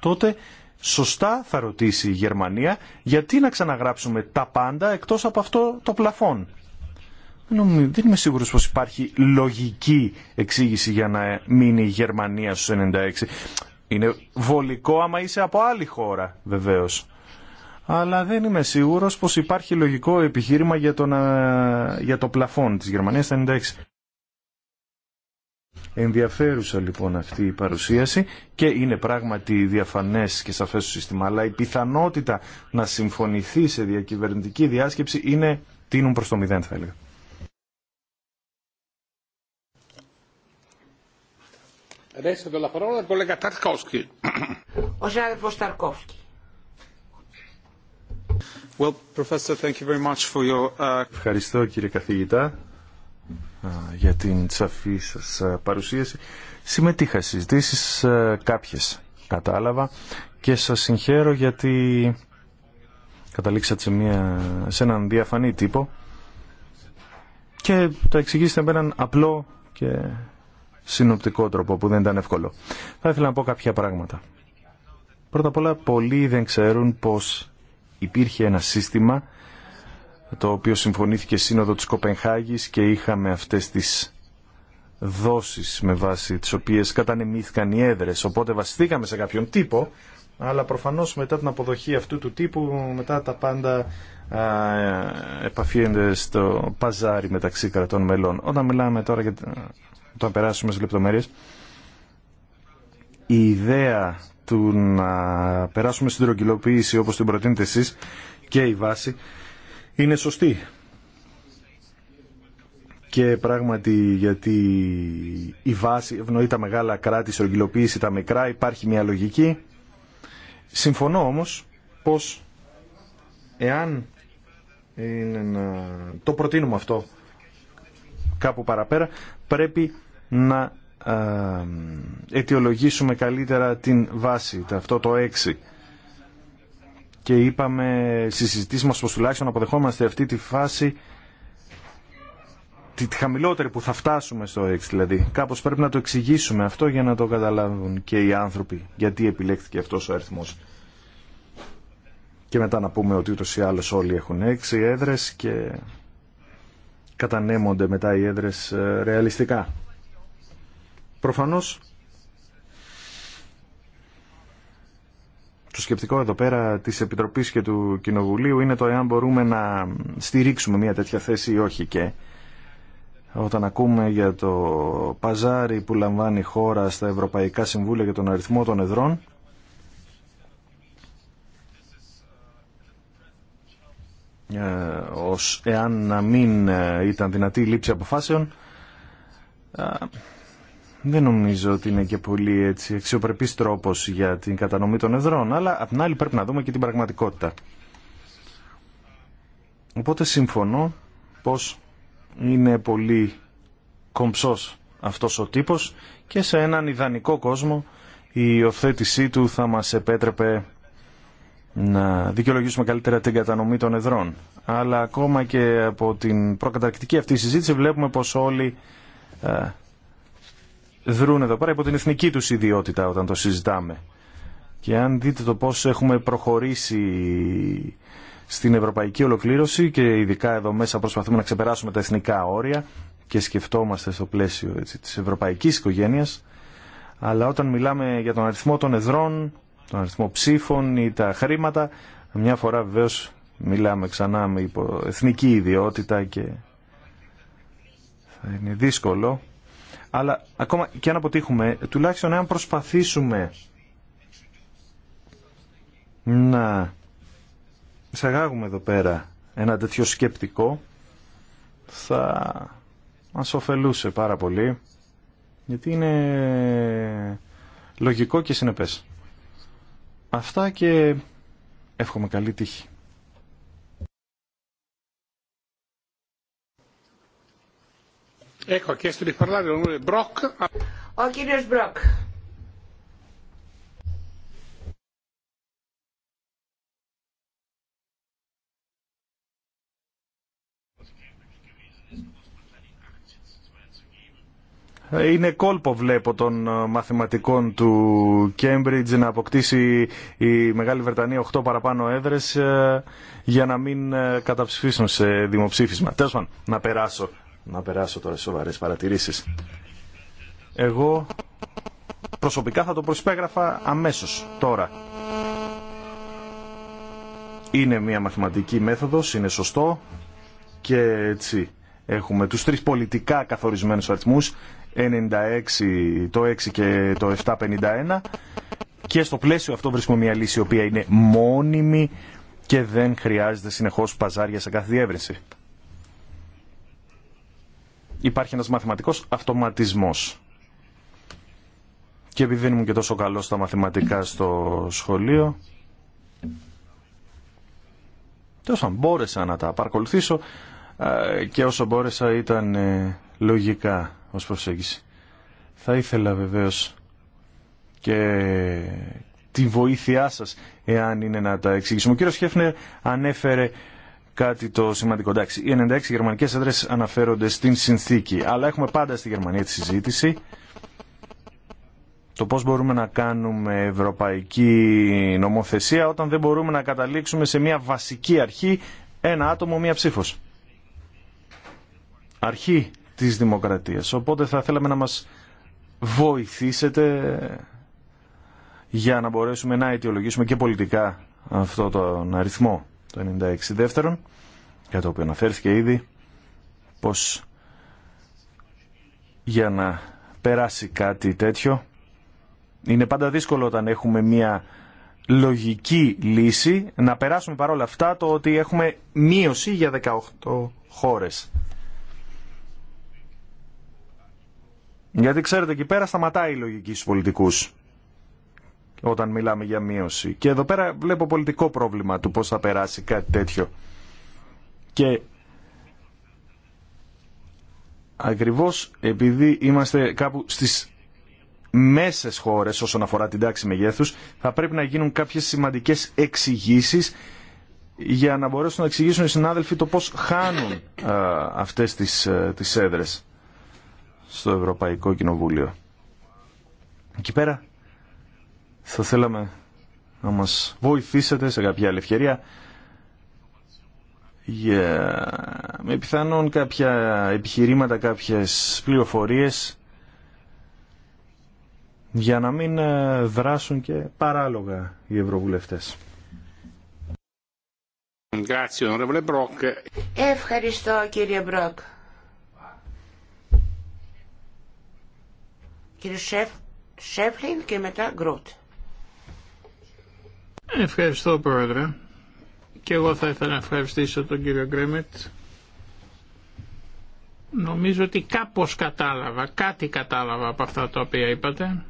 τότε σωστά θα ρωτήσει η Γερμανία γιατί να ξαναγράψουμε τα πάντα εκτός από αυτό το πλαφόν. Δεν είμαι σίγουρος πως υπάρχει λογική εξήγηση για να μείνει η Γερμανία στους 96. Είναι βολικό άμα είσαι από άλλη χώρα βεβαίως αλλά δεν είμαι σίγουρος πως υπάρχει λογικό επιχείρημα για το, για το πλαφόν της Γερμανίας 96. Ενδιαφέρουσα λοιπόν αυτή η παρουσίαση και είναι πράγματι διαφανές και σαφές το σύστημα, αλλά η πιθανότητα να συμφωνηθεί σε διακυβερνητική διάσκεψη είναι τίνουν προς το μηδέν θα έλεγα. Ο συνάδελφος Ταρκόφσκι. Uh, Ευχαριστώ κύριε καθηγητά για την σαφή σας παρουσίαση. Συμμετείχα στις συζητήσεις κάποιες κατάλαβα και σας συγχαίρω γιατί καταλήξατε σε, μια, σε έναν διαφανή τύπο και τα εξηγήσετε με έναν απλό και συνοπτικό τρόπο που δεν ήταν εύκολο. Θα ήθελα να πω κάποια πράγματα. Πρώτα απ' όλα πολλοί δεν ξέρουν πως υπήρχε ένα σύστημα το οποίο συμφωνήθηκε σύνοδο της Κοπενχάγης και είχαμε αυτές τις δόσεις με βάση τις οποίες κατανεμήθηκαν οι έδρες. Οπότε βασιστήκαμε σε κάποιον τύπο, αλλά προφανώς μετά την αποδοχή αυτού του τύπου, μετά τα πάντα α, επαφίενται στο παζάρι μεταξύ κρατών μελών. Όταν μιλάμε τώρα, για, το περάσουμε στις λεπτομέρειες, η ιδέα του να περάσουμε στην τρογγυλοποίηση όπως την προτείνετε εσείς και η βάση είναι σωστή. Και πράγματι γιατί η βάση ευνοεί τα μεγάλα κράτη, η τρογγυλοποίηση τα μικρά, υπάρχει μια λογική. Συμφωνώ όμως πως εάν το προτείνουμε αυτό κάπου παραπέρα πρέπει να ε, αιτιολογήσουμε καλύτερα την βάση, αυτό το 6. Και είπαμε στις συζητήσεις μας πως τουλάχιστον αποδεχόμαστε αυτή τη φάση τη χαμηλότερη που θα φτάσουμε στο 6 δηλαδή. Κάπως πρέπει να το εξηγήσουμε αυτό για να το καταλάβουν και οι άνθρωποι γιατί επιλέχθηκε αυτός ο αριθμός. Και μετά να πούμε ότι ούτως ή άλλως όλοι έχουν 6 έδρες και κατανέμονται μετά οι έδρες ε, ρεαλιστικά. Προφανώς το σκεπτικό εδώ πέρα της Επιτροπής και του Κοινοβουλίου είναι το εάν μπορούμε να στηρίξουμε μια τέτοια θέση ή όχι και όταν ακούμε για το παζάρι που λαμβάνει η χώρα στα Ευρωπαϊκά Συμβούλια για τον αριθμό των εδρών ε, ως εάν να μην ε, ήταν δυνατή η λήψη αποφάσεων ε, δεν νομίζω ότι είναι και πολύ έτσι αξιοπρεπής τρόπος για την κατανομή των εδρών, αλλά απ' την άλλη πρέπει να δούμε και την πραγματικότητα. Οπότε συμφωνώ πως είναι πολύ κομψός αυτός ο τύπος και σε έναν ιδανικό κόσμο η οθέτησή του θα μας επέτρεπε να δικαιολογήσουμε καλύτερα την κατανομή των εδρών. Αλλά ακόμα και από την προκαταρκτική αυτή συζήτηση βλέπουμε πως όλοι ε, δρούν εδώ πέρα υπό την εθνική τους ιδιότητα όταν το συζητάμε. Και αν δείτε το πώς έχουμε προχωρήσει στην ευρωπαϊκή ολοκλήρωση και ειδικά εδώ μέσα προσπαθούμε να ξεπεράσουμε τα εθνικά όρια και σκεφτόμαστε στο πλαίσιο έτσι, της ευρωπαϊκής οικογένειας αλλά όταν μιλάμε για τον αριθμό των εδρών, τον αριθμό ψήφων ή τα χρήματα μια φορά βεβαίω μιλάμε ξανά με εθνική ιδιότητα και θα είναι δύσκολο αλλά ακόμα και αν αποτύχουμε, τουλάχιστον αν προσπαθήσουμε να εισαγάγουμε εδώ πέρα ένα τέτοιο σκεπτικό, θα μας ωφελούσε πάρα πολύ, γιατί είναι λογικό και συνεπές. Αυτά και εύχομαι καλή τύχη. Είναι κόλπο βλέπω των ε, μαθηματικών του Κέμπριτζ να αποκτήσει η Μεγάλη Βρετανία 8 παραπάνω έδρες ε, για να μην ε, καταψηφίσουν σε δημοψήφισμα. Τέλος να περάσω να περάσω τώρα σε σοβαρές παρατηρήσεις. Εγώ προσωπικά θα το προσπέγραφα αμέσως τώρα. Είναι μια μαθηματική μέθοδος, είναι σωστό και έτσι έχουμε τους τρεις πολιτικά καθορισμένους αριθμούς 96, το 6 και το 751 και στο πλαίσιο αυτό βρίσκουμε μια λύση η οποία είναι μόνιμη και δεν χρειάζεται συνεχώς παζάρια σε κάθε διεύρυνση υπάρχει ένας μαθηματικός αυτοματισμός. Και επειδή δεν ήμουν και τόσο καλό στα μαθηματικά στο σχολείο, τόσο μπόρεσα να τα παρακολουθήσω ε, και όσο μπόρεσα ήταν ε, λογικά ως προσέγγιση. Θα ήθελα βεβαίως και τη βοήθειά σας εάν είναι να τα εξηγήσουμε. Ο κύριος Χέφνερ ανέφερε κάτι το σημαντικό. Εντάξει, οι 96 γερμανικές έδρε αναφέρονται στην συνθήκη, αλλά έχουμε πάντα στη Γερμανία τη συζήτηση το πώς μπορούμε να κάνουμε ευρωπαϊκή νομοθεσία όταν δεν μπορούμε να καταλήξουμε σε μια βασική αρχή ένα άτομο, μία ψήφος. Αρχή της δημοκρατίας. Οπότε θα θέλαμε να μας βοηθήσετε για να μπορέσουμε να αιτιολογήσουμε και πολιτικά αυτό τον αριθμό το 96 δεύτερον, για το οποίο αναφέρθηκε ήδη, πως για να περάσει κάτι τέτοιο είναι πάντα δύσκολο όταν έχουμε μία λογική λύση να περάσουμε παρόλα αυτά το ότι έχουμε μείωση για 18 χώρες. Γιατί ξέρετε εκεί πέρα σταματάει η λογική στους πολιτικούς όταν μιλάμε για μείωση. Και εδώ πέρα βλέπω πολιτικό πρόβλημα του πώς θα περάσει κάτι τέτοιο. Και ακριβώς επειδή είμαστε κάπου στις μέσες χώρες όσον αφορά την τάξη μεγέθους, θα πρέπει να γίνουν κάποιες σημαντικές εξηγήσει για να μπορέσουν να εξηγήσουν οι συνάδελφοι το πώς χάνουν αυτές τις, ε, τις έδρες στο Ευρωπαϊκό Κοινοβούλιο. Εκεί πέρα θα θέλαμε να μας βοηθήσετε σε κάποια άλλη ευκαιρία για με πιθανόν κάποια επιχειρήματα, κάποιες πληροφορίες για να μην ε, δράσουν και παράλογα οι ευρωβουλευτές. Ευχαριστώ κύριε Μπρόκ. Κύριε Σεφ, Σεφλιν και μετά Γκρούτ. Ευχαριστώ Πρόεδρε. Και εγώ θα ήθελα να ευχαριστήσω τον κύριο Γκρέμετ. Νομίζω ότι κάπως κατάλαβα, κάτι κατάλαβα από αυτά τα οποία είπατε.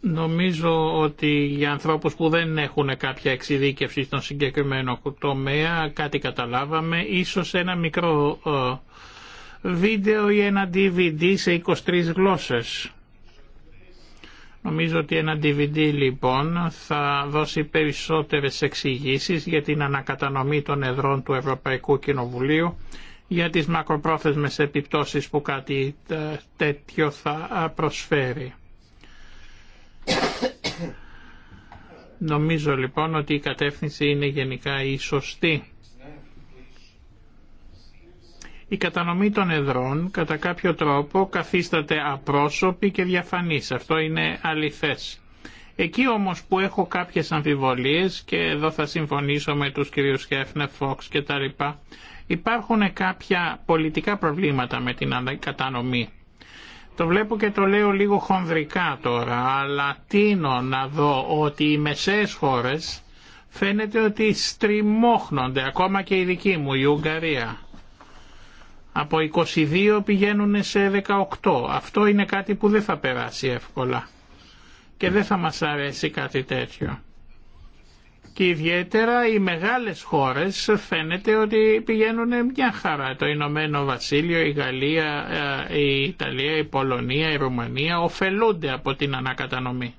Νομίζω ότι για ανθρώπους που δεν έχουν κάποια εξειδίκευση στον συγκεκριμένο τομέα κάτι καταλάβαμε. Ίσως ένα μικρό ε, βίντεο ή ένα DVD σε 23 γλώσσες Νομίζω ότι ένα DVD λοιπόν θα δώσει περισσότερες εξηγήσει για την ανακατανομή των εδρών του Ευρωπαϊκού Κοινοβουλίου για τις μακροπρόθεσμες επιπτώσεις που κάτι ε, τέτοιο θα ε, προσφέρει. Νομίζω λοιπόν ότι η κατεύθυνση είναι γενικά η σωστή. Η κατανομή των εδρών κατά κάποιο τρόπο καθίσταται απρόσωπη και διαφανής. Αυτό είναι αληθές. Εκεί όμως που έχω κάποιες αμφιβολίες και εδώ θα συμφωνήσω με τους κυρίους Χέφνε, Φόξ και τα λοιπά, υπάρχουν κάποια πολιτικά προβλήματα με την κατανομή. Το βλέπω και το λέω λίγο χονδρικά τώρα, αλλά τίνω να δω ότι οι μεσαίες χώρες φαίνεται ότι στριμώχνονται, ακόμα και η δική μου, η Ουγγαρία από 22 πηγαίνουν σε 18. Αυτό είναι κάτι που δεν θα περάσει εύκολα. Και δεν θα μας αρέσει κάτι τέτοιο. Και ιδιαίτερα οι μεγάλες χώρες φαίνεται ότι πηγαίνουν μια χαρά. Το Ηνωμένο Βασίλειο, η Γαλλία, ε, η Ιταλία, η Πολωνία, η Ρουμανία ωφελούνται από την ανακατανομή.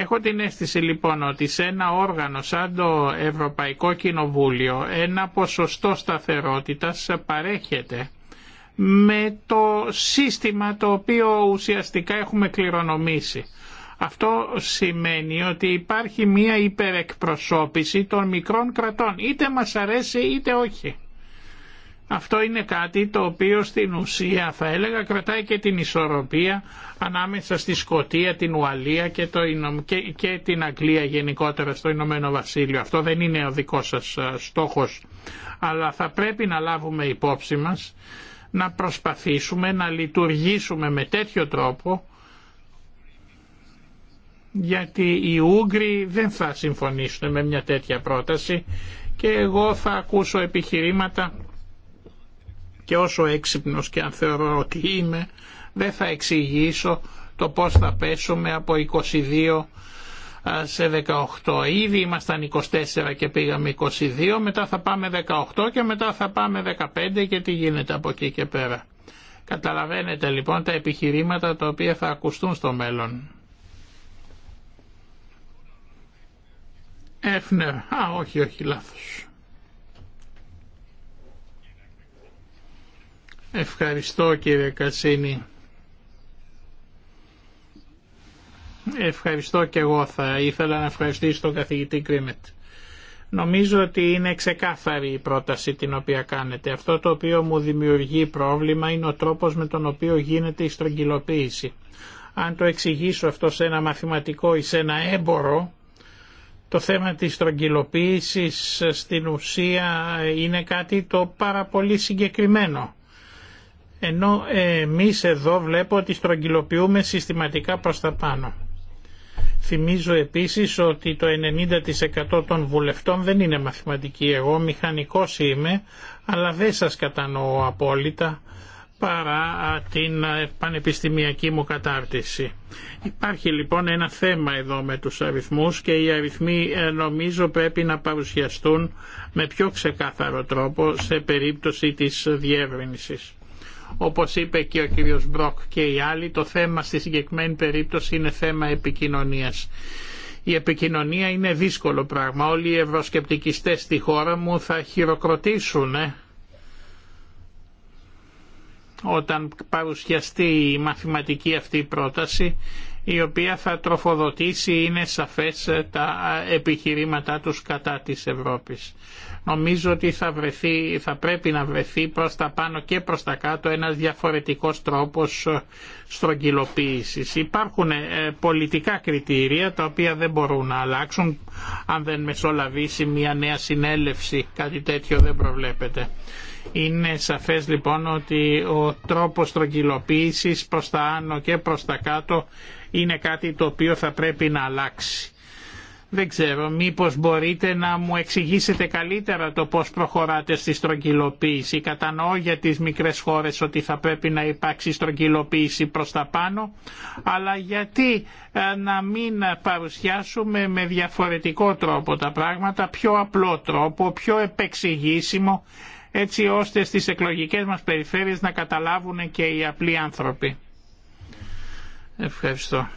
Έχω την αίσθηση λοιπόν ότι σε ένα όργανο σαν το Ευρωπαϊκό Κοινοβούλιο ένα ποσοστό σταθερότητας παρέχεται με το σύστημα το οποίο ουσιαστικά έχουμε κληρονομήσει. Αυτό σημαίνει ότι υπάρχει μία υπερεκπροσώπηση των μικρών κρατών, είτε μας αρέσει είτε όχι. Αυτό είναι κάτι το οποίο στην ουσία θα έλεγα κρατάει και την ισορροπία ανάμεσα στη Σκοτία, την Ουαλία και, το, και, και την Αγγλία γενικότερα στο Ηνωμένο Βασίλειο. Αυτό δεν είναι ο δικός σας στόχος. Αλλά θα πρέπει να λάβουμε υπόψη μας να προσπαθήσουμε να λειτουργήσουμε με τέτοιο τρόπο γιατί οι Ούγγροι δεν θα συμφωνήσουν με μια τέτοια πρόταση και εγώ θα ακούσω επιχειρήματα και όσο έξυπνος και αν θεωρώ ότι είμαι δεν θα εξηγήσω το πώς θα πέσουμε από 22 σε 18. Ήδη ήμασταν 24 και πήγαμε 22, μετά θα πάμε 18 και μετά θα πάμε 15 και τι γίνεται από εκεί και πέρα. Καταλαβαίνετε λοιπόν τα επιχειρήματα τα οποία θα ακουστούν στο μέλλον. Εύνερ, Α, όχι, όχι, λάθος. Ευχαριστώ κύριε Κασίνη. Ευχαριστώ και εγώ θα ήθελα να ευχαριστήσω τον καθηγητή Κρίμετ. Νομίζω ότι είναι ξεκάθαρη η πρόταση την οποία κάνετε. Αυτό το οποίο μου δημιουργεί πρόβλημα είναι ο τρόπος με τον οποίο γίνεται η στρογγυλοποίηση. Αν το εξηγήσω αυτό σε ένα μαθηματικό ή σε ένα έμπορο, το θέμα της στρογγυλοποίησης στην ουσία είναι κάτι το πάρα πολύ συγκεκριμένο ενώ εμείς εδώ βλέπω ότι στρογγυλοποιούμε συστηματικά προς τα πάνω. Θυμίζω επίσης ότι το 90% των βουλευτών δεν είναι μαθηματικοί. Εγώ μηχανικός είμαι, αλλά δεν σας κατανοώ απόλυτα παρά την πανεπιστημιακή μου κατάρτιση. Υπάρχει λοιπόν ένα θέμα εδώ με τους αριθμούς και οι αριθμοί ε, νομίζω πρέπει να παρουσιαστούν με πιο ξεκάθαρο τρόπο σε περίπτωση της διεύρυνσης. Όπως είπε και ο κύριος Μπροκ και οι άλλοι, το θέμα στη συγκεκριμένη περίπτωση είναι θέμα επικοινωνίας. Η επικοινωνία είναι δύσκολο πράγμα. Όλοι οι ευρωσκεπτικιστές στη χώρα μου θα χειροκροτήσουν ε, όταν παρουσιαστεί η μαθηματική αυτή πρόταση η οποία θα τροφοδοτήσει είναι σαφές τα επιχειρήματά τους κατά της Ευρώπης. Νομίζω ότι θα, βρεθεί, θα πρέπει να βρεθεί προς τα πάνω και προς τα κάτω ένας διαφορετικός τρόπος στρογγυλοποίησης. Υπάρχουν ε, πολιτικά κριτήρια τα οποία δεν μπορούν να αλλάξουν αν δεν μεσολαβήσει μια νέα συνέλευση, κάτι τέτοιο δεν προβλέπεται. Είναι σαφές λοιπόν ότι ο τρόπος στρογγυλοποίησης προς τα άνω και προς τα κάτω είναι κάτι το οποίο θα πρέπει να αλλάξει. Δεν ξέρω, μήπως μπορείτε να μου εξηγήσετε καλύτερα το πώς προχωράτε στη στρογγυλοποίηση. Κατανοώ για τις μικρές χώρες ότι θα πρέπει να υπάρξει στρογγυλοποίηση προς τα πάνω, αλλά γιατί ε, να μην παρουσιάσουμε με διαφορετικό τρόπο τα πράγματα, πιο απλό τρόπο, πιο επεξηγήσιμο, έτσι ώστε στις εκλογικές μας περιφέρειες να καταλάβουν και οι απλοί άνθρωποι. Ευχαριστώ.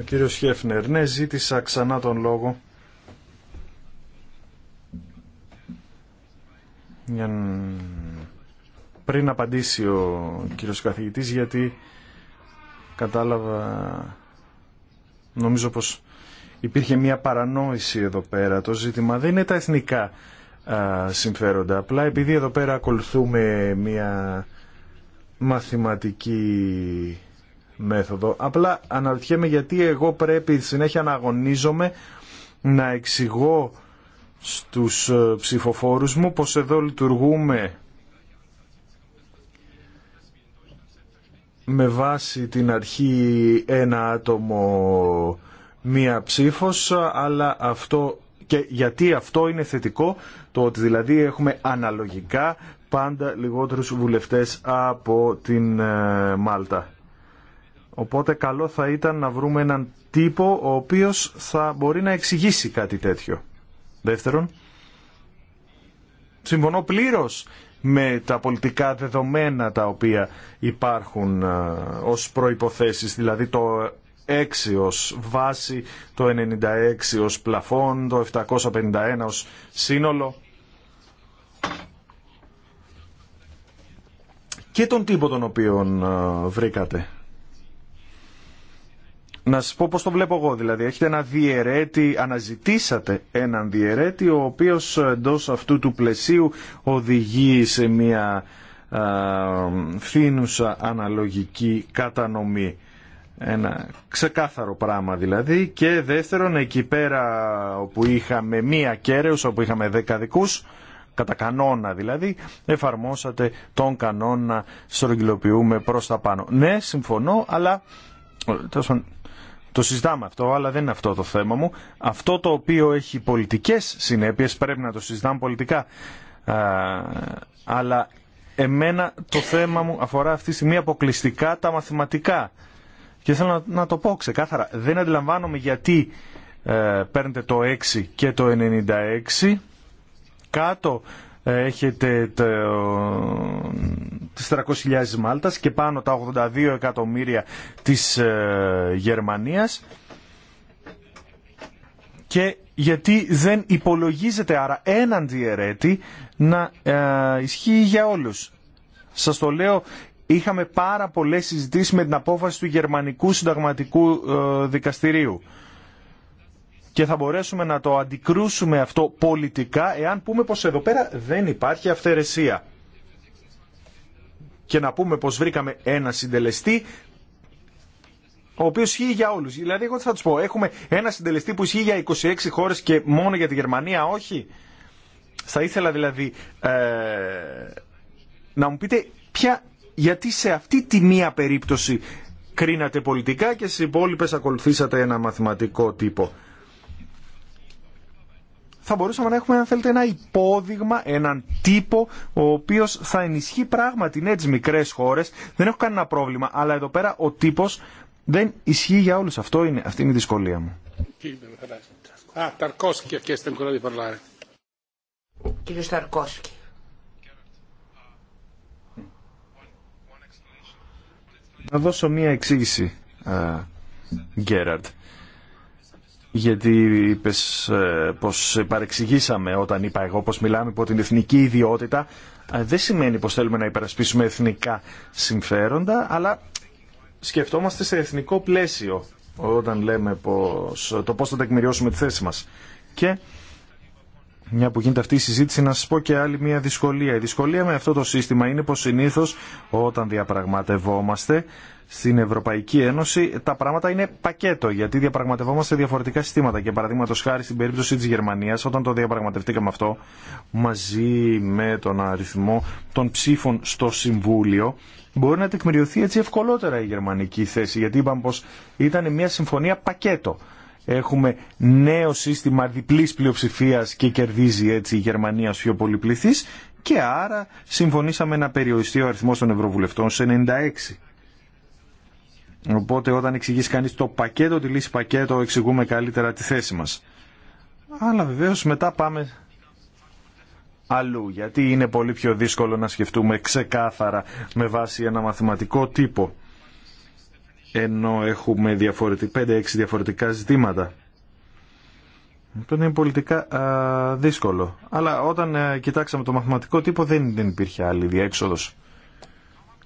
Ο κύριος Χέφνερ, ναι, ζήτησα ξανά τον λόγο για πριν απαντήσει ο κύριος καθηγητής γιατί κατάλαβα νομίζω πως υπήρχε μια παρανόηση εδώ πέρα το ζήτημα δεν είναι τα εθνικά συμφέροντα απλά επειδή εδώ πέρα ακολουθούμε μια μαθηματική μέθοδο. Απλά αναρωτιέμαι γιατί εγώ πρέπει συνέχεια να αγωνίζομαι να εξηγώ στους ε, ψηφοφόρους μου πως εδώ λειτουργούμε με βάση την αρχή ένα άτομο μία ψήφος αλλά αυτό και γιατί αυτό είναι θετικό το ότι δηλαδή έχουμε αναλογικά πάντα λιγότερους βουλευτές από την ε, Μάλτα. Οπότε καλό θα ήταν να βρούμε έναν τύπο ο οποίος θα μπορεί να εξηγήσει κάτι τέτοιο. Δεύτερον, συμφωνώ πλήρως με τα πολιτικά δεδομένα τα οποία υπάρχουν ε, ως προϋποθέσεις, δηλαδή το 6 ως βάση, το 96 ως πλαφόν, το 751 ως σύνολο. Και τον τύπο τον οποίον ε, βρήκατε να σας πω πώς το βλέπω εγώ δηλαδή. Έχετε ένα διαιρέτη, αναζητήσατε έναν διαιρέτη ο οποίος εντό αυτού του πλαισίου οδηγεί σε μια α, φθήνουσα αναλογική κατανομή. Ένα ξεκάθαρο πράγμα δηλαδή και δεύτερον εκεί πέρα όπου είχαμε μία κέραιος, όπου είχαμε δεκαδικούς κατά κανόνα δηλαδή, εφαρμόσατε τον κανόνα στρογγυλοποιούμε προς τα πάνω. Ναι, συμφωνώ, αλλά το συζητάμε αυτό, αλλά δεν είναι αυτό το θέμα μου. Αυτό το οποίο έχει πολιτικές συνέπειες πρέπει να το συζητάμε πολιτικά. αλλά εμένα το θέμα μου αφορά αυτή τη στιγμή αποκλειστικά τα μαθηματικά. Και θέλω να, το πω ξεκάθαρα. Δεν αντιλαμβάνομαι γιατί ε, παίρνετε το 6 και το 96 κάτω έχετε το, τις 300.000 Μάλτας και πάνω τα 82 εκατομμύρια της ε, Γερμανίας και γιατί δεν υπολογίζεται άρα έναν διαιρέτη να ε, ισχύει για όλους. Σας το λέω, είχαμε πάρα πολλές συζητήσεις με την απόφαση του Γερμανικού Συνταγματικού ε, Δικαστηρίου και θα μπορέσουμε να το αντικρούσουμε αυτό πολιτικά εάν πούμε πως εδώ πέρα δεν υπάρχει αυθαιρεσία. Και να πούμε πως βρήκαμε ένα συντελεστή ο οποίο ισχύει για όλου. Δηλαδή, εγώ τι θα του πω, έχουμε ένα συντελεστή που ισχύει για 26 χώρε και μόνο για τη Γερμανία, όχι. Θα ήθελα δηλαδή ε, να μου πείτε ποια, γιατί σε αυτή τη μία περίπτωση κρίνατε πολιτικά και στι υπόλοιπε ακολουθήσατε ένα μαθηματικό τύπο θα μπορούσαμε να έχουμε, αν θέλετε, ένα υπόδειγμα, έναν τύπο, ο οποίο θα ενισχύει πράγματι ναι, τι μικρέ χώρε. Δεν έχω κανένα πρόβλημα, αλλά εδώ πέρα ο τύπο δεν ισχύει για όλου. Αυτό είναι, αυτή είναι η δυσκολία μου. Α, Ταρκόσκι, Κύριο Ταρκόσκι. Να δώσω μία εξήγηση, ε, Γκέραρτ γιατί είπε ε, πως παρεξηγήσαμε όταν είπα εγώ πω μιλάμε υπό την εθνική ιδιότητα. Ε, δεν σημαίνει πως θέλουμε να υπερασπίσουμε εθνικά συμφέροντα, αλλά σκεφτόμαστε σε εθνικό πλαίσιο όταν λέμε πως, το πώ θα τεκμηριώσουμε τη θέση μας. Και μια που γίνεται αυτή η συζήτηση, να σα πω και άλλη μια δυσκολία. Η δυσκολία με αυτό το σύστημα είναι πω συνήθω όταν διαπραγματευόμαστε στην Ευρωπαϊκή Ένωση τα πράγματα είναι πακέτο, γιατί διαπραγματευόμαστε διαφορετικά συστήματα. Και παραδείγματο χάρη στην περίπτωση τη Γερμανία, όταν το διαπραγματευτήκαμε αυτό μαζί με τον αριθμό των ψήφων στο Συμβούλιο, μπορεί να τεκμηριωθεί έτσι ευκολότερα η γερμανική θέση, γιατί είπαμε πως ήταν μια συμφωνία πακέτο έχουμε νέο σύστημα διπλής πλειοψηφίας και κερδίζει έτσι η Γερμανία ως πιο πολυπληθής και άρα συμφωνήσαμε να περιοριστεί ο αριθμός των Ευρωβουλευτών σε 96. Οπότε όταν εξηγήσει κανείς το πακέτο, τη λύση πακέτο, εξηγούμε καλύτερα τη θέση μας. Αλλά βεβαίως μετά πάμε αλλού, γιατί είναι πολύ πιο δύσκολο να σκεφτούμε ξεκάθαρα με βάση ένα μαθηματικό τύπο ενώ διαφορετικά, 5-6 διαφορετικά ζητήματα. Αυτό είναι πολιτικά δύσκολο. Αλλά όταν α, ε, κοιτάξαμε το μαθηματικό τύπο δεν, δεν υπήρχε άλλη διέξοδος.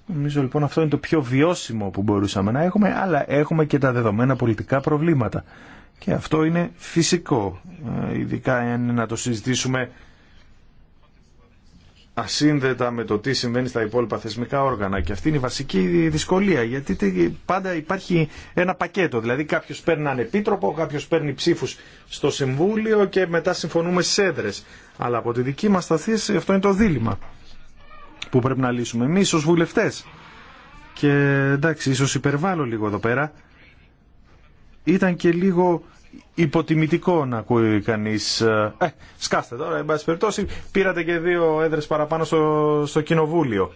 Νομίζω λοιπόν αυτό είναι το πιο βιώσιμο που μπορούσαμε να έχουμε, αλλά έχουμε και τα δεδομένα πολιτικά προβλήματα. Και αυτό είναι φυσικό, ε, ειδικά να το συζητήσουμε ασύνδετα με το τι συμβαίνει στα υπόλοιπα θεσμικά όργανα. Και αυτή είναι η βασική δυσκολία, γιατί πάντα υπάρχει ένα πακέτο. Δηλαδή κάποιος παίρνει έναν επίτροπο, κάποιος παίρνει ψήφους στο Συμβούλιο και μετά συμφωνούμε στι έδρε. Αλλά από τη δική μας σταθήση αυτό είναι το δίλημα που πρέπει να λύσουμε εμείς ως βουλευτές. Και εντάξει, ίσως υπερβάλλω λίγο εδώ πέρα. Ήταν και λίγο υποτιμητικό να ακούει κανεί. ε, ε σκάστε τώρα, εν πάση περιπτώσει πήρατε και δύο έδρε παραπάνω στο, στο κοινοβούλιο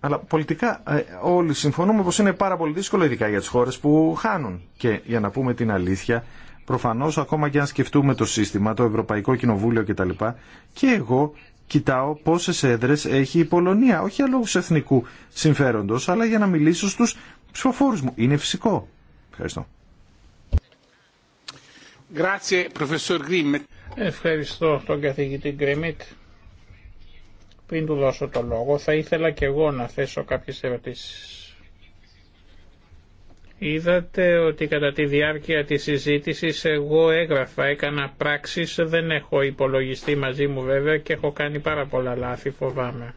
αλλά πολιτικά ε, όλοι συμφωνούμε πως είναι πάρα πολύ δύσκολο ειδικά για τις χώρες που χάνουν και για να πούμε την αλήθεια προφανώς ακόμα και αν σκεφτούμε το σύστημα, το Ευρωπαϊκό Κοινοβούλιο κτλ και εγώ κοιτάω πόσες έδρες έχει η Πολωνία όχι για εθνικού συμφέροντος αλλά για να μιλήσω στους ψηφοφόρου μου είναι φυσικό Ευχαριστώ. Ευχαριστώ τον καθηγητή Γκρίμιτ. Πριν του δώσω το λόγο, θα ήθελα και εγώ να θέσω κάποιες ερωτήσεις. Είδατε ότι κατά τη διάρκεια της συζήτηση εγώ έγραφα, έκανα πράξεις, δεν έχω υπολογιστεί μαζί μου βέβαια και έχω κάνει πάρα πολλά λάθη, φοβάμαι.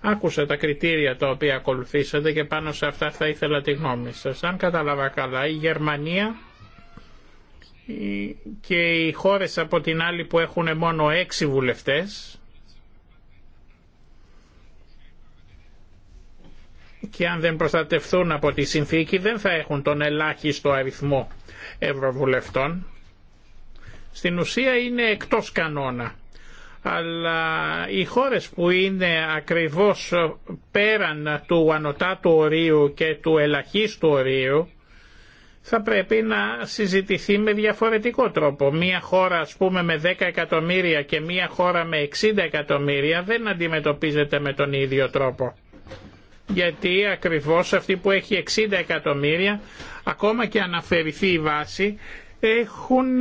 Άκουσα τα κριτήρια τα οποία ακολουθήσατε και πάνω σε αυτά θα ήθελα τη γνώμη σα. Αν κατάλαβα καλά, η Γερμανία και οι χώρες από την άλλη που έχουν μόνο έξι βουλευτές και αν δεν προστατευθούν από τη συνθήκη δεν θα έχουν τον ελάχιστο αριθμό ευρωβουλευτών. Στην ουσία είναι εκτός κανόνα. Αλλά οι χώρες που είναι ακριβώς πέραν του ανωτάτου ορίου και του ελαχίστου ορίου θα πρέπει να συζητηθεί με διαφορετικό τρόπο. Μία χώρα ας πούμε με 10 εκατομμύρια και μία χώρα με 60 εκατομμύρια δεν αντιμετωπίζεται με τον ίδιο τρόπο. Γιατί ακριβώς αυτή που έχει 60 εκατομμύρια, ακόμα και αναφερθεί η βάση, έχουν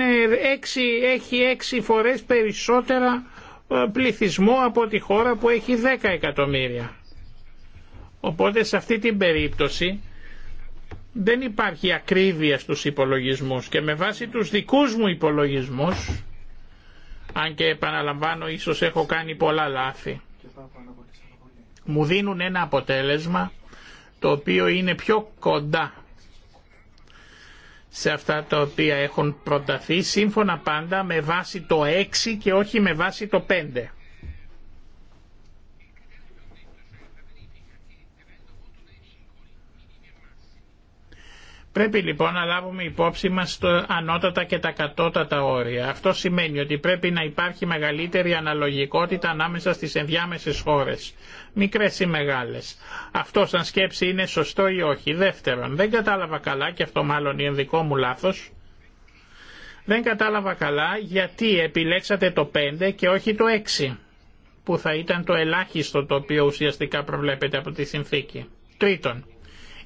έξι, έχει 6 φορές περισσότερα ε, πληθυσμό από τη χώρα που έχει 10 εκατομμύρια. Οπότε σε αυτή την περίπτωση δεν υπάρχει ακρίβεια στους υπολογισμούς και με βάση τους δικούς μου υπολογισμούς αν και επαναλαμβάνω ίσως έχω κάνει πολλά λάθη μου δίνουν ένα αποτέλεσμα το οποίο είναι πιο κοντά σε αυτά τα οποία έχουν προταθεί σύμφωνα πάντα με βάση το 6 και όχι με βάση το 5. Πρέπει λοιπόν να λάβουμε υπόψη μας το ανώτατα και τα κατώτατα όρια. Αυτό σημαίνει ότι πρέπει να υπάρχει μεγαλύτερη αναλογικότητα ανάμεσα στις ενδιάμεσες χώρες, μικρές ή μεγάλες. Αυτό σαν σκέψη είναι σωστό ή όχι. Δεύτερον, δεν κατάλαβα καλά, και αυτό μάλλον είναι δικό μου λάθος, δεν κατάλαβα καλά γιατί επιλέξατε το 5 και όχι το 6, που θα ήταν το ελάχιστο το οποίο ουσιαστικά προβλέπετε από τη συνθήκη. Τρίτον,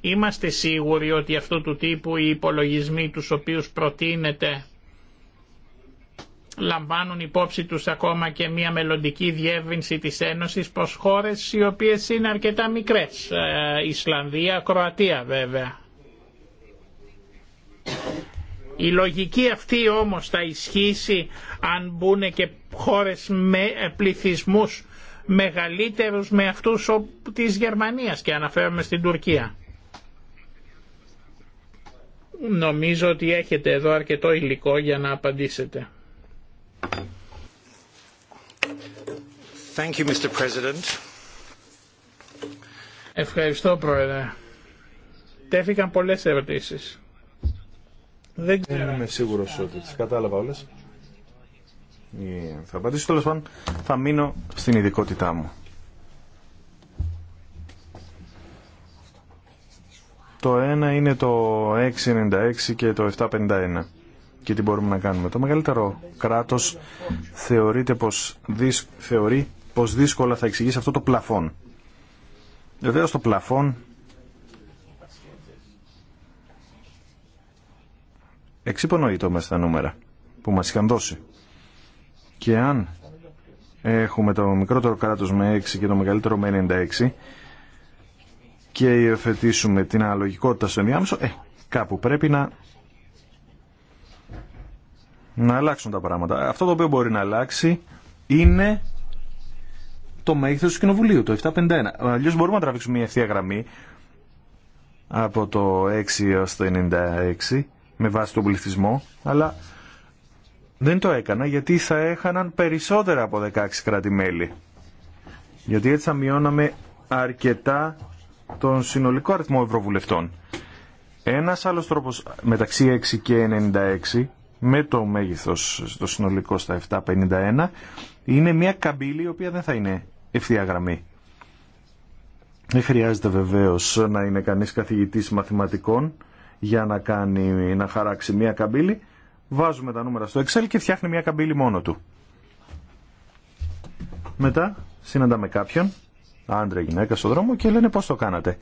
Είμαστε σίγουροι ότι αυτού του τύπου οι υπολογισμοί τους οποίους προτείνεται λαμβάνουν υπόψη τους ακόμα και μια μελλοντική διεύρυνση της Ένωσης προς χώρες οι οποίες είναι αρκετά μικρές. Ε, Ισλανδία, Κροατία βέβαια. Η λογική αυτή όμως θα ισχύσει αν μπουν και χώρες με πληθυσμούς μεγαλύτερους με αυτούς της Γερμανίας και αναφέρομαι στην Τουρκία. Νομίζω ότι έχετε εδώ αρκετό υλικό για να απαντήσετε. Thank you, Mr. President. Ευχαριστώ, Πρόεδρε. Τέθηκαν πολλές ερωτήσεις. Δεν, ξέρω. Δεν είμαι σίγουρος ότι τις κατάλαβα όλες. Yeah. Ε, θα απαντήσω τέλος πάντων. Θα μείνω στην ειδικότητά μου. Το ένα είναι το 696 και το 751 και τι μπορούμε να κάνουμε. Το μεγαλύτερο κράτος θεωρείται πως, δυσ... θεωρεί πως δύσκολα θα εξηγήσει αυτό το πλαφόν. Βεβαίως το πλαφόν το μέσα στα νούμερα που μας είχαν δώσει. Και αν έχουμε το μικρότερο κράτος με 6 και το μεγαλύτερο με 96 και υιοθετήσουμε την αναλογικότητα στο ενδιάμεσο, ε, κάπου πρέπει να, να αλλάξουν τα πράγματα. Αυτό το οποίο μπορεί να αλλάξει είναι το μέγεθος του Κοινοβουλίου, το 751. Αλλιώς μπορούμε να τραβήξουμε μια ευθεία γραμμή από το 6 έως το 96 με βάση τον πληθυσμό, αλλά δεν το έκανα γιατί θα έχαναν περισσότερα από 16 κράτη-μέλη. Γιατί έτσι θα μειώναμε αρκετά τον συνολικό αριθμό ευρωβουλευτών. Ένας άλλος τρόπος μεταξύ 6 και 96 με το μέγεθος στο συνολικό στα 751 είναι μια καμπύλη η οποία δεν θα είναι ευθεία γραμμή. Δεν χρειάζεται βεβαίως να είναι κανείς καθηγητής μαθηματικών για να, κάνει, να χαράξει μια καμπύλη. Βάζουμε τα νούμερα στο Excel και φτιάχνει μια καμπύλη μόνο του. Μετά συναντάμε κάποιον άντρα γυναίκα στον δρόμο και λένε πώς το κάνατε.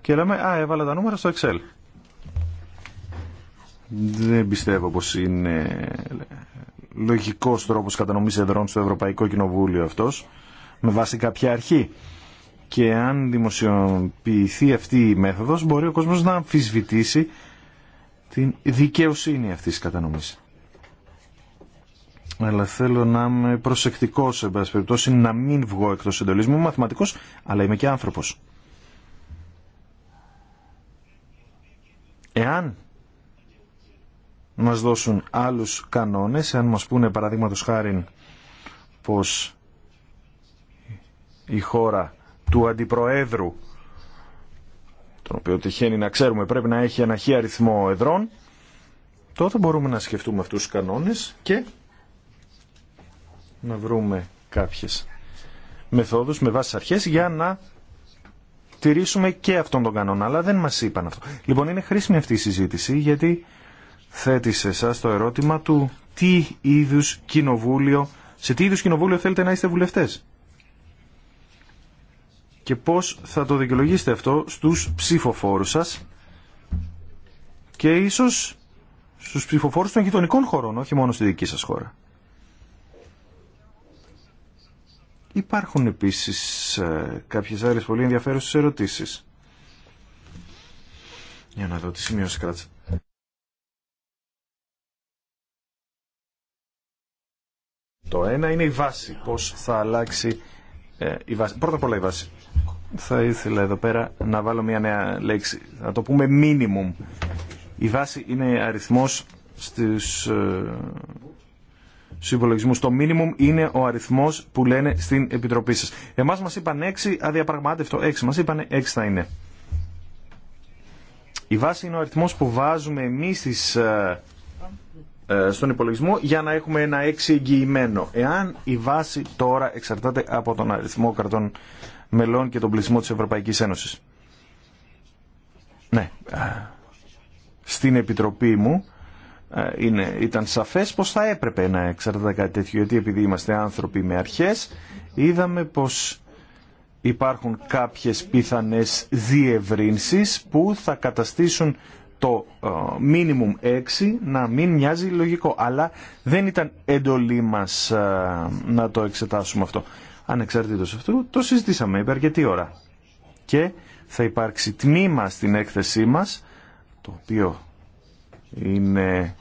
Και λέμε, α, έβαλα τα νούμερα στο Excel. Δεν πιστεύω πως είναι λογικός τρόπος κατανομής εδρών στο Ευρωπαϊκό Κοινοβούλιο αυτός, με βάση κάποια αρχή. Και αν δημοσιοποιηθεί αυτή η μέθοδος, μπορεί ο κόσμος να αμφισβητήσει την δικαιοσύνη αυτής της κατανομής. Ναι, αλλά θέλω να είμαι προσεκτικό σε πάση περιπτώσει, να μην βγω εκτό εντολή. μου. Είμαι μαθηματικός, αλλά είμαι και άνθρωπο. Εάν μας δώσουν άλλους κανόνες, εάν μας πούνε παραδείγματο χάρη πως η χώρα του αντιπροέδρου, τον οποίο τυχαίνει να ξέρουμε πρέπει να έχει ένα αριθμό εδρών, τότε μπορούμε να σκεφτούμε αυτούς τους κανόνες και να βρούμε κάποιες μεθόδους με βάση αρχές για να τηρήσουμε και αυτόν τον κανόνα, αλλά δεν μας είπαν αυτό. Λοιπόν, είναι χρήσιμη αυτή η συζήτηση γιατί θέτει σε εσά το ερώτημα του τι είδους κοινοβούλιο, σε τι είδους κοινοβούλιο θέλετε να είστε βουλευτές. Και πώς θα το δικαιολογήσετε αυτό στους ψηφοφόρους σας και ίσως στους ψηφοφόρους των γειτονικών χωρών, όχι μόνο στη δική σας χώρα. Υπάρχουν επίσης ε, κάποιες άλλες πολύ ενδιαφέρουσες ερωτήσεις. Για να δω τι σημείωση κράτησα. Το ένα είναι η βάση, πώς θα αλλάξει ε, η βάση. Πρώτα απ' όλα η βάση. Θα ήθελα εδώ πέρα να βάλω μια νέα λέξη, να το πούμε minimum. Η βάση είναι αριθμός στους, ε, υπολογισμού. Το μίνιμουμ είναι ο αριθμό που λένε στην επιτροπή σα. Εμά μα είπαν 6, αδιαπραγμάτευτο 6. Μα είπαν 6 θα είναι. Η βάση είναι ο αριθμό που βάζουμε εμεί ε, ε, στον υπολογισμό για να έχουμε ένα 6 εγγυημένο. Εάν η βάση τώρα εξαρτάται από τον αριθμό κρατών μελών και τον πληθυσμό τη Ευρωπαϊκή Ένωση. Ναι. Στην Επιτροπή μου ε, είναι, ήταν σαφές πως θα έπρεπε να εξαρτάται κάτι τέτοιο γιατί επειδή είμαστε άνθρωποι με αρχές είδαμε πως υπάρχουν κάποιες πιθανές διευρύνσεις που θα καταστήσουν το μίνιμουμ ε, 6 να μην μοιάζει λογικό. Αλλά δεν ήταν εντολή μας ε, να το εξετάσουμε αυτό. Ανεξαρτήτως αυτού το συζητήσαμε είπε ώρα. Και θα υπάρξει τμήμα στην έκθεσή μας, το οποίο είναι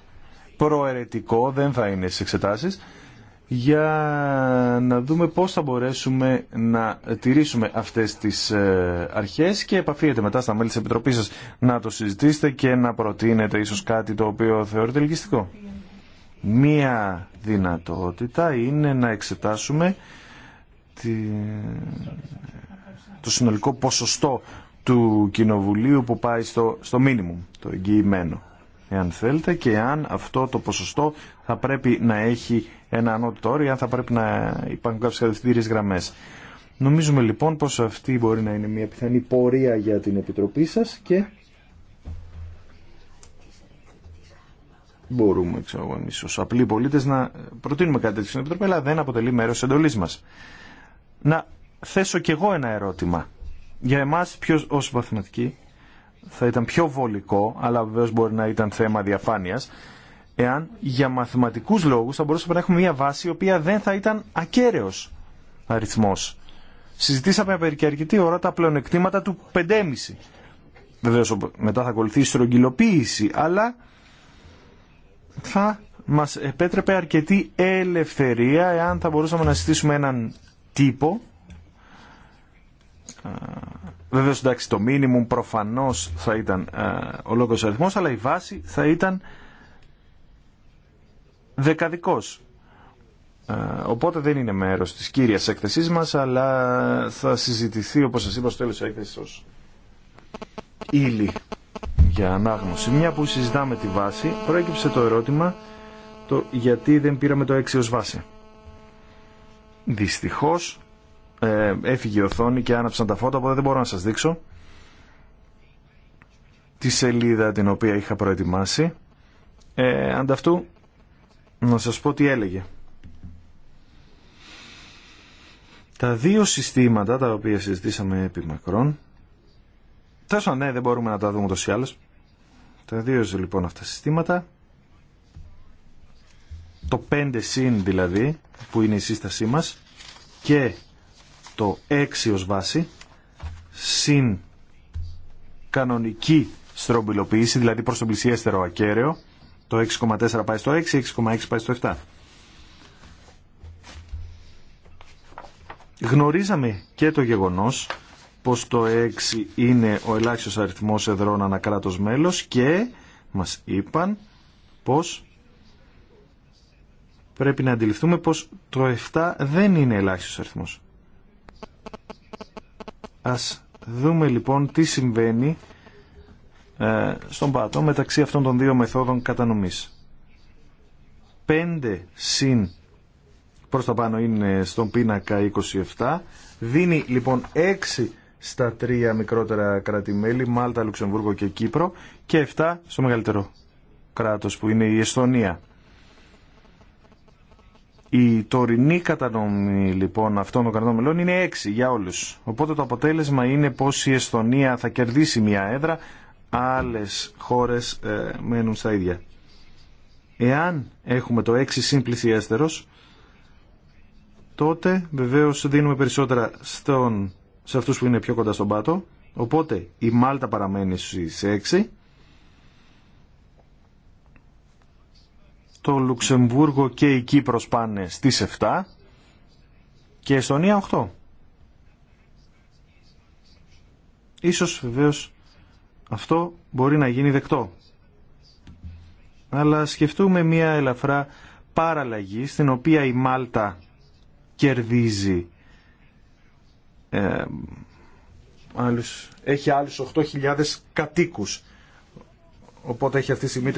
προαιρετικό, δεν θα είναι στις εξετάσεις, για να δούμε πώς θα μπορέσουμε να τηρήσουμε αυτές τις ε, αρχές και επαφίεται μετά στα μέλη της Επιτροπής σας να το συζητήσετε και να προτείνετε ίσως κάτι το οποίο θεωρείται ελκυστικό. Μία δυνατότητα είναι να εξετάσουμε τη... το συνολικό ποσοστό του Κοινοβουλίου που πάει στο, στο το εγγυημένο εάν θέλετε, και αν αυτό το ποσοστό θα πρέπει να έχει ένα ανώτατο όριο, αν θα πρέπει να υπάρχουν κάποιε κατευθυντήριε γραμμέ. Νομίζουμε λοιπόν πως αυτή μπορεί να είναι μια πιθανή πορεία για την Επιτροπή σας και μπορούμε ξέρω, εμείς ως απλοί πολίτες να προτείνουμε κάτι τέτοιο στην Επιτροπή αλλά δεν αποτελεί μέρος εντολής μας. Να θέσω κι εγώ ένα ερώτημα. Για εμάς ποιος ως βαθματική θα ήταν πιο βολικό, αλλά βεβαίω μπορεί να ήταν θέμα διαφάνειας, εάν για μαθηματικούς λόγους θα μπορούσαμε να έχουμε μια βάση η οποία δεν θα ήταν ακέραιος αριθμός. Συζητήσαμε περί και αρκετή ώρα τα πλεονεκτήματα του 5,5. Βεβαίω μετά θα ακολουθεί η στρογγυλοποίηση, αλλά θα μας επέτρεπε αρκετή ελευθερία εάν θα μπορούσαμε να συστήσουμε έναν τύπο Βέβαια εντάξει το μίνιμουμ προφανώς θα ήταν ε, ο λόγος αριθμό, αλλά η βάση θα ήταν δεκαδικός. Ε, οπότε δεν είναι μέρος της κύρια έκθεσή μας αλλά θα συζητηθεί όπως σας είπα στο τέλος της έκθεσης ω ύλη για ανάγνωση. Μια που συζητάμε τη βάση προέκυψε το ερώτημα το γιατί δεν πήραμε το 6 ως βάση. Δυστυχώς ε, έφυγε η οθόνη και άναψαν τα φώτα, οπότε δεν μπορώ να σας δείξω τη σελίδα την οποία είχα προετοιμάσει. Ε, ανταυτού, να σας πω τι έλεγε. Τα δύο συστήματα τα οποία συζητήσαμε επί μακρόν, τόσο ναι δεν μπορούμε να τα δούμε ούτως ή τα δύο λοιπόν αυτά συστήματα, το 5 συν δηλαδή που είναι η σύστασή μας και το 6 ως βάση, συν κανονική στρομπιλοποίηση, δηλαδή προς τον πλησιέστερο ακέραιο, το 6,4 πάει στο 6, 6,6 πάει στο 7. Γνωρίζαμε και το γεγονός πως το 6 είναι ο ελάχιστος αριθμός εδρών ανακράτος μέλος και μας είπαν πως πρέπει να αντιληφθούμε πως το 7 δεν είναι ελάχιστος αριθμός. Ας δούμε λοιπόν τι συμβαίνει ε, στον πάτο μεταξύ αυτών των δύο μεθόδων κατανομής. 5 συν προς τα πάνω είναι στον πίνακα 27. Δίνει λοιπόν 6 στα τρία κρατημέλη, Μάλτα, Λουξεμβούργο και Κύπρο και 7 στο μεγαλύτερο κράτος που είναι η Εστονία. Η τωρινή κατανομή λοιπόν αυτών των κρατών μελών είναι 6 για όλους. Οπότε το αποτέλεσμα είναι πω η Εστονία θα κερδίσει μια έδρα, Άλλε χώρε ε, μένουν στα ίδια. Εάν έχουμε το 6 έστερο, τότε βεβαίω δίνουμε περισσότερα στον, σε αυτούς που είναι πιο κοντά στον πάτο. Οπότε η Μάλτα παραμένει στι 6 το Λουξεμβούργο και η Κύπρος πάνε στις 7 και η Εστονία 8. Ίσως βεβαίως αυτό μπορεί να γίνει δεκτό. Αλλά σκεφτούμε μια ελαφρά παραλλαγή στην οποία η Μάλτα κερδίζει ε, άλλους, έχει άλλους 8.000 κατοίκους Οπότε έχει αυτή τη στιγμή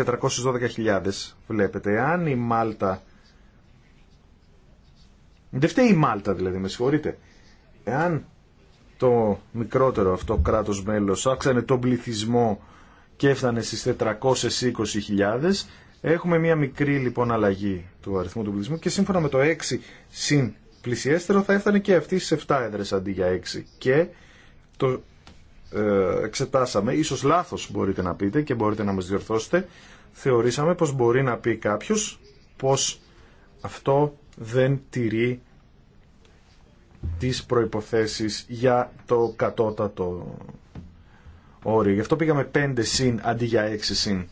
412.000, βλέπετε. Αν η Μάλτα... Δεν φταίει η Μάλτα δηλαδή, με συγχωρείτε. Εάν το μικρότερο αυτό κράτος μέλος άξανε τον πληθυσμό και έφτανε στις 420.000, έχουμε μια μικρή λοιπόν αλλαγή του αριθμού του πληθυσμού και σύμφωνα με το 6 συν πλησιέστερο θα έφτανε και αυτή στις 7 έδρες αντί για 6. Και το ε, εξετάσαμε, ίσως λάθος μπορείτε να πείτε και μπορείτε να μας διορθώσετε, θεωρήσαμε πως μπορεί να πει κάποιος πως αυτό δεν τηρεί τις προϋποθέσεις για το κατώτατο όριο. Γι' αυτό πήγαμε 5 συν αντί για 6 συν.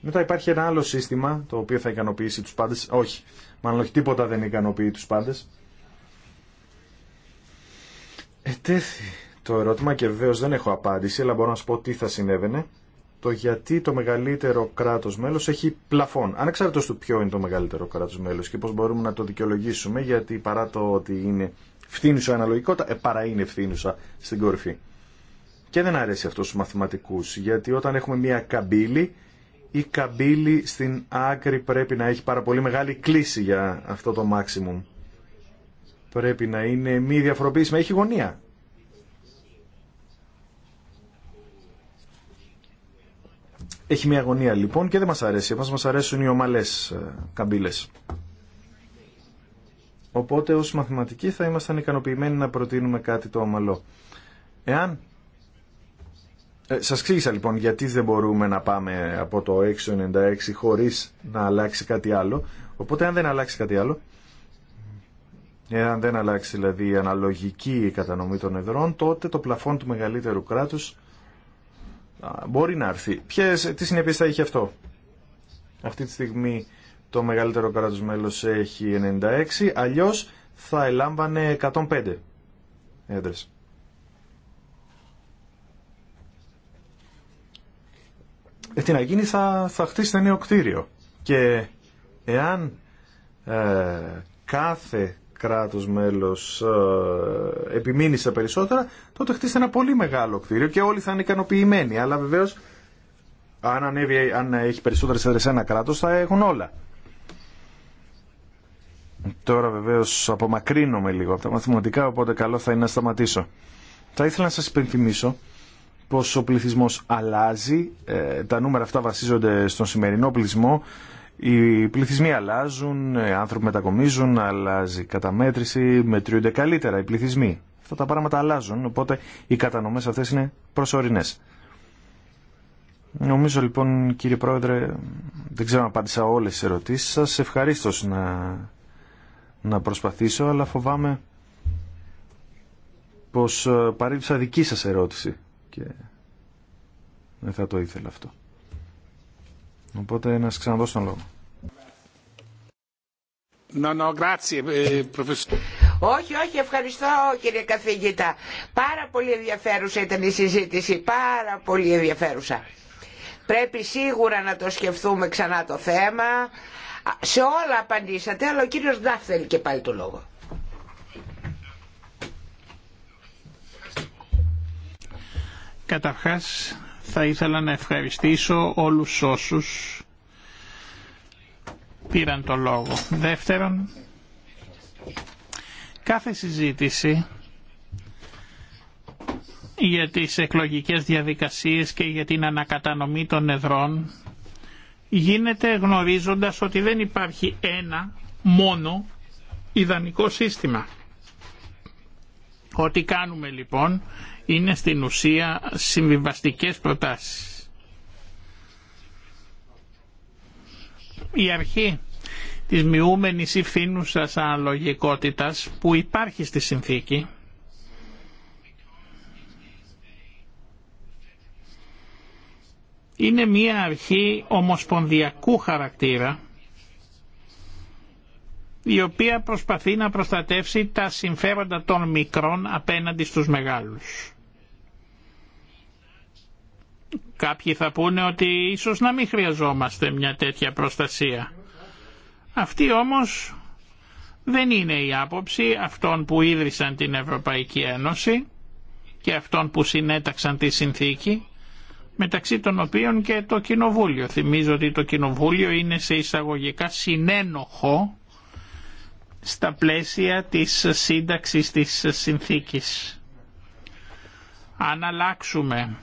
Μετά υπάρχει ένα άλλο σύστημα το οποίο θα ικανοποιήσει τους πάντες. Όχι, μάλλον όχι τίποτα δεν ικανοποιεί τους πάντες ετέθη το ερώτημα και βεβαίω δεν έχω απάντηση, αλλά μπορώ να σου πω τι θα συνέβαινε. Το γιατί το μεγαλύτερο κράτο μέλο έχει πλαφόν. Ανεξάρτητο του ποιο είναι το μεγαλύτερο κράτο μέλο και πώ μπορούμε να το δικαιολογήσουμε, γιατί παρά το ότι είναι φθήνουσα αναλογικότητα, ε, παρά είναι φθήνουσα στην κορυφή. Και δεν αρέσει αυτό στου μαθηματικού, γιατί όταν έχουμε μία καμπύλη, η καμπύλη στην άκρη πρέπει να έχει πάρα πολύ μεγάλη κλίση για αυτό το maximum πρέπει να είναι μη διαφοροποιήσιμα. Έχει γωνία. Έχει μια γωνία λοιπόν και δεν μας αρέσει. Εμάς μας αρέσουν οι ομαλές ε, καμπύλες. Οπότε ως μαθηματικοί θα ήμασταν ικανοποιημένοι να προτείνουμε κάτι το ομαλό. Εάν... Ε, σας ξήγησα λοιπόν γιατί δεν μπορούμε να πάμε από το 696 χωρίς να αλλάξει κάτι άλλο. Οπότε αν δεν αλλάξει κάτι άλλο Εάν δεν αλλάξει δηλαδή η αναλογική κατανομή των εδρών, τότε το πλαφόν του μεγαλύτερου κράτους μπορεί να έρθει. τι συνέπειε θα έχει αυτό. Αυτή τη στιγμή το μεγαλύτερο κράτο μέλο έχει 96, αλλιώς θα ελάμβανε 105 έδρε. Ε, τι να γίνει θα, θα χτίσετε νέο κτίριο και εάν ε, κάθε κράτος μέλος ε, επιμείνει σε περισσότερα, τότε χτίστε ένα πολύ μεγάλο κτίριο και όλοι θα είναι ικανοποιημένοι. Αλλά βεβαίως αν, ανέβει, αν έχει περισσότερες έδρες ένα κράτος θα έχουν όλα. Τώρα βεβαίως απομακρύνομαι λίγο από τα μαθηματικά, οπότε καλό θα είναι να σταματήσω. Θα ήθελα να σας υπενθυμίσω πως ο πληθυσμός αλλάζει, ε, τα νούμερα αυτά βασίζονται στον σημερινό πληθυσμό οι πληθυσμοί αλλάζουν, οι άνθρωποι μετακομίζουν, αλλάζει η καταμέτρηση, μετριούνται καλύτερα οι πληθυσμοί. Αυτά τα πράγματα αλλάζουν, οπότε οι κατανομές αυτές είναι προσωρινές. Νομίζω λοιπόν κύριε Πρόεδρε, δεν ξέρω αν απάντησα όλες τις ερωτήσεις σας. Ευχαρίστω να, να προσπαθήσω, αλλά φοβάμαι πως ε, παρήψα δική σας ερώτηση και δεν θα το ήθελα αυτό. Οπότε να σας ξαναδώσω τον λόγο. Eh, όχι, όχι, ευχαριστώ κύριε καθηγητά. Πάρα πολύ ενδιαφέρουσα ήταν η συζήτηση, πάρα πολύ ενδιαφέρουσα. Πρέπει σίγουρα να το σκεφτούμε ξανά το θέμα. Σε όλα απαντήσατε, αλλά ο κύριος Ντάφ θέλει και πάλι το λόγο. Καταρχάς θα ήθελα να ευχαριστήσω όλους όσους πήραν το λόγο. Δεύτερον, κάθε συζήτηση για τις εκλογικές διαδικασίες και για την ανακατανομή των εδρών γίνεται γνωρίζοντας ότι δεν υπάρχει ένα μόνο ιδανικό σύστημα. Ό,τι κάνουμε λοιπόν είναι στην ουσία συμβιβαστικές προτάσεις. Η αρχή της μειούμενης ή αναλογικότητας που υπάρχει στη συνθήκη είναι μία αρχή ομοσπονδιακού χαρακτήρα η οποία προσπαθεί να προστατεύσει τα συμφέροντα των μικρών απέναντι στους μεγάλους. Κάποιοι θα πούνε ότι ίσως να μην χρειαζόμαστε μια τέτοια προστασία. Αυτή όμως δεν είναι η άποψη αυτών που ίδρυσαν την Ευρωπαϊκή Ένωση και αυτών που συνέταξαν τη συνθήκη, μεταξύ των οποίων και το Κοινοβούλιο. Θυμίζω ότι το Κοινοβούλιο είναι σε εισαγωγικά συνένοχο στα πλαίσια της σύνταξης της συνθήκης. Αν αλλάξουμε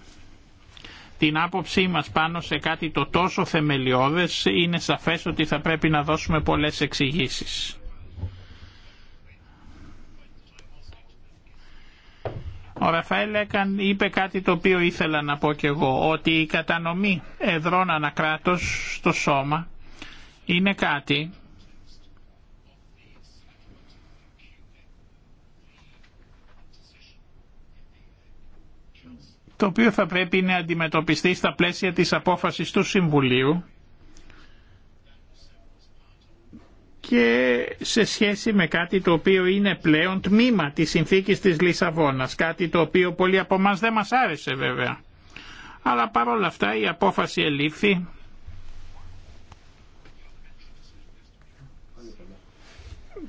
την άποψή μας πάνω σε κάτι το τόσο θεμελιώδες είναι σαφές ότι θα πρέπει να δώσουμε πολλές εξηγήσει. Ο Ραφαέλ είπε κάτι το οποίο ήθελα να πω και εγώ, ότι η κατανομή εδρών ανακράτως στο σώμα είναι κάτι το οποίο θα πρέπει να αντιμετωπιστεί στα πλαίσια της απόφασης του Συμβουλίου και σε σχέση με κάτι το οποίο είναι πλέον τμήμα της συνθήκης της Λισαβόνας, κάτι το οποίο πολλοί από εμά δεν μας άρεσε βέβαια. Αλλά παρόλα αυτά η απόφαση ελήφθη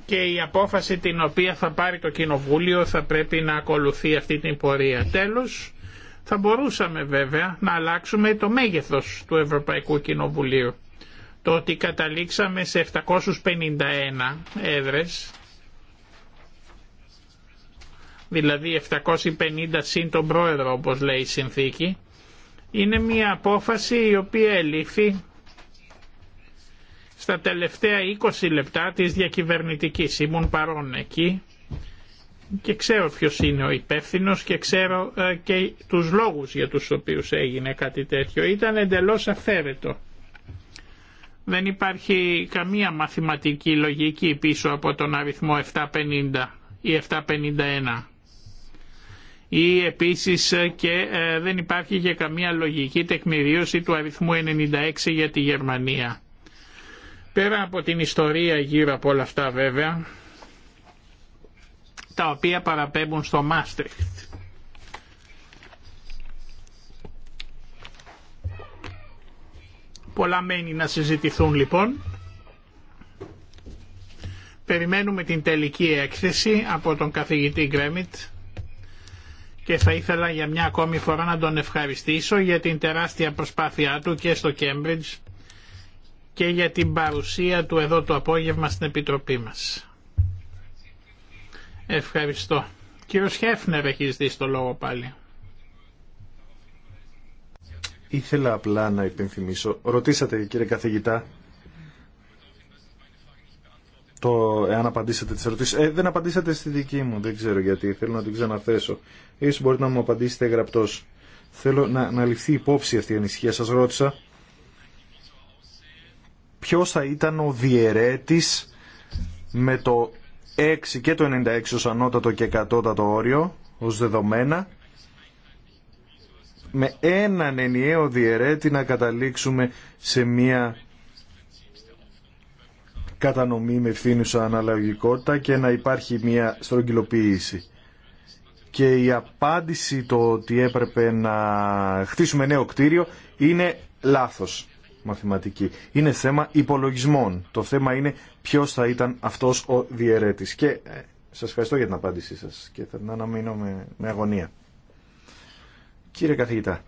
και η απόφαση την οποία θα πάρει το Κοινοβούλιο θα πρέπει να ακολουθεί αυτή την πορεία. Τέλος, θα μπορούσαμε βέβαια να αλλάξουμε το μέγεθος του Ευρωπαϊκού Κοινοβουλίου. Το ότι καταλήξαμε σε 751 έδρες, δηλαδή 750 συν τον πρόεδρο όπως λέει η συνθήκη, είναι μια απόφαση η οποία ελήφθη στα τελευταία 20 λεπτά της διακυβερνητικής. Ήμουν παρόν εκεί και ξέρω ποιος είναι ο υπεύθυνο και ξέρω ε, και τους λόγους για τους οποίους έγινε κάτι τέτοιο. Ήταν εντελώς αφαίρετο. Δεν υπάρχει καμία μαθηματική λογική πίσω από τον αριθμό 750 ή 751. Ή επίσης ε, και ε, δεν υπάρχει και καμία λογική τεκμηρίωση του αριθμού 96 για τη Γερμανία. Πέρα από την ιστορία γύρω από όλα αυτά βέβαια, τα οποία παραπέμπουν στο Μάστριχτ. Πολλά μένει να συζητηθούν λοιπόν. Περιμένουμε την τελική έκθεση από τον καθηγητή Γκρέμιτ και θα ήθελα για μια ακόμη φορά να τον ευχαριστήσω για την τεράστια προσπάθειά του και στο Κέμπριτζ και για την παρουσία του εδώ το απόγευμα στην Επιτροπή μας. Ευχαριστώ. Κύριο Χέφνερ έχει το λόγο πάλι. Ήθελα απλά να υπενθυμίσω. Ρωτήσατε κύριε καθηγητά το εάν απαντήσατε τις ερωτήσεις. Ε, δεν απαντήσατε στη δική μου. Δεν ξέρω γιατί. Θέλω να την ξαναθέσω. Ίσως μπορείτε να μου απαντήσετε γραπτός. Θέλω να, να ληφθεί υπόψη αυτή η ανησυχία. Σας ρώτησα ποιος θα ήταν ο διαιρέτης με το 6 και το 96 ως ανώτατο και κατώτατο όριο ως δεδομένα με έναν ενιαίο διαιρέτη να καταλήξουμε σε μια κατανομή με ευθύνουσα αναλογικότητα και να υπάρχει μια στρογγυλοποίηση. Και η απάντηση το ότι έπρεπε να χτίσουμε νέο κτίριο είναι λάθος μαθηματική. Είναι θέμα υπολογισμών. Το θέμα είναι ποιο θα ήταν αυτός ο διαιρέτης. Και ε, σας ευχαριστώ για την απάντησή σας και θα την αναμείνω με, με αγωνία. Κύριε καθηγητά.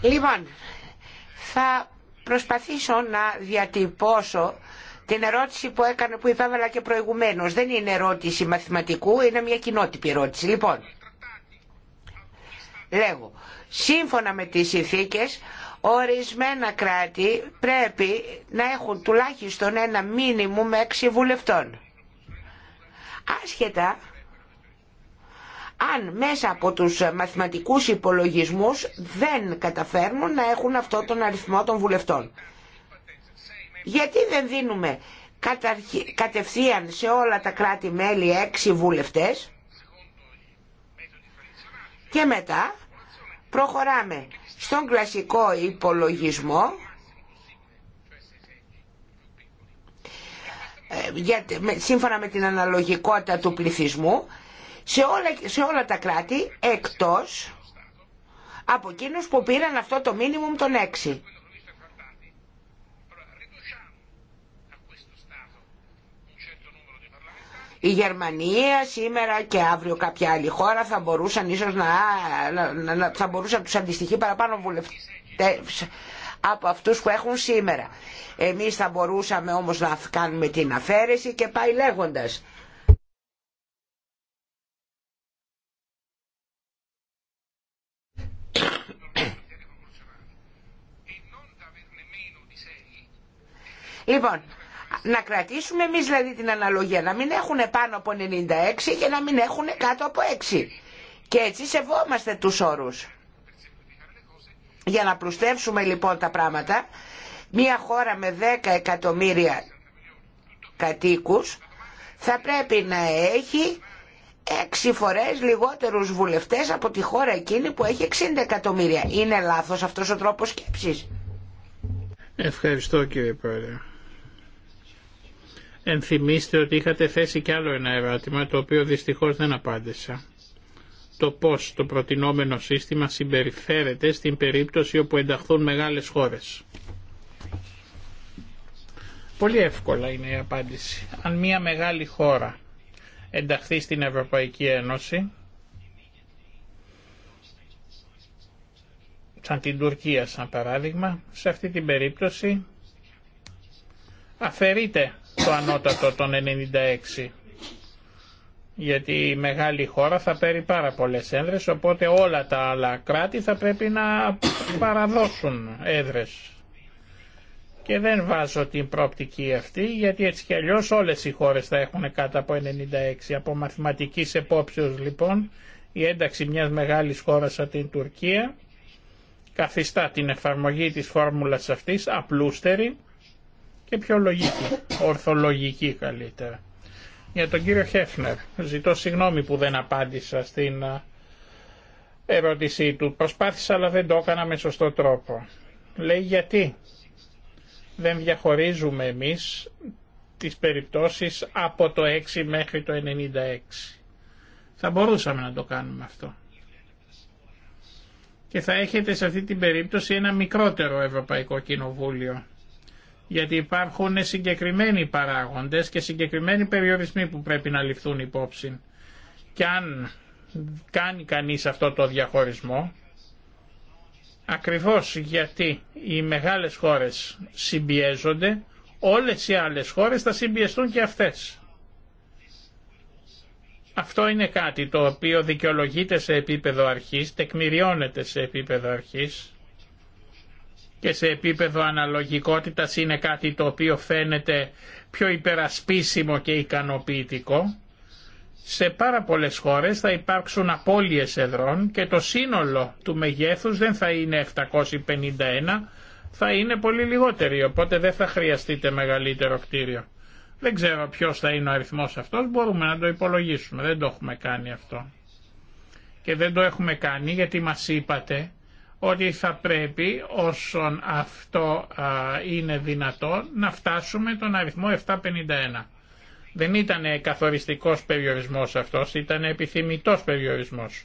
Λοιπόν, θα προσπαθήσω να διατυπώσω την ερώτηση που έκανε που υπέβαλα και προηγουμένως. Δεν είναι ερώτηση μαθηματικού, είναι μια κοινότυπη ερώτηση. Λοιπόν, Λέγω, σύμφωνα με τις ηθίκες, ορισμένα κράτη πρέπει να έχουν τουλάχιστον ένα μήνυμο με έξι βουλευτών. Άσχετα αν μέσα από τους μαθηματικούς υπολογισμούς δεν καταφέρνουν να έχουν αυτό τον αριθμό των βουλευτών. Γιατί δεν δίνουμε κατευθείαν σε όλα τα κράτη-μέλη έξι βουλευτές και μετά Προχωράμε στον κλασικό υπολογισμό ε, σύμφωνα με την αναλογικότητα του πληθυσμού σε όλα, τα κράτη εκτός από εκείνους που πήραν αυτό το μίνιμουμ των 6. η Γερμανία σήμερα και αύριο κάποια άλλη χώρα θα μπορούσαν ίσως να, θα μπορούσαν τους αντιστοιχεί παραπάνω βουλευτές από αυτούς που έχουν σήμερα. Εμείς θα μπορούσαμε όμως να κάνουμε την αφαίρεση και πάει λέγοντας. Λοιπόν, να κρατήσουμε εμείς δηλαδή την αναλογία, να μην έχουν πάνω από 96 και να μην έχουν κάτω από 6. Και έτσι σεβόμαστε τους όρους. Για να πλουστεύσουμε λοιπόν τα πράγματα, μια χώρα με 10 εκατομμύρια κατοίκους θα πρέπει να έχει 6 φορές λιγότερους βουλευτές από τη χώρα εκείνη που έχει 60 εκατομμύρια. Είναι λάθος αυτός ο τρόπος σκέψης. Ευχαριστώ κύριε Πρόεδρε ενθυμίστε ότι είχατε θέσει κι άλλο ένα ερώτημα το οποίο δυστυχώς δεν απάντησα. Το πώς το προτινόμενο σύστημα συμπεριφέρεται στην περίπτωση όπου ενταχθούν μεγάλες χώρες. Πολύ εύκολα είναι η απάντηση. Αν μια μεγάλη χώρα ενταχθεί στην Ευρωπαϊκή Ένωση, σαν την Τουρκία σαν παράδειγμα, σε αυτή την περίπτωση αφαιρείται το ανώτατο των 96 γιατί η μεγάλη χώρα θα παίρνει πάρα πολλές έδρες οπότε όλα τα άλλα κράτη θα πρέπει να παραδώσουν έδρες και δεν βάζω την πρόπτικη αυτή γιατί έτσι κι αλλιώς όλες οι χώρες θα έχουν κάτω από 96 από μαθηματικής επόψεως λοιπόν η ένταξη μιας μεγάλης χώρας σαν την Τουρκία καθιστά την εφαρμογή της φόρμουλας αυτής απλούστερη και πιο λογική, ορθολογική καλύτερα. Για τον κύριο Χέφνερ, ζητώ συγγνώμη που δεν απάντησα στην ε, ερώτησή του. Προσπάθησα αλλά δεν το έκανα με σωστό τρόπο. Λέει γιατί δεν διαχωρίζουμε εμείς τις περιπτώσεις από το 6 μέχρι το 96. Θα μπορούσαμε να το κάνουμε αυτό. Και θα έχετε σε αυτή την περίπτωση ένα μικρότερο Ευρωπαϊκό Κοινοβούλιο γιατί υπάρχουν συγκεκριμένοι παράγοντες και συγκεκριμένοι περιορισμοί που πρέπει να ληφθούν υπόψη. Και αν κάνει κανείς αυτό το διαχωρισμό, ακριβώς γιατί οι μεγάλες χώρες συμπιέζονται, όλες οι άλλες χώρες θα συμπιεστούν και αυτές. Αυτό είναι κάτι το οποίο δικαιολογείται σε επίπεδο αρχής, τεκμηριώνεται σε επίπεδο αρχής και σε επίπεδο αναλογικότητας είναι κάτι το οποίο φαίνεται πιο υπερασπίσιμο και ικανοποιητικό. Σε πάρα πολλές χώρες θα υπάρξουν απώλειες εδρών και το σύνολο του μεγέθους δεν θα είναι 751, θα είναι πολύ λιγότερο. οπότε δεν θα χρειαστείτε μεγαλύτερο κτίριο. Δεν ξέρω ποιος θα είναι ο αριθμός αυτός, μπορούμε να το υπολογίσουμε, δεν το έχουμε κάνει αυτό. Και δεν το έχουμε κάνει γιατί μας είπατε ότι θα πρέπει όσον αυτό είναι δυνατό να φτάσουμε τον αριθμό 751. Δεν ήταν καθοριστικός περιορισμός αυτός, ήταν επιθυμητός περιορισμός.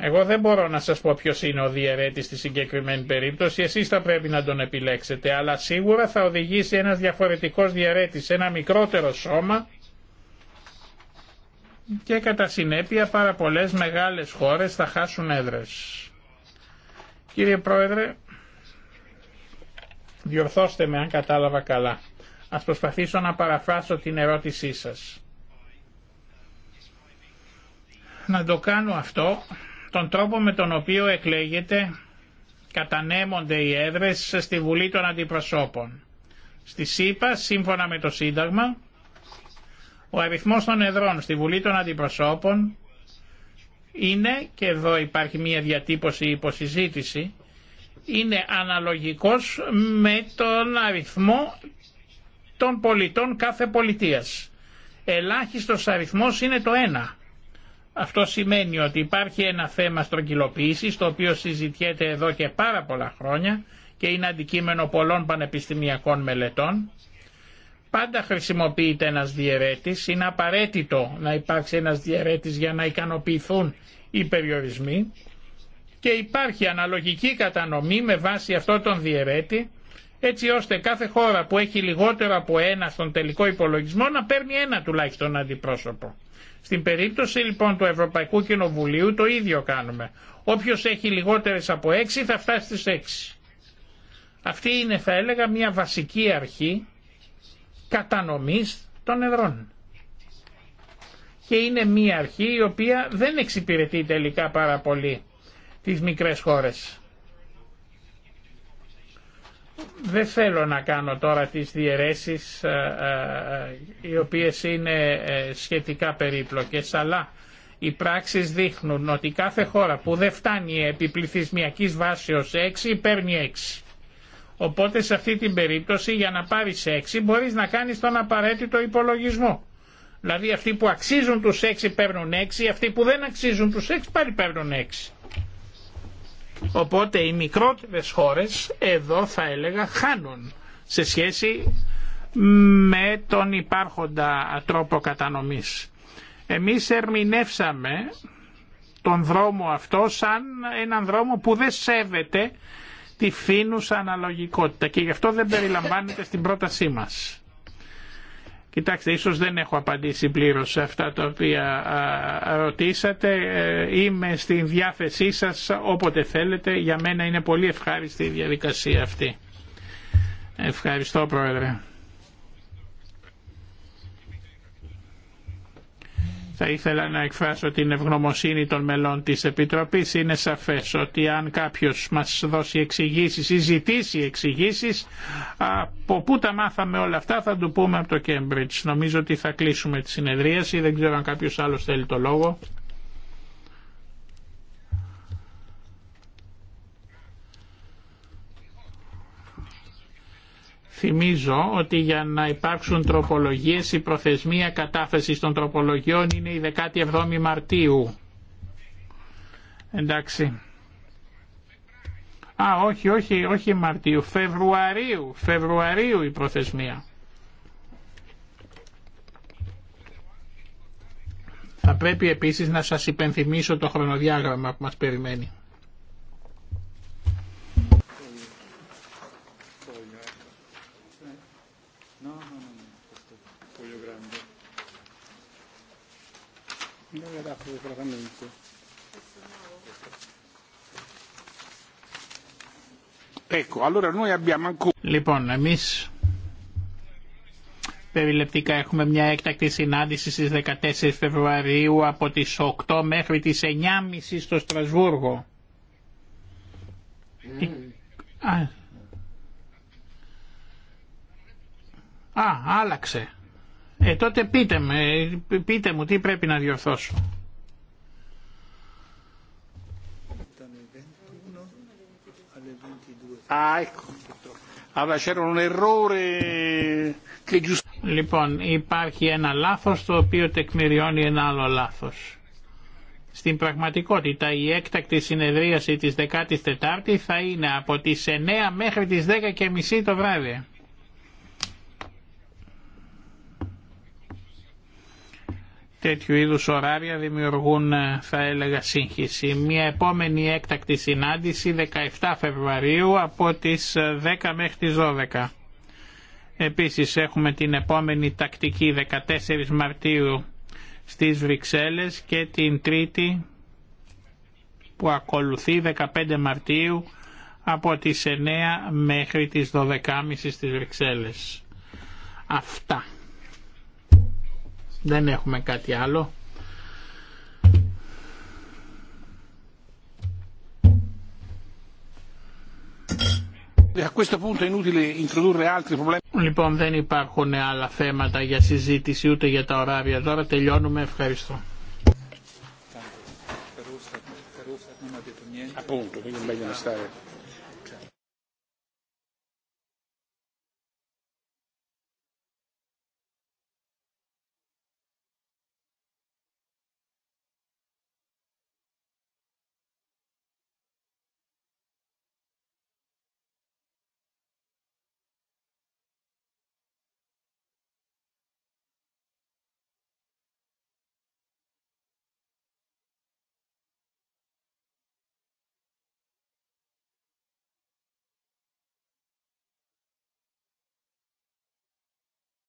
Εγώ δεν μπορώ να σας πω ποιος είναι ο διαιρέτης στη συγκεκριμένη περίπτωση, εσείς θα πρέπει να τον επιλέξετε, αλλά σίγουρα θα οδηγήσει ένας διαφορετικός διαιρέτης, ένα μικρότερο σώμα και κατά συνέπεια πάρα πολλές μεγάλες χώρες θα χάσουν έδρες. Κύριε Πρόεδρε, διορθώστε με αν κατάλαβα καλά. Ας προσπαθήσω να παραφράσω την ερώτησή σας. Να το κάνω αυτό, τον τρόπο με τον οποίο εκλέγεται, κατανέμονται οι έδρες στη Βουλή των Αντιπροσώπων. Στη ΣΥΠΑ, σύμφωνα με το Σύνταγμα, ο αριθμός των εδρών στη Βουλή των Αντιπροσώπων είναι, και εδώ υπάρχει μια διατύπωση υποσυζήτηση, είναι αναλογικός με τον αριθμό των πολιτών κάθε πολιτείας. Ελάχιστος αριθμός είναι το ένα. Αυτό σημαίνει ότι υπάρχει ένα θέμα στρογγυλοποίησης το οποίο συζητιέται εδώ και πάρα πολλά χρόνια και είναι αντικείμενο πολλών πανεπιστημιακών μελετών. Πάντα χρησιμοποιείται ένας διαιρέτης, είναι απαραίτητο να υπάρξει ένας διαιρέτης για να ικανοποιηθούν οι περιορισμοί και υπάρχει αναλογική κατανομή με βάση αυτό τον διαιρέτη έτσι ώστε κάθε χώρα που έχει λιγότερο από ένα στον τελικό υπολογισμό να παίρνει ένα τουλάχιστον αντιπρόσωπο. Στην περίπτωση λοιπόν του Ευρωπαϊκού Κοινοβουλίου το ίδιο κάνουμε. Όποιος έχει λιγότερες από έξι θα φτάσει στις έξι. Αυτή είναι θα έλεγα μια βασική αρχή κατανομής των εδρών και είναι μία αρχή η οποία δεν εξυπηρετεί τελικά πάρα πολύ τις μικρές χώρες. Δεν θέλω να κάνω τώρα τις διαιρέσεις ε, ε, οι οποίες είναι ε, σχετικά περίπλοκες αλλά οι πράξεις δείχνουν ότι κάθε χώρα που δεν φτάνει επί πληθυσμιακής βάσεως 6 παίρνει 6. Οπότε σε αυτή την περίπτωση για να πάρεις 6 μπορείς να κάνεις τον απαραίτητο υπολογισμό. Δηλαδή αυτοί που αξίζουν τους 6 παίρνουν 6, αυτοί που δεν αξίζουν τους 6 πάλι παίρνουν 6. Οπότε οι μικρότερες χώρες εδώ θα έλεγα χάνουν σε σχέση με τον υπάρχοντα τρόπο κατανομής. Εμείς ερμηνεύσαμε τον δρόμο αυτό σαν έναν δρόμο που δεν σέβεται τη φήνουσα αναλογικότητα και γι' αυτό δεν περιλαμβάνεται στην πρότασή μας. Κοιτάξτε, ίσως δεν έχω απαντήσει πλήρως σε αυτά τα οποία ρωτήσατε. Ε, είμαι στην διάθεσή σας όποτε θέλετε. Για μένα είναι πολύ ευχάριστη η διαδικασία αυτή. Ευχαριστώ Πρόεδρε. Θα ήθελα να εκφράσω την ευγνωμοσύνη των μελών της Επιτροπής. Είναι σαφές ότι αν κάποιος μας δώσει εξηγήσεις ή ζητήσει εξηγήσεις, από πού τα μάθαμε όλα αυτά θα του πούμε από το Cambridge. Νομίζω ότι θα κλείσουμε τη συνεδρίαση. Δεν ξέρω αν κάποιος άλλος θέλει το λόγο. Θυμίζω ότι για να υπάρξουν τροπολογίες η προθεσμία Μαρτίου. των τροπολογιών είναι η 17η Μαρτίου. Εντάξει. Α, όχι, όχι, όχι Μαρτίου, Φεβρουαρίου, Φεβρουαρίου η προθεσμία. Θα πρέπει επίσης να σας υπενθυμίσω το χρονοδιάγραμμα που μας περιμένει. Ναι, λοιπόν, εμεί περιληπτικά έχουμε μια έκτακτη συνάντηση στι 14 Φεβρουαρίου από τι 8 μέχρι τις 9.30 στο Στρασβούργο. Ε. Α, άλλαξε. Ε, τότε πείτε, με, πείτε μου τι πρέπει να διορθώσω. Λοιπόν, υπάρχει ένα λάθος το οποίο τεκμηριώνει ένα άλλο λάθος. Στην πραγματικότητα η έκτακτη συνεδρίαση της 14 η θα είναι από τις 9 μέχρι τις 10.30 το βράδυ. τέτοιου είδους ωράρια δημιουργούν ε, θα έλεγα σύγχυση. Μια επόμενη έκτακτη συνάντηση 17 Φεβρουαρίου από τις 10 ε, μέχρι τις 12. Επίσης έχουμε την επόμενη τακτική 14 Μαρτίου στις Βρυξέλλες και την τρίτη που ακολουθεί 15 Μαρτίου από τις 9 μέχρι τις 12.30 στις Βρυξέλλες. Αυτά. Δεν έχουμε κάτι άλλο. Ε, λοιπόν, δεν υπάρχουν άλλα θέματα για συζήτηση ούτε για τα ωράρια. Τώρα τελειώνουμε. Ευχαριστώ. Appunto, quindi è meglio